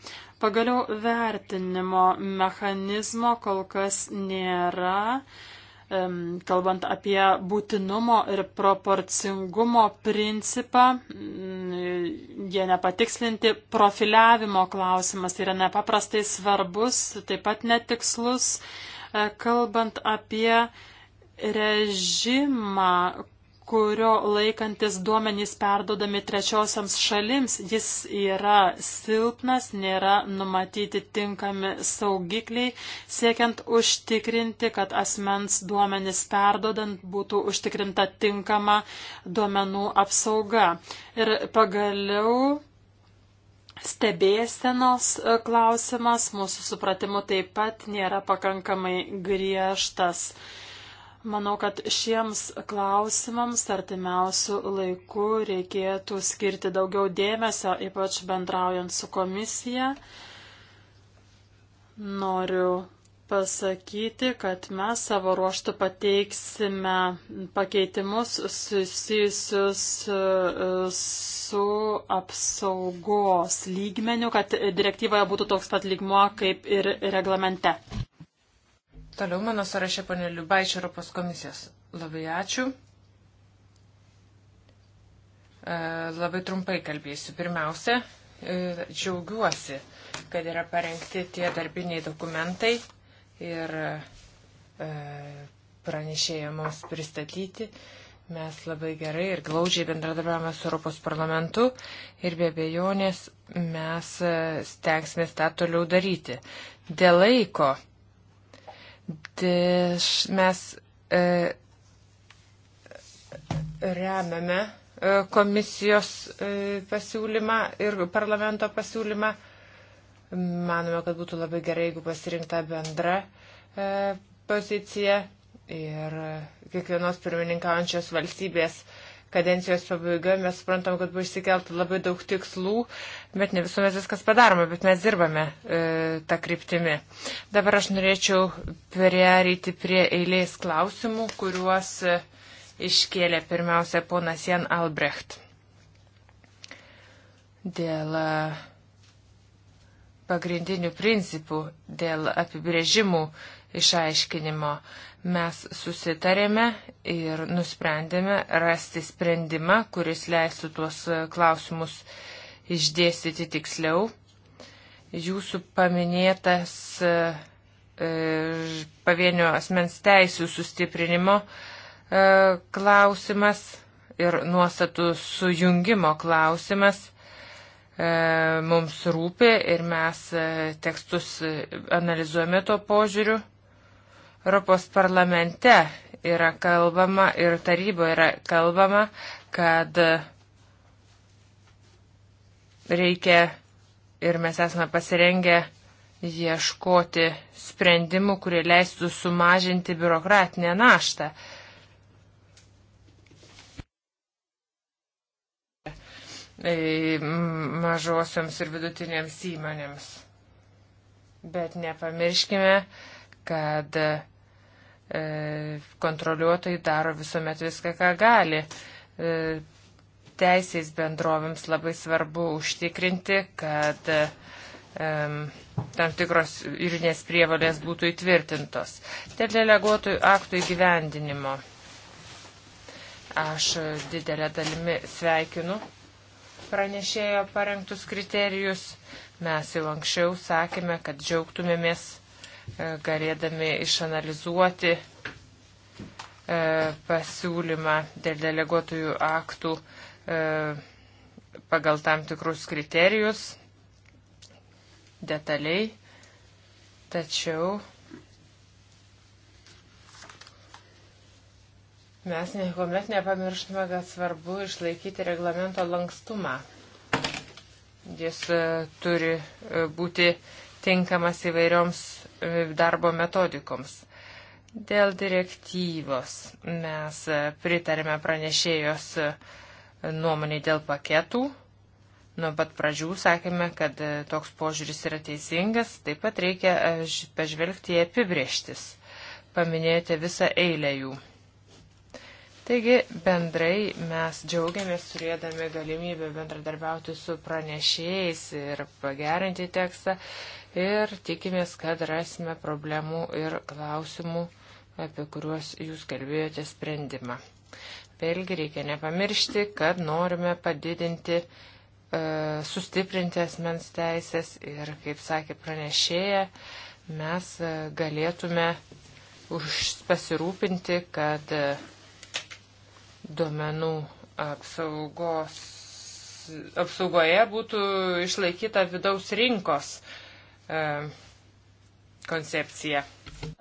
S1: Pagaliau vertinimo mechanizmo kol kas nėra kalbant apie būtinumo ir proporcingumo principą, mm, jie nepatikslinti, profiliavimo klausimas tai yra nepaprastai svarbus, taip pat netikslus, e, kalbant apie režimą, kurio laikantis duomenys perdodami trečiosiams šalims, jis yra silpnas, nėra numatyti tinkami saugikliai, siekiant užtikrinti, kad asmens duomenys perdodant būtų užtikrinta tinkama duomenų apsauga. Ir pagaliau. Stebėsenos klausimas mūsų supratimu taip pat nėra pakankamai griežtas. Uh, Manau, kad šiems klausimams artimiausių laikų reikėtų skirti daugiau dėmesio, ypač bendraujant su komisija. Noriu pasakyti, kad mes savo ruoštų pateiksime pakeitimus susijusius e, su apsaugos lygmeniu, kad direktyvoje būtų toks
S3: pat lygmuo kaip ir reglamente. Toliau mano sąrašė ponė Liuba iš Europos komisijos. Labai ačiū. E, labai trumpai kalbėsiu. Pirmiausia, e, džiaugiuosi, kad yra parengti tie darbiniai dokumentai ir e, pranešėjo mums pristatyti. Mes labai gerai ir glaudžiai bendradarbiavame su Europos parlamentu ir be abejonės mes stengsime tą toliau daryti. Dėl laiko Deš, mes e, remiame e, komisijos e, pasiūlymą ir parlamento pasiūlymą. Manome, kad būtų labai gerai, jeigu pasirinkta bendra e, pozicija ir kiekvienos pirmininkaujančios valstybės kadencijos pabaiga, mes suprantam, kad buvo išsikelta labai daug tikslų, bet ne visuomet viskas padaroma, bet mes dirbame e, tą kryptimį. Dabar aš norėčiau pereiti prie eilės klausimų, kuriuos e, iškėlė pirmiausia ponas Jan Albrecht. Dėl e, pagrindinių principų, dėl apibrėžimų išaiškinimo mes susitarėme ir nusprendėme rasti sprendimą, kuris leistų tuos klausimus išdėstyti tiksliau. Jūsų paminėtas e, pavienio asmens teisų sustiprinimo e, klausimas ir nuostatų sujungimo klausimas e, mums rūpi ir mes tekstus analizuojame to požiūriu. Europos parlamente yra kalbama ir taryboje yra kalbama, kad reikia ir mes esame pasirengę ieškoti sprendimų, kurie leistų sumažinti biurokratinę naštą. E, mažosioms ir vidutinėms įmonėms. Bet nepamirškime, kad E, kontroliuotojai daro visuomet viską, ką gali. E, teisės bendrovėms labai svarbu užtikrinti, kad e, tam tikros juridinės prievalės būtų įtvirtintos. Dėl deleguotojų aktų įgyvendinimo aš didelę dalimi sveikinu pranešėjo parengtus kriterijus. Mes jau anksčiau sakėme, kad džiaugtumėmės E, galėdami išanalizuoti e, pasiūlymą dėl deleguotojų aktų e, pagal tam tikrus kriterijus detaliai, tačiau mes niekuomet nepamirštume, kad svarbu išlaikyti reglamento lankstumą. Jis turi būti uh, tinkamas įvairioms e, darbo metodikoms. Dėl direktyvos mes pritarėme pranešėjos e, nuomonį dėl paketų. Nuo pat pradžių sakėme, kad e, toks požiūris yra teisingas, taip pat reikia pažvelgti į apibrieštis. Paminėjote visą eilę jų. Taigi bendrai mes džiaugiamės turėdami galimybę bendradarbiauti su pranešėjais ir pagerinti tekstą ir tikimės, kad rasime problemų ir klausimų, apie kuriuos jūs kalbėjote sprendimą. Vėlgi reikia nepamiršti, kad norime padidinti, e, sustiprinti asmens teisės ir, kaip sakė pranešėja, mes e, galėtume pasirūpinti, kad e, duomenų apsaugos, apsaugoje būtų išlaikyta vidaus rinkos koncepciją.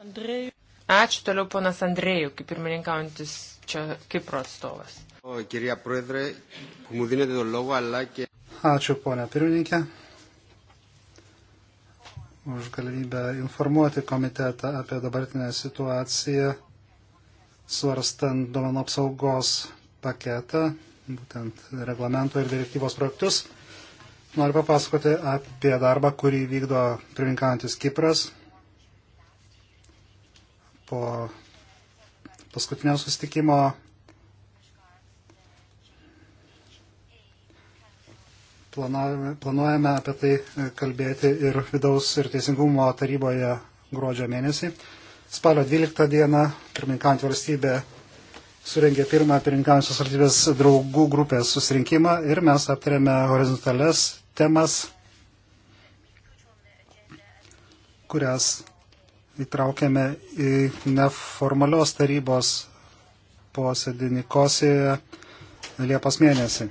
S3: Andrėjų. Ačiū toliau ponas Andrėjų, kaip pirmininkaujantis čia Kipro atstovas. Ačiū ponia pirmininkė
S2: už galimybę informuoti komitetą apie dabartinę situaciją, svarstant duomenų apsaugos paketą, būtent reglamento ir direktyvos projektus. Noriu papasakoti apie darbą, kurį vykdo pirmininkantis Kipras po paskutinio sustikimo planuojame apie tai kalbėti ir vidaus ir teisingumo taryboje gruodžio mėnesį. Spalio 12 dieną pirmininkant valstybė surengė pirmą pirmininkančios valstybės draugų grupės susirinkimą ir mes aptarėme horizontales temas, kurias įtraukėme į neformalios tarybos posėdį Nikosijoje Liepos mėnesį.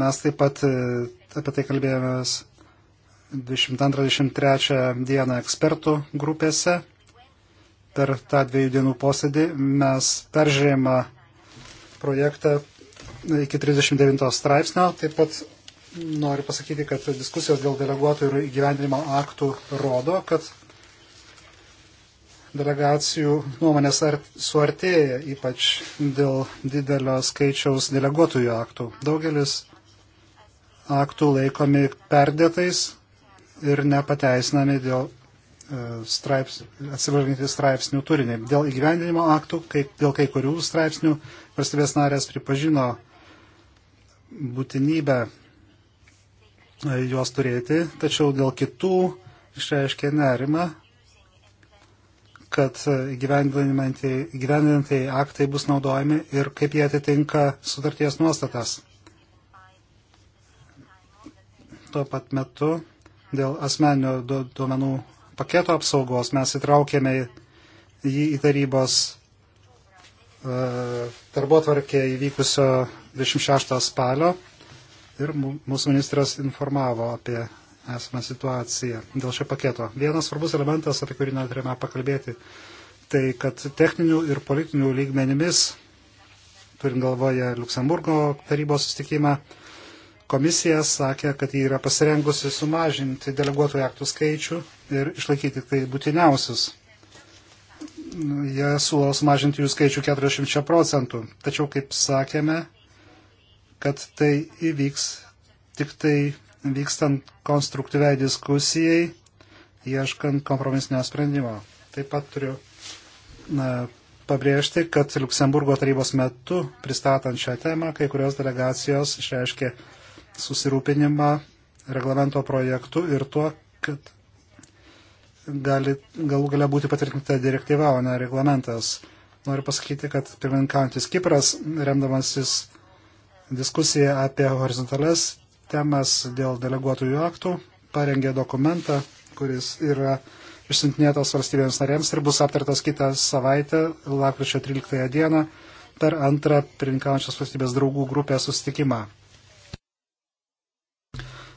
S2: Mes taip pat e, apie tai kalbėjomės 22-23 dieną ekspertų grupėse. Per tą dviejų dienų posėdį mes peržiūrėjimą projektą iki 39 straipsnio. Taip pat noriu pasakyti, kad diskusijos dėl deleguotų ir įgyvendinimo aktų rodo, kad delegacijų nuomonės suartėja, ypač dėl didelio skaičiaus deleguotųjų aktų. Daugelis aktų laikomi perdėtais ir nepateisinami dėl e, straips, atsivaržinti straipsnių turinį. Dėl įgyvendinimo aktų, kaip, dėl kai kurių straipsnių, valstybės narės pripažino būtinybę e, juos turėti, tačiau dėl kitų išreiškė nerimą, kad e, gyvendinantieji aktai bus naudojami ir kaip jie atitinka sutarties nuostatas. Tuo pat metu dėl asmenio duomenų paketo apsaugos mes įtraukėme jį į tarybos E, darbo tvarkė įvykusio 26 spalio ir mūsų ministras informavo apie esamą situaciją dėl šio paketo. Vienas svarbus elementas, apie kurį norime pakalbėti, tai kad techninių ir politinių lygmenimis, turint galvoje Luksemburgo tarybos sustikimą, komisija sakė, kad jį yra pasirengusi sumažinti deleguotojų aktų skaičių ir išlaikyti tai būtiniausius jie siūlo sumažinti jų skaičių 40 procentų. Tačiau, kaip sakėme, kad tai įvyks tik tai vykstant konstruktyviai diskusijai, ieškant kompromisinio sprendimo. Taip pat turiu na, pabrėžti, kad Luksemburgo tarybos metu pristatant šią temą, kai kurios delegacijos išreiškė susirūpinimą reglamento projektu ir tuo, kad gali galų galia būti patvirtinta direktyva, o ne reglamentas. Noriu pasakyti, kad pirmininkantis Kipras, remdamasis diskusiją apie horizontales temas dėl deleguotųjų aktų, parengė dokumentą, kuris yra išsintinėtas valstybėms narėms ir bus aptartas kitą savaitę, lakryčio 13 dieną, per antrą pirmininkaujančios valstybės draugų grupę susitikimą.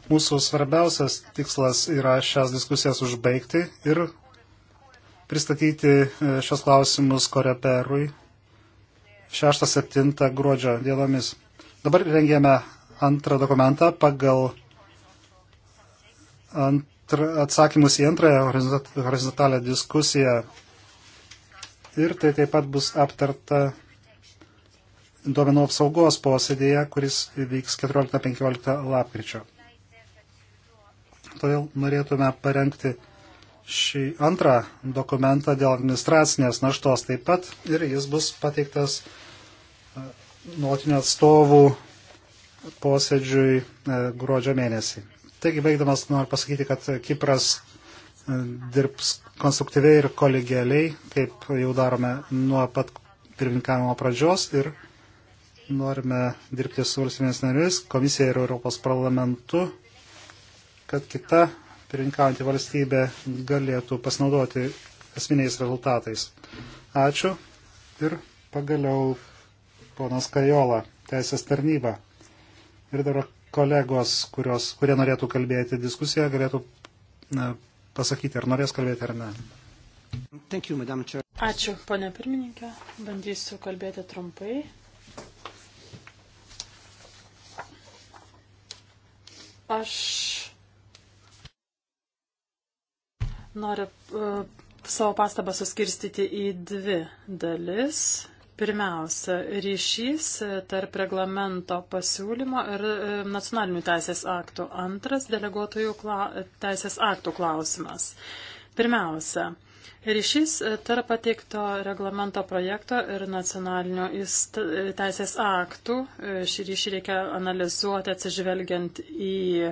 S2: Mūsų svarbiausias tikslas yra šias diskusijas užbaigti ir pristatyti e, šios klausimus koreperui 6-7 gruodžio dienomis. Dabar rengėme antrą dokumentą pagal antr, atsakymus į antrąją horizontalią diskusiją. Ir tai taip pat bus aptarta duomenų apsaugos posėdėje, kuris vyks 14-15 lapkričio. Todėl norėtume parengti šį antrą dokumentą dėl administracinės naštos taip pat ir jis bus pateiktas e, nuotinio atstovų posėdžiui e, gruodžio mėnesį. Taigi, baigdamas, noriu pasakyti, kad Kipras e, dirbs konstruktyviai ir kolegialiai, kaip jau darome nuo pat pirmininkavimo pradžios ir norime dirbti su valstybės nariais, komisija ir Europos parlamentu kad kita pirinkaujantį valstybę galėtų pasinaudoti esminiais rezultatais. Ačiū. Ir pagaliau ponas Kajola, teisės tarnyba. Ir dar kolegos, kurios, kurie norėtų kalbėti diskusiją, galėtų na, pasakyti, ar norės kalbėti ar ne.
S1: Thank you, Ačiū, ponė pirmininkė. Bandysiu kalbėti trumpai. Aš Noriu uh, savo pastabą suskirstyti į dvi dalis. Pirmiausia, ryšys tarp reglamento pasiūlymo ir e, nacionalinių teisės aktų. Antras, deleguotojų kla, teisės aktų klausimas. Pirmiausia, uh, Ryšys e, tarp pateikto reglamento projekto ir nacionalinių e, teisės aktų. E, šį ryšį reikia analizuoti atsižvelgiant į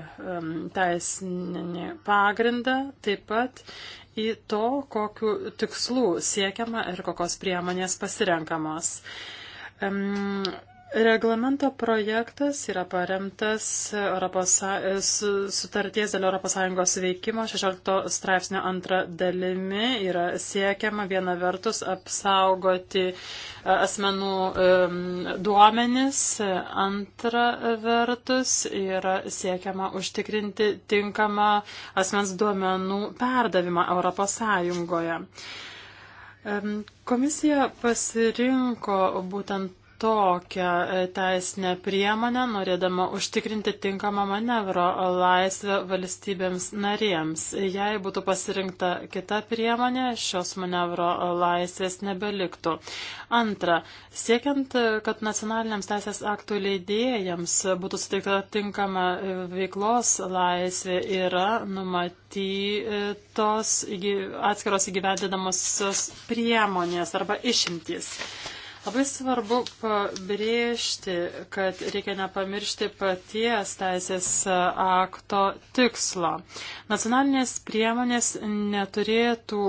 S1: teisinį pagrindą, taip pat į to, kokiu tikslu siekiama ir kokios priemonės pasirenkamos. Reglamento projektas yra paremtas Europos, sutarties dėl ES veikimo 16 straipsnio antra dalimi. Yra siekiama viena vertus apsaugoti e, asmenų duomenis, antra vertus yra siekiama užtikrinti tinkamą asmens duomenų perdavimą ES. Komisija pasirinko būtent tokią e, teisinę priemonę, norėdama užtikrinti tinkamą manevro laisvę valstybėms narėms. Jei būtų pasirinkta kita priemonė, šios manevro laisvės nebeliktų. Antra, siekiant, kad nacionaliniams teisės aktų leidėjams būtų suteikta tinkama veiklos laisvė, yra numatytos atskiros įgyvendinamos priemonės arba išimtys. Labai svarbu pabrėžti, kad reikia nepamiršti paties teisės akto tikslo. Nacionalinės priemonės neturėtų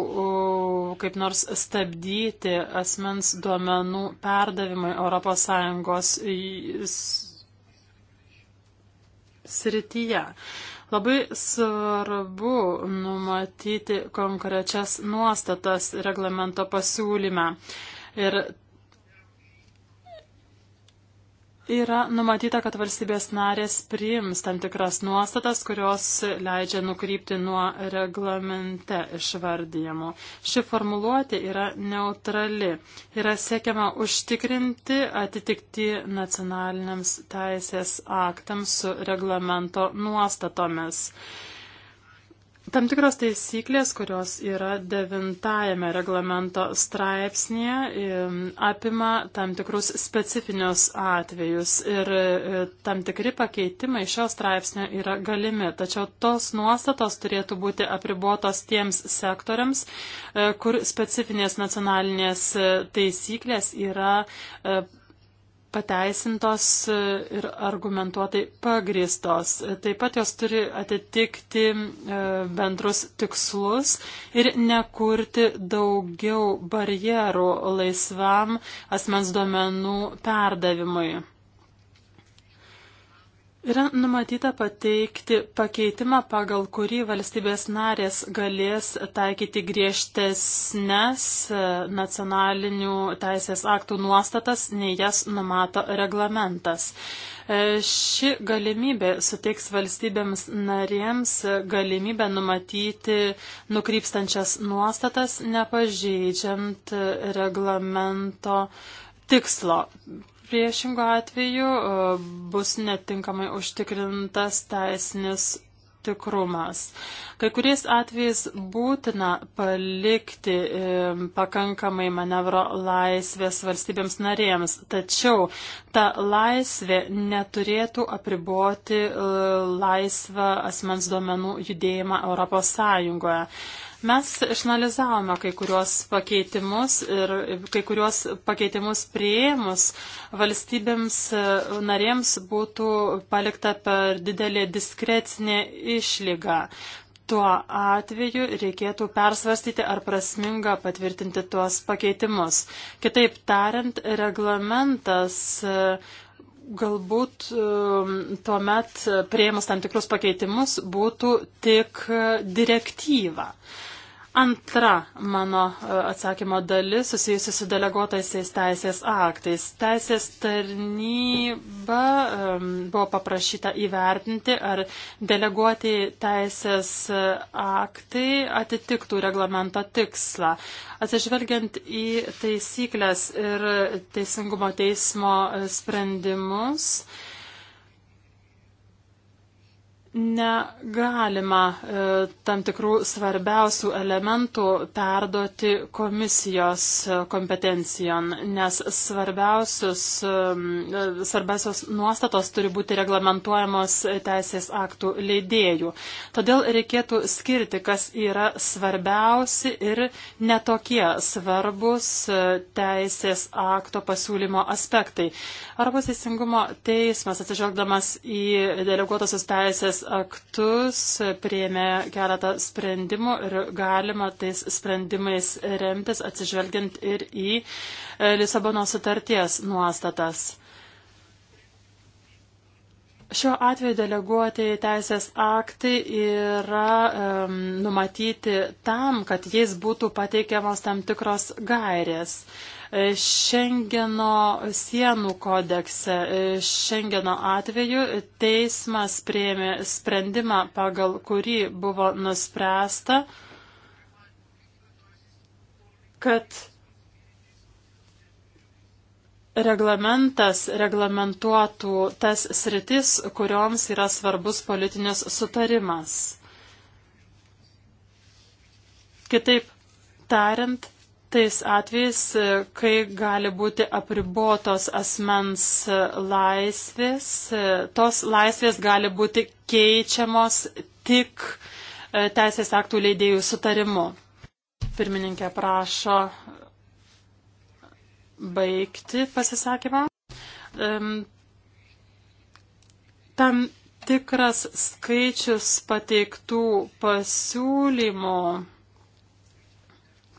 S1: kaip nors stabdyti asmens duomenų perdavimui ES srityje. Labai svarbu numatyti konkrečias nuostatas reglamento pasiūlyme. Ir yra numatyta, kad valstybės narės priims tam tikras nuostatas, kurios leidžia nukrypti nuo reglamente išvardyjimo. Ši formuluotė yra neutrali. Yra siekiama užtikrinti atitikti nacionaliniams teisės aktams su reglamento nuostatomis tam tikros taisyklės, kurios yra devintajame reglamento straipsnėje, apima tam tikrus specifinius atvejus ir e, tam tikri pakeitimai šio straipsnio yra galimi. Tačiau tos nuostatos turėtų būti apribuotos tiems sektoriams, e, kur specifinės nacionalinės e, taisyklės yra pateisintos ir argumentuotai pagristos. Taip pat jos turi atitikti e, bendrus tikslus ir nekurti daugiau barjerų laisvam asmens duomenų perdavimui. Yra numatyta pateikti pakeitimą, pagal kurį valstybės narės galės taikyti griežtesnes e, nacionalinių teisės aktų nuostatas, nei jas numato reglamentas. E, ši galimybė suteiks valstybėms narėms galimybę numatyti nukrypstančias nuostatas, nepažeidžiant reglamento tikslo. Priešingo atveju e, bus netinkamai užtikrintas teisinis tikrumas. Kai kuriais atvejais būtina palikti e, pakankamai manevro laisvės valstybėms narėms, tačiau ta laisvė neturėtų apriboti e, laisvą asmens duomenų judėjimą Europos Sąjungoje. Mes išanalizavome kai kuriuos pakeitimus ir kai kuriuos pakeitimus prieimus valstybėms e, narėms būtų palikta per didelį diskrecinę išlygą. Tuo atveju reikėtų persvarstyti, ar prasminga patvirtinti tuos pakeitimus. Kitaip tariant, reglamentas e, galbūt e, tuo met prieimus tam tikrus pakeitimus būtų tik direktyva. Antra mano e, atsakymo dalis susijusi su deleguotaisiais teisės aktais. Teisės tarnyba um, buvo paprašyta įvertinti, ar deleguoti teisės aktai atitiktų reglamento tikslą. Atsižvelgiant į taisyklės ir teisingumo teismo sprendimus, uh, negalima e, tam tikrų svarbiausių elementų perduoti komisijos e, kompetencijon, nes e, svarbiausios nuostatos turi būti reglamentuojamos teisės aktų leidėjų. Todėl reikėtų skirti, kas yra svarbiausi ir netokie svarbus teisės akto pasiūlymo aspektai. Arba teisingumo teismas atsižvelgdamas į deleguotosios teisės aktus, prieėmė keletą sprendimų ir galima tais sprendimais remtis atsižvelgiant ir į e, Lisabono sutarties nuostatas. Šiuo atveju deleguotieji teisės aktai yra um, numatyti tam, kad jais būtų pateikiamos tam tikros gairės. Uh, Šengeno sienų kodekse, Šengeno atveju teismas prieimė sprendimą, pagal kurį buvo nuspręsta, kad reglamentas reglamentuotų tas sritis, kurioms yra svarbus politinis sutarimas. Kitaip tariant, tais atvejais, kai gali būti apribotos asmens laisvės, tos laisvės gali būti keičiamos tik e, teisės aktų leidėjų sutarimu. Pirmininkė prašo baigti pasisakymą. Tam tikras skaičius pateiktų pasiūlymų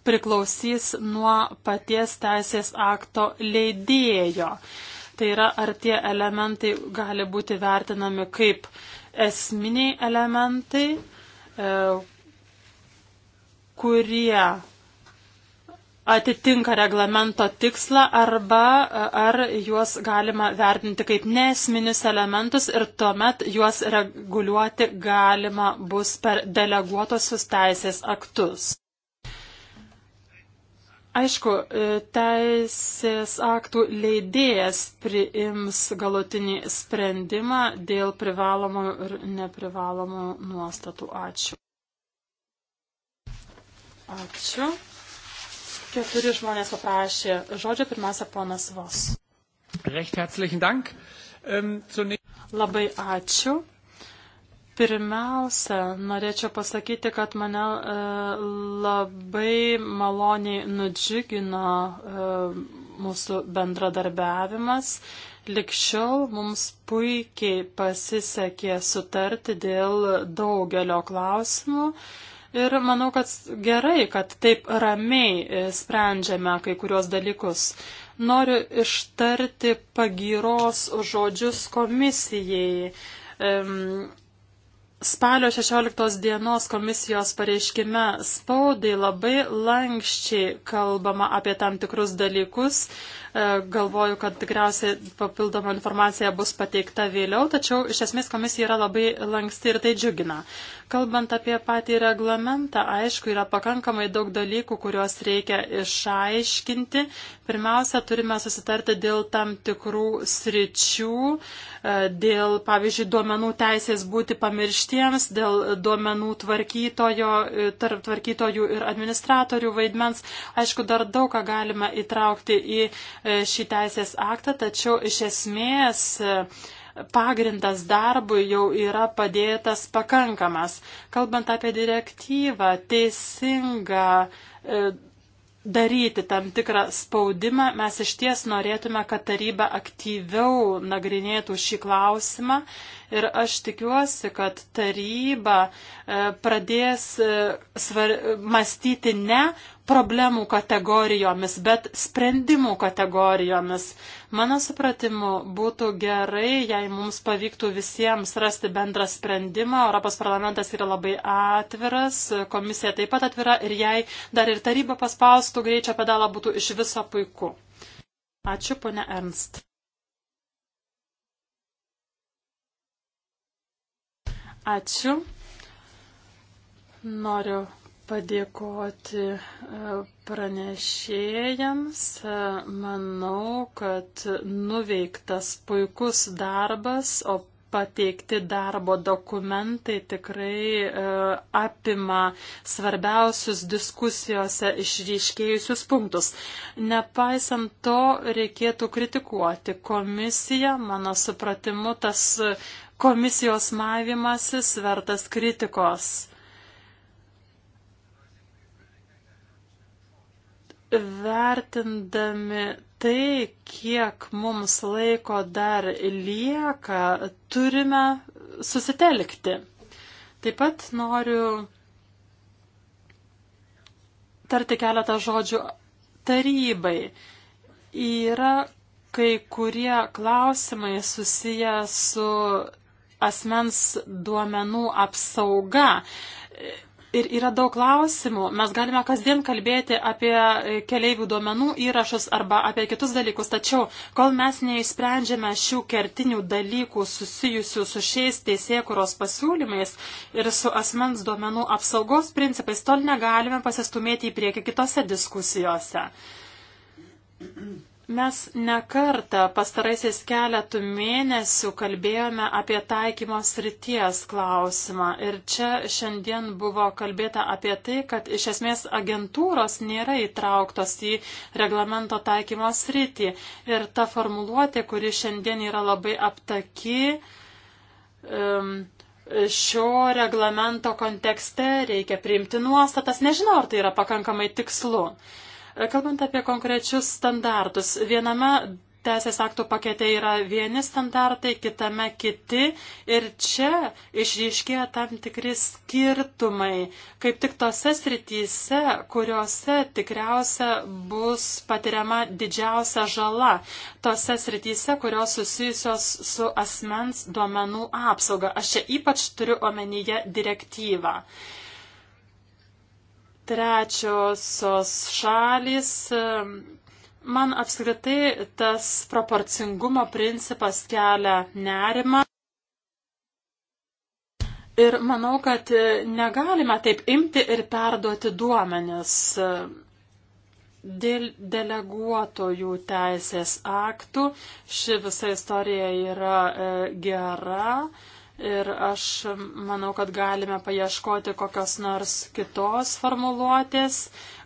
S1: priklausys nuo paties teisės akto leidėjo. Tai yra, ar tie elementai gali būti vertinami kaip esminiai elementai, e, kurie atitinka reglamento tikslą arba e, ar juos galima vertinti kaip nesminius elementus ir tuomet juos reguliuoti galima bus per deleguotosius teisės aktus. Aišku, e, teisės aktų leidėjas priims galutinį sprendimą dėl privalomų ir neprivalomų nuostatų. Ačiū. Ačiū. Keturi žmonės paprašė žodžio, pirmiausia, ponas Vos.
S3: Recht herzlichen Dank.
S1: Um, Labai ačiū. Pirmiausia, norėčiau pasakyti, kad mane e, labai maloniai nudžiugino e, mūsų bendradarbiavimas. Likščiau mums puikiai pasisekė sutarti dėl daugelio klausimų. Ir manau, kad gerai, kad taip ramiai e, sprendžiame kai kurios dalykus. Noriu ištarti pagyros žodžius komisijai spalio 16 dienos komisijos pareiškime spaudai labai lankščiai kalbama apie tam tikrus dalykus. E, galvoju, kad tikriausiai papildoma informacija bus pateikta vėliau, tačiau iš esmės komisija yra labai lanksti ir tai džiugina. Kalbant apie patį reglamentą, aišku, yra pakankamai daug dalykų, kuriuos reikia išaiškinti. Pirmiausia, turime susitarti dėl tam tikrų sričių, e, dėl, pavyzdžiui, duomenų teisės būti pamirštiems, dėl duomenų tvarkytojo, e, tarp tvarkytojų ir administratorių vaidmens. Aišku, dar daug ką galima įtraukti į e, šį teisės aktą, tačiau iš esmės pagrindas darbui jau yra padėtas pakankamas. Kalbant apie direktyvą, teisinga e, daryti tam tikrą spaudimą, mes iš ties norėtume, kad taryba aktyviau nagrinėtų šį klausimą ir aš tikiuosi, kad taryba e, pradės e, svar... mąstyti ne problemų kategorijomis, bet sprendimų kategorijomis. Mano supratimu, būtų gerai, jei mums pavyktų visiems rasti bendrą sprendimą. Europos parlamentas yra labai atviras, komisija taip pat atvira ir jei dar ir taryba paspaustų greičio pedalą, būtų iš viso puiku. Ačiū, ponia Ernst. Ačiū. Noriu padėkoti e, pranešėjams. E, manau, kad nuveiktas puikus darbas, o pateikti darbo dokumentai tikrai e, apima svarbiausius diskusijose išryškėjusius punktus. Nepaisant to, reikėtų kritikuoti komisiją. Mano supratimu, tas komisijos mavimasis vertas kritikos. vertindami tai, kiek mums laiko dar lieka, turime susitelkti. Taip pat noriu tarti keletą žodžių tarybai. Yra kai kurie klausimai susiję su asmens duomenų apsauga Ir yra daug klausimų. Mes galime kasdien kalbėti apie e, keliaivių duomenų įrašus arba apie kitus dalykus, tačiau kol mes neišsprendžiame šių kertinių dalykų susijusių su šiais teisėkuros pasiūlymais ir su asmens duomenų apsaugos principais, tol negalime pasistumėti į priekį kitose diskusijose. Mes nekartą pastaraisiais keletų mėnesių kalbėjome apie taikymo srities klausimą ir čia šiandien buvo kalbėta apie tai, kad iš esmės agentūros nėra įtrauktos į reglamento taikymo sritį ir ta formuluotė, kuri šiandien yra labai aptaki, šio reglamento kontekste reikia priimti nuostatas, nežinau, ar tai yra pakankamai tikslu. Kalbant apie konkrečius standartus, viename teisės aktų pakete yra vieni standartai, kitame kiti ir čia išryškėja tam tikri skirtumai, kaip tik tose srityse, kuriuose tikriausia bus patiriama didžiausia žala, tose srityse, kurios susijusios su asmens duomenų apsauga. Aš čia ypač turiu omenyje direktyvą trečiosios šalys. Man apskritai tas proporcingumo principas kelia nerimą. Ir manau, kad negalime taip imti ir perduoti duomenis dėl deleguotojų teisės aktų. Ši visa istorija yra e, gera ir aš manau, kad galime paieškoti kokios nors kitos formuluotės,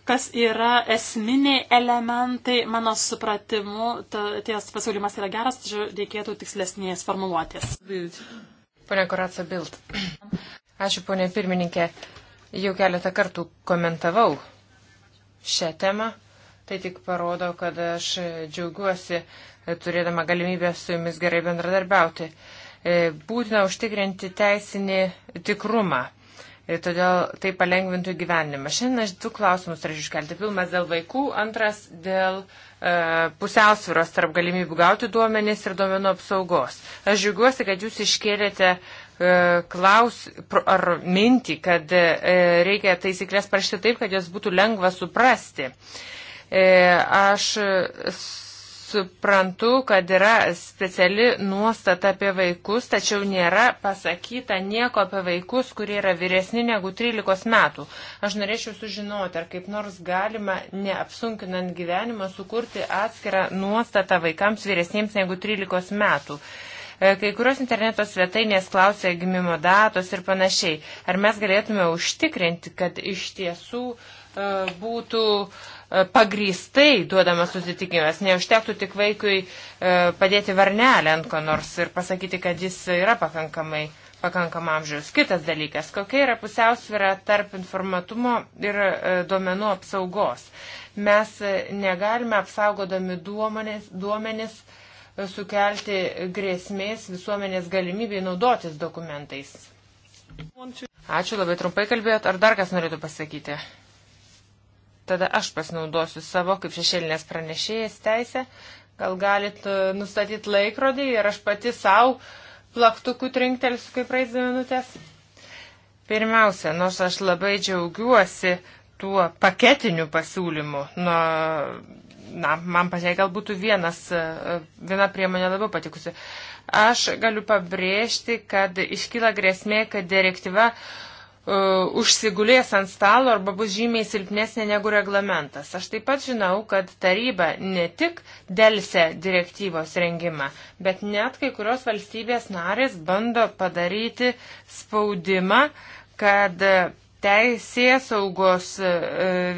S1: kas yra esminiai elementai. Mano supratimu, ta, ties pasiūlymas yra geras, tačiau reikėtų
S3: tikslesnės formuluotės. Pone Koratsa Bild. Ačiū, ponė pirmininkė. Jau keletą kartų komentavau šią temą. Tai tik parodo, kad aš džiaugiuosi turėdama galimybę su jumis gerai bendradarbiauti. Uh, E, būtina užtikrinti teisinį tikrumą. Ir e, todėl tai palengvintų gyvenimą. Šiandien aš du klausimus turiu iškelti. Pilmas dėl vaikų, antras dėl e, pusiausviros tarp galimybių gauti duomenys ir duomenų apsaugos. Aš žiūriuosi, kad jūs iškėlėte e, klaus ar mintį, kad e, reikia taisyklės parašyti taip, kad jas būtų lengva suprasti. E, aš suprantu, kad yra speciali nuostata apie vaikus, tačiau nėra pasakyta nieko apie vaikus, kurie yra vyresni negu 13 metų. Aš norėčiau sužinoti, ar kaip nors galima, neapsunkinant gyvenimą, sukurti atskirą nuostatą vaikams vyresniems negu 13 metų. E, kai kurios interneto svetainės klausia gimimo datos ir panašiai. Ar mes galėtume užtikrinti, kad iš tiesų e, būtų uh, E, pagrįstai duodamas susitikimas. Neužtektų tik vaikui e, padėti varnelę ant ko nors ir pasakyti, kad jis yra pakankamai pakankam amžiaus. Kitas dalykas, kokia yra pusiausvėra tarp informatumo ir e, duomenų apsaugos. Mes negalime apsaugodami duomenis, duomenis sukelti grėsmės visuomenės galimybėj naudotis dokumentais. Ačiū labai trumpai kalbėjot. Ar dar kas norėtų pasakyti? Tada aš pasinaudosiu savo kaip šešėlinės pranešėjas teisę. Gal galit e, nustatyti laikrodį ir aš pati savo plaktukų trinktelsiu, kai praeis dvi minutės. Pirmiausia, nors aš labai džiaugiuosi tuo paketiniu pasiūlymu, nuo na, man pačiai gal būtų vienas, e, viena priemonė labiau patikusi. Aš galiu pabrėžti, kad iškyla grėsmė, kad direktyva E, užsigulės ant stalo arba bus žymiai silpnesnė negu reglamentas. Aš taip pat žinau, kad taryba ne tik dėlse direktyvos rengimą, bet net kai kurios valstybės narės bando padaryti spaudimą, kad teisės saugos e,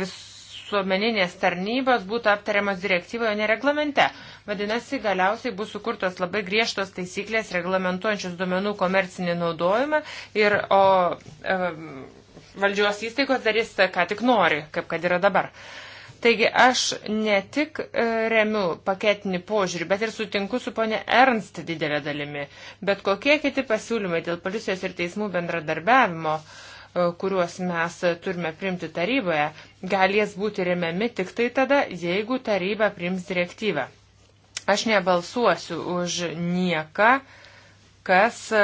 S3: visuomeninės tarnybos būtų aptariamas direktyvoje, o ne reglamente. Vadinasi, galiausiai bus sukurtos labai griežtos taisyklės reglamentuojančios duomenų komercinį naudojimą ir o, e, valdžios įstaigos darys, tai, ką tik nori, kaip kad yra dabar. Taigi aš ne tik e, remiu paketinį požiūrį, bet ir sutinku su ponė Ernst didelė dalimi. Bet kokie kiti pasiūlymai dėl policijos ir teismų bendradarbiavimo, e, kuriuos mes turime primti taryboje, galės būti remiami tik tai tada, jeigu taryba prims direktyvą. Aš nebalsuosiu už nieką, kas e,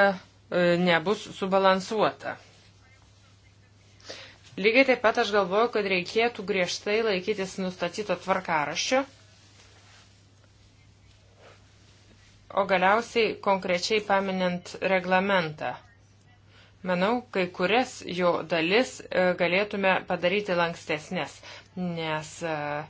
S3: nebus subalansuota. Lygiai taip pat aš galvoju, kad reikėtų griežtai laikytis nustatyto tvarkaraščio. O galiausiai konkrečiai paminint reglamentą. Manau, kai kurias jo dalis e, galėtume padaryti lankstesnės, nes uh,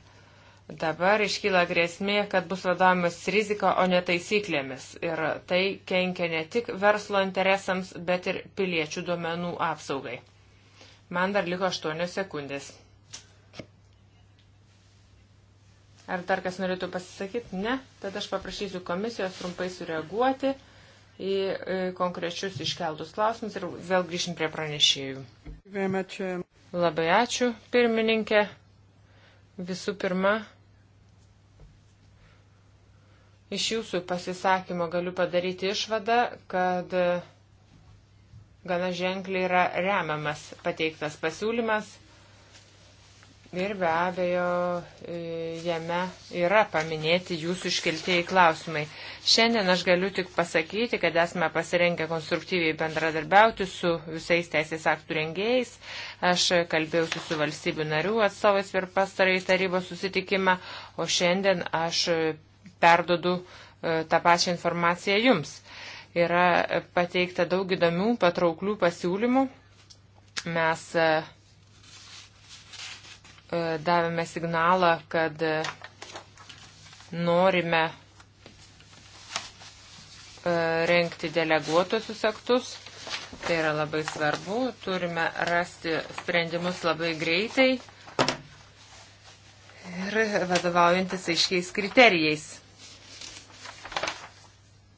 S3: Dabar iškyla grėsmė, kad bus vadovavimas rizika, o ne taisyklėmis. Ir tai kenkia ne tik verslo interesams, bet ir piliečių duomenų apsaugai. Man dar liko 8 sekundės. Ar dar kas norėtų pasisakyti? Ne. Tad aš paprašysiu komisijos trumpai sureaguoti į konkrečius iškeltus klausimus ir vėl grįšim prie pranešėjų. Um, Labai ačiū, pirmininkė. Visų pirma, Iš jūsų pasisakymo galiu padaryti išvadą, kad gana ženkliai yra remiamas pateiktas pasiūlymas ir be abejo e, jame yra paminėti jūsų iškeltieji klausimai. Šiandien aš galiu tik pasakyti, kad esame pasirengę konstruktyviai bendradarbiauti su visais teisės aktų rengėjais. Aš kalbėjausi su valstybių narių atstovais per pastarąjį tarybos susitikimą, o šiandien aš perdodu e, tą pačią informaciją jums. Yra pateikta daug įdomių, patrauklių pasiūlymų. Mes e, e, davėme signalą, kad norime renkti deleguotusius aktus. Tai yra labai svarbu. Turime rasti sprendimus labai greitai ir vadovaujantis aiškiais kriterijais.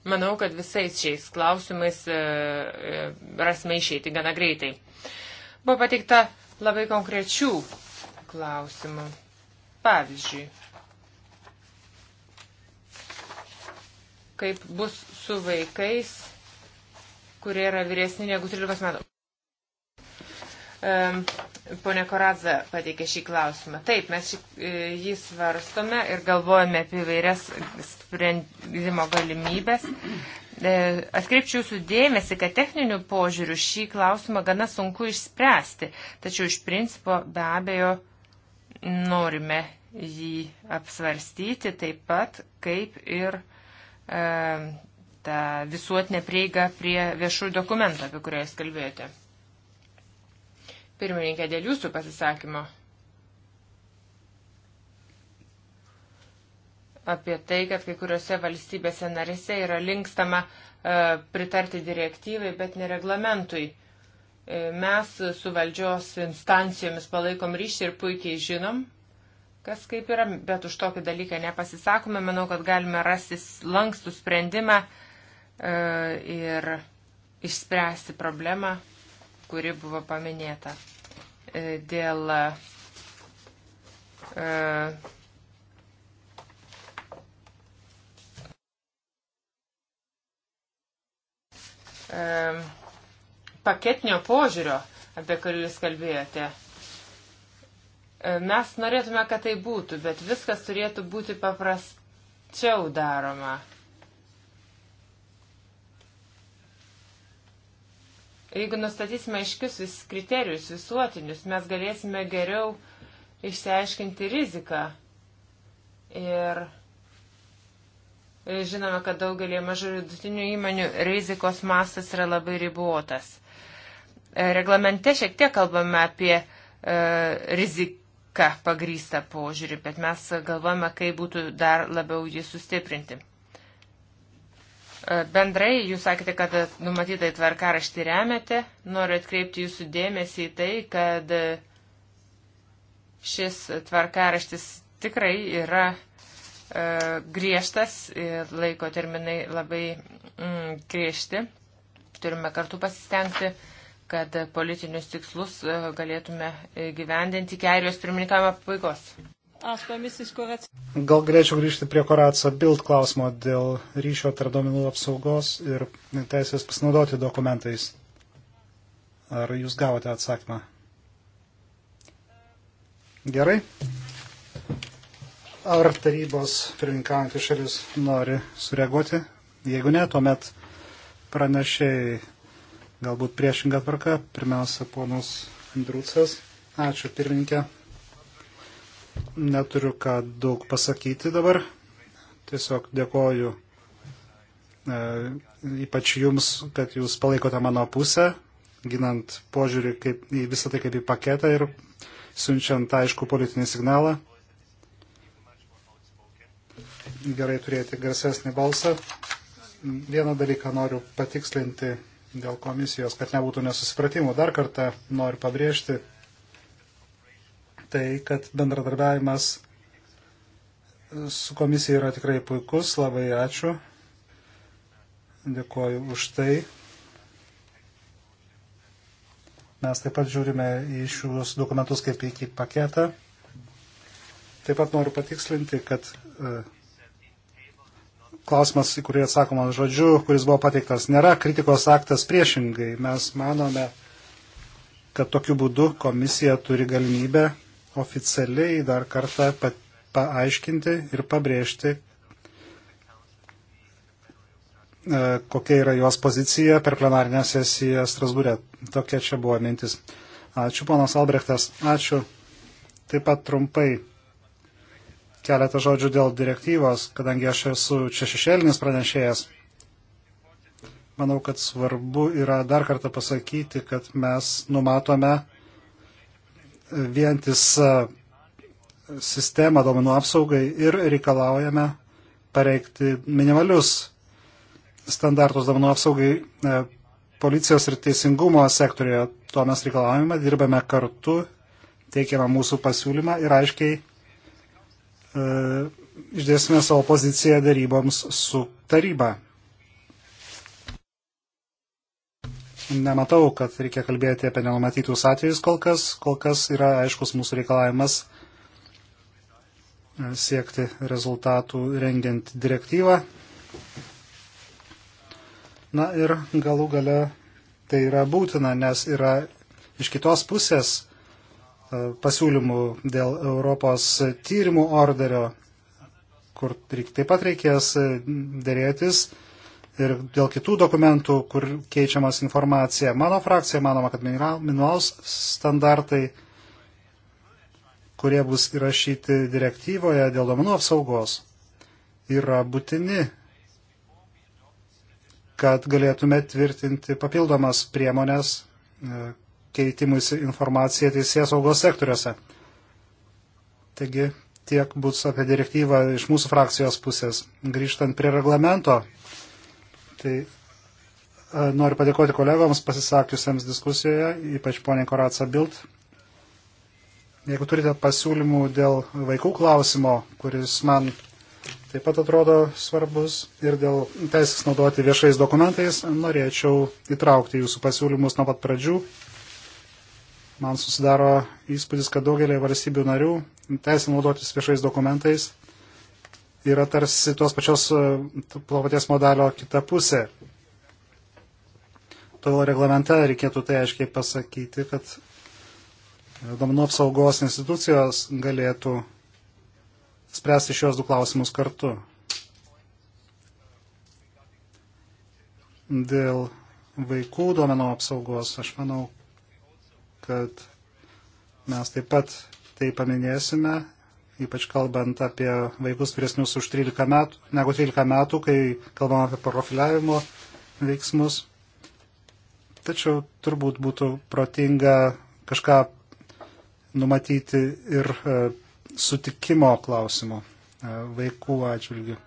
S3: Manau, kad visais šiais klausimais e, e, rasime išeiti gana greitai. Buvo pateikta labai konkrečių klausimų. Pavyzdžiui, kaip bus su vaikais, kurie yra vyresni negu 13 metų. Pone Koradze pateikė šį klausimą. Taip, mes šį, e, jį svarstome ir galvojame apie vairias sprendimo galimybės. E, atkreipčiau jūsų dėmesį, kad techninių požiūrių šį klausimą gana sunku išspręsti, tačiau iš principo be abejo norime jį apsvarstyti taip pat, kaip ir e, tą visuotinę prieigą prie viešųjų dokumentų, apie kurią jūs kalbėjote. Pirmininkė, dėl jūsų pasisakymo. Apie tai, kad kai kuriuose valstybėse narėse yra linkstama e, pritarti direktyvai, bet nereglamentui. E, mes su valdžios instancijomis palaikom ryšį ir puikiai žinom, kas kaip yra, bet už tokį dalyką nepasisakome. Manau, kad galime rasti lankstų sprendimą e, ir išspręsti problemą kuri buvo paminėta e, dėl e, e, paketinio požiūrio, apie kurį jūs kalbėjote. Mes norėtume, kad tai būtų, bet viskas turėtų būti paprasčiau daroma. Jeigu nustatysime aiškius vis kriterijus visuotinius, mes galėsime geriau išsiaiškinti riziką. Ir e, žinome, kad daugelį mažų vidutinių įmonių rizikos mastas yra labai ribotas. E, reglamente šiek tiek kalbame apie e, riziką pagrystą požiūrį, bet mes galvojame, kaip būtų dar labiau jį sustiprinti. E, bendrai, jūs sakėte, kad numatytai tvarkaraštį remiate. Noriu atkreipti jūsų dėmesį į tai, kad šis tvarkaraštis tikrai yra e, griežtas ir laiko terminai labai mm, griežti. Turime kartu pasistengti, kad politinius tikslus e, galėtume gyvendinti iki airijos pirmininkavimo pabaigos.
S2: Gal galėčiau grįžti prie Koratsa Bild klausimo dėl ryšio tarp duomenų apsaugos ir teisės pasinaudoti dokumentais. Ar jūs gavote atsakymą? Gerai. Ar tarybos pirmininkaujantys šalis nori sureaguoti? Jeigu ne, tuomet pranešėjai galbūt priešingą tvarką. Pirmiausia, ponas Andrūcas. Ačiū, pirmininkė neturiu ką daug pasakyti dabar. Tiesiog dėkoju e, ypač jums, kad jūs palaikote mano pusę, ginant požiūrį kaip, į visą tai kaip į paketą ir siunčiant aišku politinį signalą. Gerai turėti garsesnį balsą. Vieną dalyką noriu patikslinti dėl komisijos, kad nebūtų nesusipratimų. Dar kartą noriu pabrėžti tai, kad bendradarbiavimas su komisija yra tikrai puikus. Labai ačiū. Dėkuoju už tai. Mes taip pat žiūrime į šius dokumentus kaip į paketą. Taip pat noriu patikslinti, kad e, klausimas, į kurį atsakoma žodžiu, kuris buvo pateiktas, nėra kritikos aktas priešingai. Mes manome, kad tokiu būdu komisija turi galimybę oficialiai dar kartą paaiškinti ir pabrėžti, e, kokia yra jos pozicija per plenarinę sesiją Strasbūrė. Tokia čia buvo mintis. Ačiū, ponas Albrechtas. Ačiū. Taip pat trumpai keletą žodžių dėl direktyvos, kadangi aš esu čia šešėlinis pranešėjas. Manau, kad svarbu yra dar kartą pasakyti, kad mes numatome vientisą sistemą domenų apsaugai ir reikalaujame pareikti minimalius standartus domenų apsaugai e, policijos ir teisingumo sektorioje. To mes reikalaujame, dirbame kartu, teikiame mūsų pasiūlymą ir aiškiai e, išdėsime savo poziciją daryboms su taryba. nematau, kad reikia kalbėti apie nenumatytus atvejus kol kas. Kol kas yra aiškus mūsų reikalavimas siekti rezultatų rengiant direktyvą. Na ir galų gale tai yra būtina, nes yra iš kitos pusės e, pasiūlymų dėl Europos tyrimų orderio, kur taip pat reikės e, dėrėtis ir dėl kitų dokumentų, kur keičiamas informacija. Mano frakcija manoma, kad minimalus standartai, kurie bus įrašyti direktyvoje dėl domenų apsaugos, yra būtini, kad galėtume tvirtinti papildomas priemonės e, keitimus informaciją teisės saugos sektoriuose. Taigi tiek bus apie direktyvą iš mūsų frakcijos pusės. Grįžtant prie reglamento, Tai e, noriu padėkoti kolegoms pasisakiusiems diskusijoje, ypač poniai Koratsa Bild. Jeigu turite pasiūlymų dėl vaikų klausimo, kuris man taip pat atrodo svarbus ir dėl teisės naudoti viešais dokumentais, norėčiau įtraukti jūsų pasiūlymus nuo pat pradžių. Man susidaro įspūdis, kad daugelį valstybių narių teisė naudotis viešais dokumentais yra tarsi tos pačios e, to paties modalio kita pusė. Todėl reglamente reikėtų tai aiškiai pasakyti, kad duomenų apsaugos institucijos galėtų spręsti šios du klausimus kartu. Dėl vaikų duomenų apsaugos aš manau, kad mes taip pat tai paminėsime ypač kalbant apie vaikus vyresnius už 13 metų, negu 13 metų, kai kalbam apie profiliavimo veiksmus. Tačiau turbūt būtų protinga kažką numatyti ir e, sutikimo klausimu e, vaikų atžvilgių.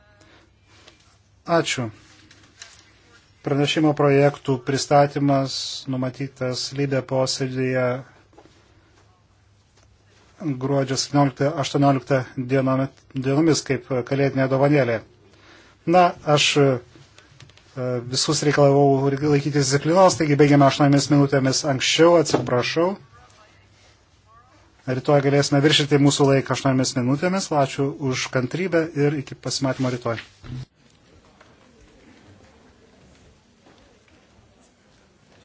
S2: Ačiū. Pranešimo projektų pristatymas numatytas lydė posėdėje gruodžio 17-18 dienomis kaip kalėdinė dovanėlė. Na, aš e, visus reikalavau laikytis disciplinos, taigi baigiame 8 minutėmis anksčiau, atsiprašau. Rytoj galėsime viršyti mūsų laiką 8 minutėmis. Ačiū už kantrybę ir iki pasimatymo rytoj.